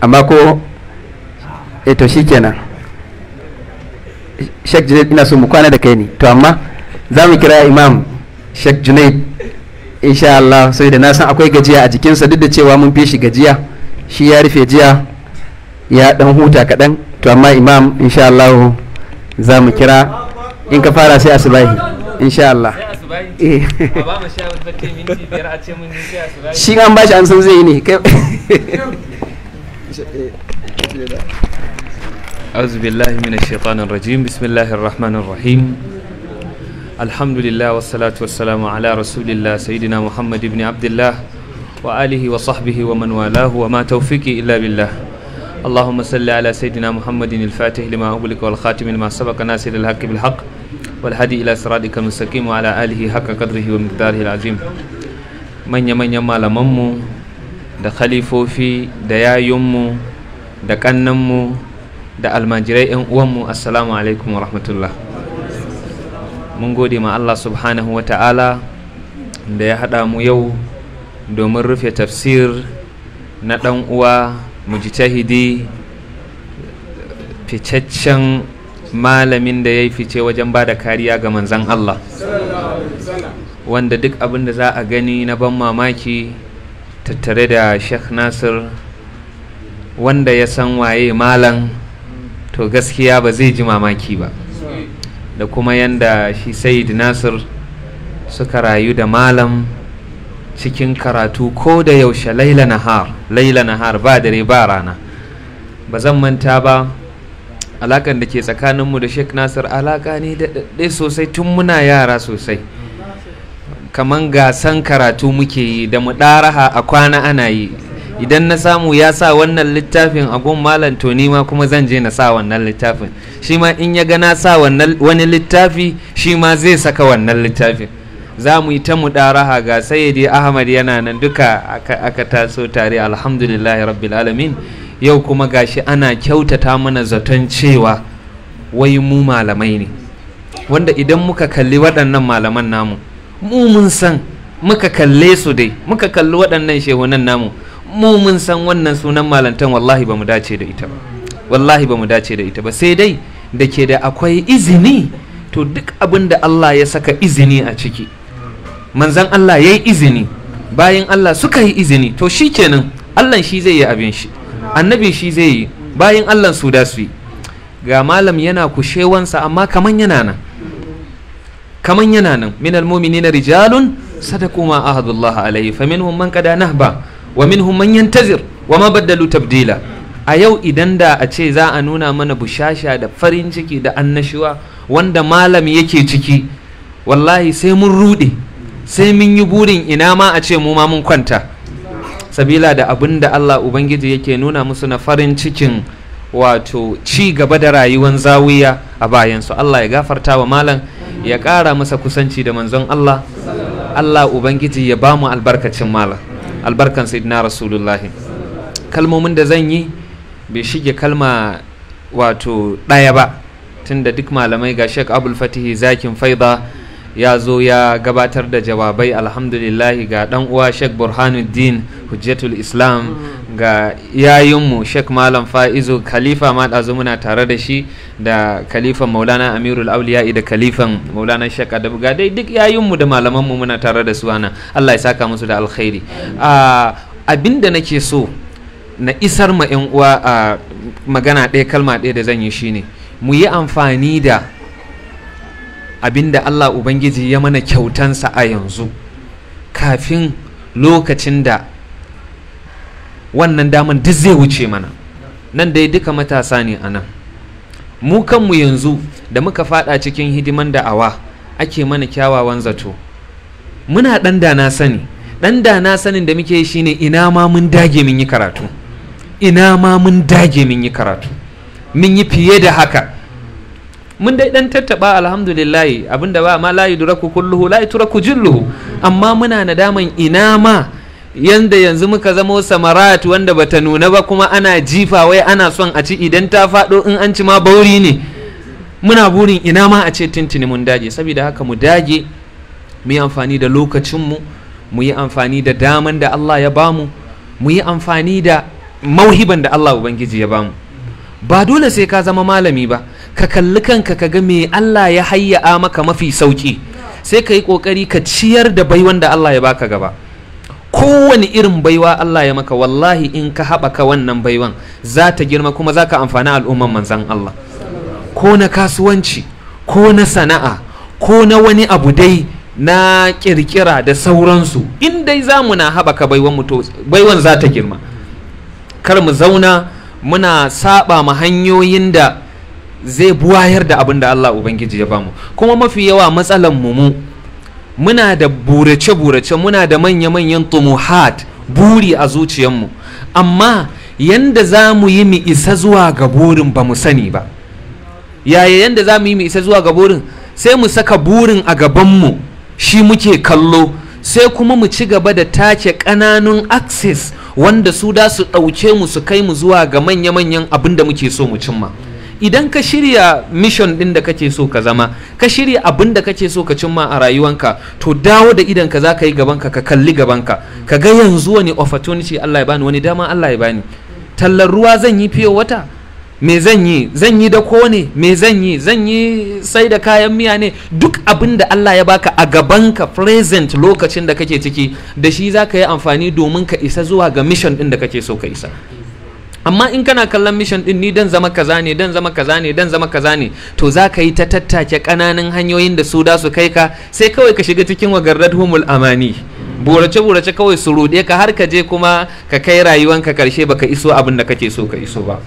amma ko eto eh, shi kenan sheikh junaid ina so mu kwana da kai ne to amma za mu kira imam sheikh junaid insha Allah sai da na san akwai gajiya a jikinsa duk da cewa mun fi shi gajiya shi ya rufe jiya ya dan huta kaɗan to amma imam insha Allah za mu kira in ka fara sai asibahi insha Allah Shi an ba shi an san rajim, bismillahi rahmanin rahim. Alhamdulillah, wasu salatu ala Rasulullah, Sayyidina Muhammad ibn Abdullah, wa alihi wa sahbihi wa manuwa wa ma taufiki illa billah. Allahumma salli ala Sayyidina Muhammadin al-Fatih, lima ogulika wa al-Khatimin masu sabaka nasirin al والهدي إلى صراطك المستقيم وعلى آله حق قدره ومقداره العظيم من يمن يما لممو da khalifofi da yayunmu da kannanmu da almajirai 'yan uwanmu assalamu alaikum wa rahmatullah mun gode ma Allah subhanahu wa ta'ala da ya haɗa mu yau domin rufe tafsir na ɗan uwa mujtahidi fitaccen malamin da ya yi fice wajen ba da kariya ga manzan Allah wanda duk abin da za a gani na ban mamaki tattare da Sheikh Nasir wanda ya san waye malam to gaskiya ba zai ji mamaki ba da kuma yanda shi Said Nasir suka rayu da malam cikin karatu ko da yaushe laila nahar laila nahar ba dare ba rana ba zan manta ba alakan da ke tsakaninmu da sheikh nasir alaka ne da sosai tun muna yara sosai kaman gasan karatu muke yi da mu ɗaraha a kwana ana yi idan na samu ya sa wannan littafin a gun malam to nima kuma zan je na sa wannan littafin shi ma in ya ga na sa wani littafi shi ma zai saka wannan littafin za mu yi ta mu ɗaraha ga sayyidi ahmad yana nan duka aka taso tare alhamdulillahi rabbil alamin yau kuma gashi ana kyautata mana zaton cewa wai mu malamai ne wanda idan muka kalli waɗannan malaman namu mu mun san muka kalle su dai muka kalli waɗannan shehunan namu mu mun san wannan sunan malantan wallahi ba mu dace da ita ba wallahi ba mu dace da ita ba sai dai da ke da akwai izini to duk abin da Allah ya saka izini a ciki manzan Allah ya yi izini bayan Allah suka yi izini to shi kenan Allah shi zai yi abin shi annabi shi zai yi bayan allah su da su yi ga malam yana kushewansa amma kaman yana nan kaman yana nan min na rijalun sadaku ma ahadullah alayhi faminhum man qada nahba wa minhum man yantazir wa ma baddalu tabdila a yau idan da a ce za a nuna mana bushasha da farin ciki da annashuwa wanda malam yake ciki wallahi sai mun rude sai mun yi burin ina ma a ce mu ma mun kwanta sabila da abin da Allah Ubangiji yake nuna musu na farin cikin wato ci gaba da rayuwar zawiya a bayansu Allah ya gafarta wa malam ya kara masa kusanci da manzon Allah Allah Ubangiji ya ba mu albarkacin malam albarkan sayyidina rasulullahi kalmomin da zan yi bai shige kalma wato ɗaya ba tunda duk malamai ga Sheikh Abdul Fatihi zakin faida ya zo ya gabatar da jawabai alhamdulillahi ga dan uwa Sheikh Burhanuddin Hujjatul Islam mm. ga yayinmu Sheikh Malam Faizu Khalifa ma ɗazu muna tare da shi da Khalifan Maulana Amirul Auliya'i da Khalifan Maulana Sheikh Adabu ga dai duk yayinmu da malaman mu muna tare da su ana Allah ya saka musu da alkhairi abin da nake so na isar ma 'yan uwa a magana ɗaya kalma ɗaya da zan yi shine mu yi amfani da Abin da Allah Ubangiji ya mana kyautansa a yanzu kafin lokacin da wannan daman duk zai wuce mana nan dai duka matasa ne a nan mu kanmu yanzu da muka fada cikin hidiman awa ake mana kyawawan zato muna ɗan da na sani ɗan da na sanin da muke shine ina ma mun dage mun yi karatu ina ma mun dage mun yi karatu mun yi fiye da haka mun dai dan tattaba alhamdulillah abinda ba ma la yudraku kulluhu la yutraku julluhu amma muna nadaman ina ma yanda yanzu muka zamo samarat wanda bata nuna ba kuma ana jifa wai ana son a ci idan ta faɗo in an ci ma bauri ne muna burin ina ma a ce tintini mun dage saboda haka mu dage mu yi amfani da lokacinmu mu yi amfani da daman da Allah ya bamu mu yi amfani da mauhiban da Allah Ubangiji ya bamu ba dole sai ka zama malami ba ka kalli kanka ka ga me Allah ya hayya'a maka mafi sauki sai ka yi kokari ka ciyar da baiwan da Allah ya baka gaba kowane irin baiwa Allah ya maka wallahi in ka haɓaka wannan baiwan za ta girma kuma za ka amfani al'umman manzan Allah ko na kasuwanci ko na sana'a ko na wani abu dai na kirkira da sauransu in dai za mu na haɓaka baiwan za ta girma kar mu zauna muna saɓa ma hanyoyin da zai buwayar da abin da Allah Ubangiji ya bamu kuma mafi yawa matsalan mu mu muna da burace-burace muna da manya-manyan tumuhat buri a zuciyarmu amma yanda za mu yi mu isa zuwa ga burin ba mu sani ba yaya yanda za mu yi mu isa zuwa ga burin sai mu saka burin a gabanmu shi muke kallo sai kuma mu ci gaba da tace ƙananun access wanda su da su ɗauke mu su kai mu zuwa ga manya-manyan abin da muke so mu cimma. idan ka shirya mission din da kake so ka zama ka shirya abin da kake so ka cimma a rayuwanka to dawo da idan ka za ka yi gabanka ka kalli gabanka ka ga yanzu wani opportunity Allah ya bani wani dama Allah ya bani tallar ruwa zan yi fiye wata me zan yi zan yi da ko ne me zan yi zan yi sai da kayan miya ne duk abin da Allah ya baka a gabanka present lokacin da kake ciki da shi za ka yi amfani domin ka isa zuwa ga mission din da kake so ka isa amma in kana kallon mission din ni dan zama kaza ne dan zama kaza ne dan zama kaza ne to za ka yi ta tattake kananan hanyoyin da su da su kai ka sai kawai ka shiga cikin wagarrat humul amani burace burace kawai su rude ka har ka je kuma ka kai rayuwanka karshe baka iso abin da kake so ka iso ba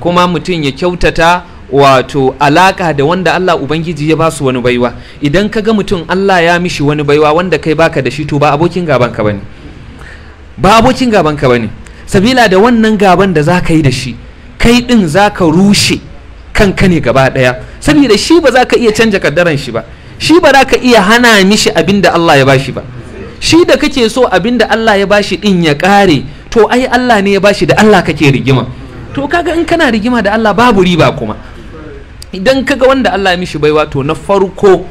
kuma mutum ya kyautata wato alaka da wanda Allah ubangiji ya ba su wani baiwa idan ka ga mutum Allah ya mishi wani baiwa wanda kai baka da shi to ba abokin gaban ka bane ba abokin gaban ka bane sabila da wannan gaban da za ka yi da shi kai ɗin za ka rushe kanka ne gaba ɗaya saboda shi ba za ka iya canja kaddaran shi ba shi ba za ka iya hana mishi abin da Allah ya bashi ba shi da kake so abin da Allah ya bashi ɗin ya ƙare to ai Allah ne ya bashi da Allah kake rigima to kaga in kana rigima da Allah babu riba kuma idan kaga wanda Allah ya mishi baiwa to na farko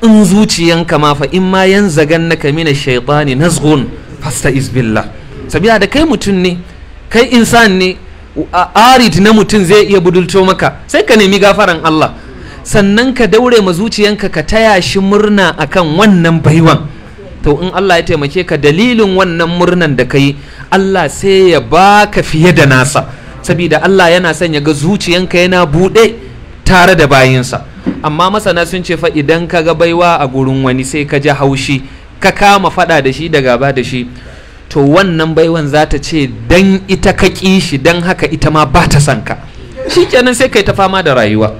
in zuciyanka ma fa in ma yanzagan naka mina shaytani nazghun fasta'iz billah sabila da kai mutum ne kai insan ne a arid na mutum zai iya budulto maka sai ka nemi gafaran Allah sannan ka daure ma zuciyanka ka taya shi murna akan wannan baiwan to in Allah ya taimake ka dalilin wannan murnan da ka Allah sai ya baka fiye da nasa saboda Allah yana son ya ga zuciyanka yana buɗe tare da bayinsa amma masana sun ce fa idan ka ga baiwa a gurin wani sai ka ji haushi ka kama faɗa da shi da gaba da shi to wannan baiwan za ta ce dan ita ka ƙi shi dan haka ita ma ba ta son ka kenan sai kai ta fama da rayuwa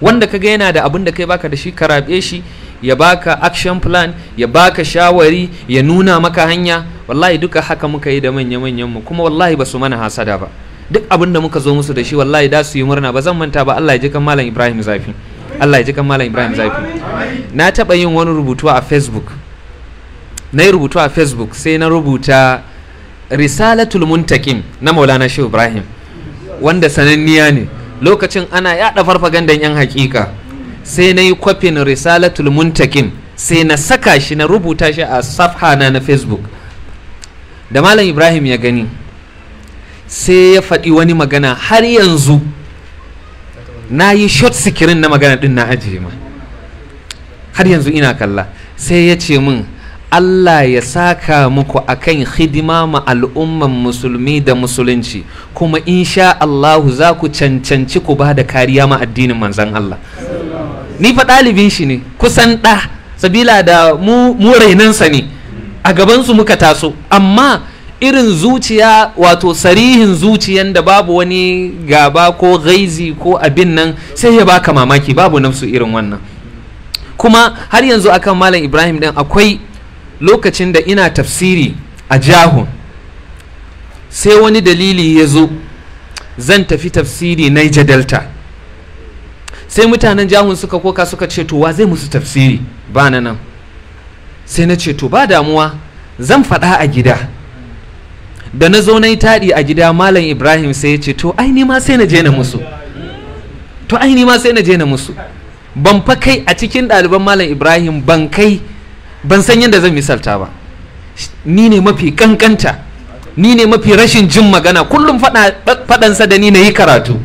wanda ka yana da abin da kai baka da shi ka rabe shi ya baka action plan ya baka shawari ya nuna maka hanya wallahi duka haka muka yi da manya-manyan mu kuma wallahi ba su mana hasada ba duk abin da muka zo musu da shi wallahi da su yi murna ba zan manta ba Allah ya ji kan malam Ibrahim Zafi Allah ya ji kan malam Ibrahim Zafi na taba yin wani rubutu a Facebook na yi rubutu a facebook sai na rubuta risalatul muntakim na maulana shi ibrahim wanda sananniya ne lokacin ana yada farfagandan yan hakika sai na yi kwafin risalatul muntakim sai na saka shi na rubuta shi a safha na na facebook da malam ibrahim ya gani sai ya faɗi wani magana har yanzu na yi short sikirin na magana din na ajiye ma har yanzu ina kalla sai ya ce min Allah ya saka muku akan hidima ma al'umman musulmi da musulunci kuma insha Allahu za ku cancanci ku ba da kariya ma addinin manzan Allah ni fa ɗalibin shi ne kusan ɗa sabila da mu rainansa ne a gabansu muka taso amma irin zuciya wato sarihin zuciyan da babu wani gaba ko gaizi ko abin nan sai ya baka mamaki babu nafsu irin wannan kuma har yanzu akan malam ibrahim din akwai lokacin da ina tafsiri a jahun sai wani dalili ya zo zan tafi tafsiri Niger Delta sai mutanen jahun suka koka suka ce to wa zai musu tafsiri ba na nan sai na ce to ba damuwa zan faɗa a gida da na zo na yi taɗi a gida malam ibrahim sai ya ce to aini ma sai na je na musu to aini ma sai na je na musu ban fa kai a cikin ɗaliban malam ibrahim ban kai ban san yadda zan misalta ba ni ne mafi kankanta ni ne mafi rashin jin magana kullum faɗansa da ni na yi karatu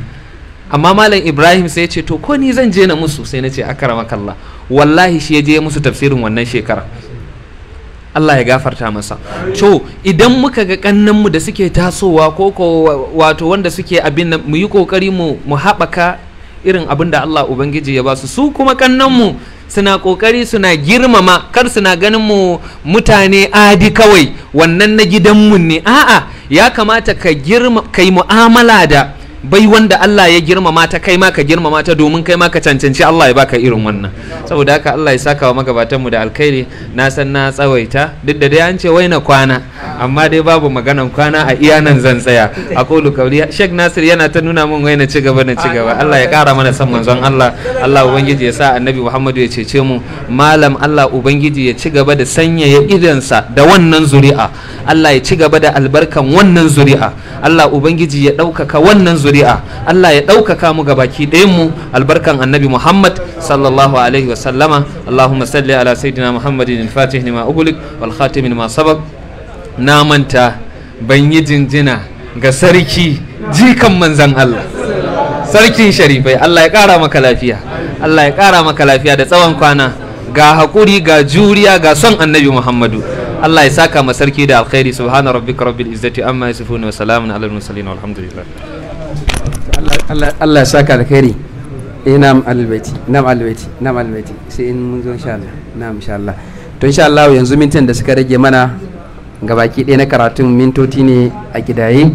amma malam ibrahim sai ya ce to ko ni zan je na musu sai na ce akarama kalla wallahi shi ya je musu tafsirin wannan shekara Allah ya gafarta masa to idan muka ga kannanmu da suke tasowa ko wato wanda suke abin mu yi kokari mu haɓaka irin abin da Allah ubangiji ya ba su su kuma kannanmu suna kokari suna girmama kar suna ganin mu mutane adi kawai wannan na gidanmu ne a'a ya kamata ka girma kai mu'amala da bai wanda Allah ya girmama ta kai ma ka girmama ta domin kai ma ka cancanci Allah ya baka irin wannan saboda haka Allah ya saka wa magabatan mu da alkhairi na san na tsawaita duk da dai an ce wai kwana amma dai babu maganan kwana a iya nan zan tsaya a kullu kauri Sheikh Nasir yana ta nuna mun wai na ci gaba na ci gaba Allah ya kara mana san manzon Allah Allah ubangiji ya sa Annabi muhammad ya cece mu malam Allah ubangiji ya ci gaba da sanyaya sa da wannan zuri'a Allah ya ci gaba da albarkan wannan zuri'a Allah ubangiji ya ɗaukaka wannan zuri'a shari'a Allah ya ɗaukaka mu gabaki ɗayan mu albarkan annabi Muhammad sallallahu alaihi wa sallama Allahumma salli ala sayyidina Muhammadin al-fatih lima ugulik wal khatim lima sabab na manta ban yi jinjina ga sarki jikan manzan Allah sarkin sharifai Allah ya ƙara maka lafiya Allah ya ƙara maka lafiya da tsawon kwana ga haƙuri ga juriya ga son annabi Muhammadu Allah ya saka ma sarki da alkhairi subhana rabbika rabbil izzati amma yasifun wa salamun alal mursalin walhamdulillah Allah ya saka da eh inam albaiti na'am albaiti na'am albaiti sai in mun zo insha Allah na'am insha Allah to insha Allah yanzu mintin da suka rage mana gabaki ɗaya na karatun mintoti ne a gidaye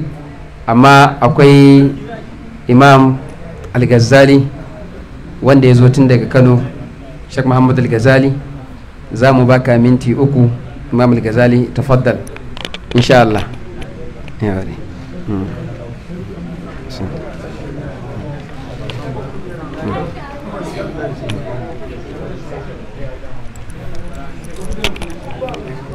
amma akwai imam al-ghazali wanda ya zo tun daga kano shek muhammad al-ghazali za mu baka minti uku imam al-ghazali tafaddal insha Allah ya ware hmm.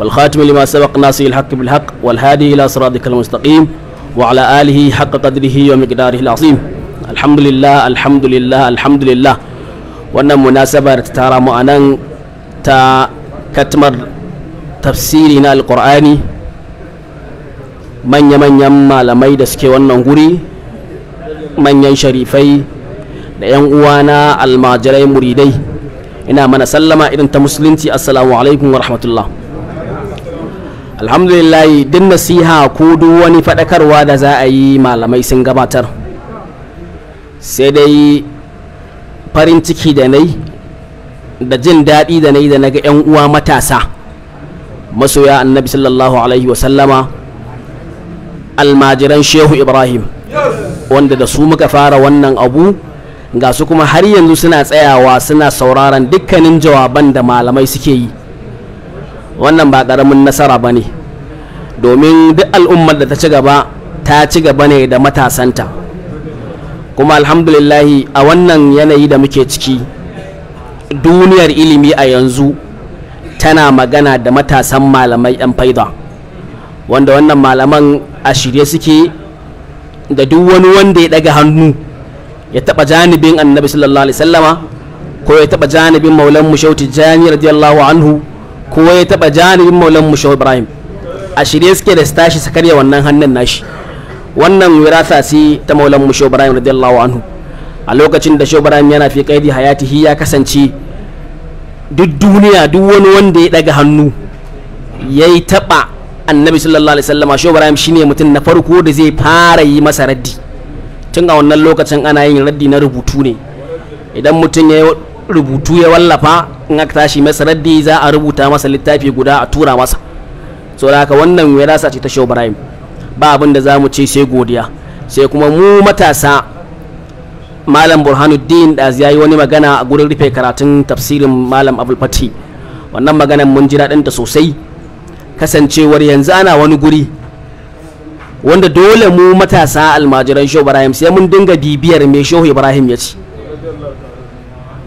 والخاتم لما سبق ناصر الحق بالحق والهادي إلى صراطك المستقيم وعلى آله حق قدره ومقداره العظيم الحمد لله الحمد لله الحمد لله wannan munasabar ta tara mu a ta katmar tafsiri na alkur'ani manya-manyan malamai da suke wannan guri manyan sharifai da 'yan uwana almajirai muridai ina mana sallama irin ta musulunci assalamu alaikum wa alhamdulillah duk nasiha ko duk wani faɗakarwa da za a yi malamai sun gabatar sai dai farin ciki da nai da jin daɗi da nai da na 'yan uwa matasa masoya annabi sallallahu alaihi wasallama almajiran shehu ibrahim wanda da su muka fara wannan abu ga su kuma har yanzu suna tsayawa suna sauraron dukkanin jawaban da malamai suke yi wannan ba ƙaramin nasara ba ne domin duk al'ummar da ta ci gaba ta ci gaba ne da matasanta kuma alhamdulillahi a wannan yanayi da muke ciki duniyar ilimi a yanzu tana magana da matasan malamai 'yan faida wanda wannan malaman a shirye suke da duk wani wanda ya daga hannu ya taba janibin annabi sallallahu alaihi sallama ko ya taba janibin maulan mushauti jani radiyallahu anhu ko ya taba janibin maulan musha ibrahim a shirye suke da tashi su karya wannan hannun nashi wannan wirasa si ta maulan musha ibrahim radiyallahu anhu a lokacin da shehu ibrahim yana fi kaidi hi ya kasance duk duniya duk wani wanda ya daga hannu ya yi taba annabi sallallahu alaihi wasallama shehu ibrahim shine mutum na farko da zai fara yi masa raddi tun a wannan lokacin ana yin raddi na rubutu ne idan mutum ya rubutu ya wallafa in aka tashi masa raddi za a rubuta masa littafi guda a tura masa so da haka wannan ya rasa ce ta Shehu Ibrahim ba abin da zamu ce sai godiya sai kuma mu matasa Malam Burhanuddin da ya wani magana a gurin rufe karatun tafsirin Malam abul Fati wannan magana mun ji daɗin ta sosai kasancewar yanzu ana wani guri wanda dole mu matasa almajiran Shehu Ibrahim sai mun dinga bibiyar me Shehu Ibrahim ya ce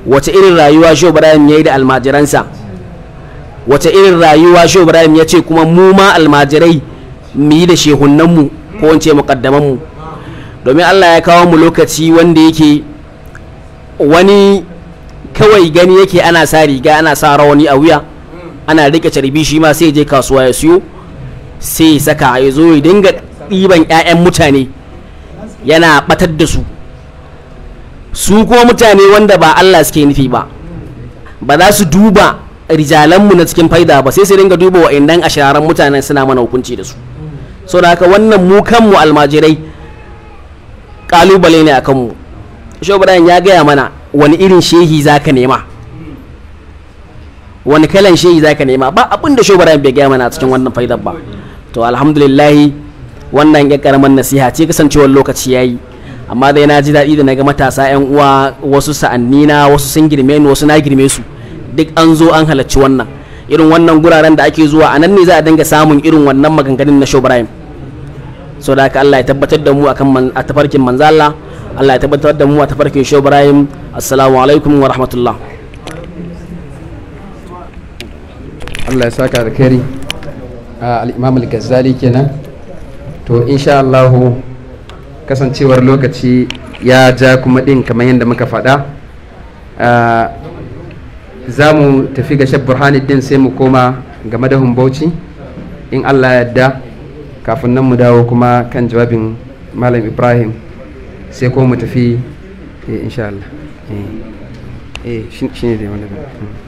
wace irin rayuwa Shehu Ibrahim ya yi da almajiransa wace irin rayuwa Shehu ya ce kuma mu ma almajirai mu yi da shehunanmu ko wance mu domin Allah ya kawo mu lokaci wanda yake wani kawai gani yake ana sa riga ana sa rawani a wuya ana rike carbi shi ma sai je kasuwa ya siyo sai saka ya zo ya dinga ɗiban 'ya'yan mutane yana batar da su su ko mutane wanda ba Allah suke nufi ba ba za su duba rijalanmu na cikin faida ba sai su dinga duba wa wa'annan ashararan mutanen suna mana hukunci da su so da haka wannan mu kanmu almajirai kalubale ne a kanmu shobrayan ya gaya mana wani irin shehi za ka nema wani kalan shehi za ka nema ba abin da shobrayan bai gaya mana a cikin wannan faidar ba to alhamdulillahi wannan ya karaman nasiha ce kasancewar lokaci ya yi amma dai na ji daɗi da na ga matasa 'yan uwa wasu sa'anni na wasu sun girme ni wasu na girme su duk an zo an halarci wannan irin wannan guraren da ake zuwa a nan ne za a dinga samun irin wannan maganganun na shobrahim so da haka Allah ya tabbatar da mu akan a tafarkin manzala Allah ya tabbatar da mu a tafarkin shobrahim assalamu alaikum wa rahmatullah Allah ya saka da kari ah, imam al-ghazali kenan to insha allahu. kasancewar lokaci ya ja kuma ɗin kamar yadda muka faɗa za mu tafi ga shab din sai mu koma ga madahun bauchi in allah ya yadda kafin nan mu dawo kuma kan jawabin malam ibrahim sai ko mu tafi eh, insha Allah eh, eh, shi ne dai wani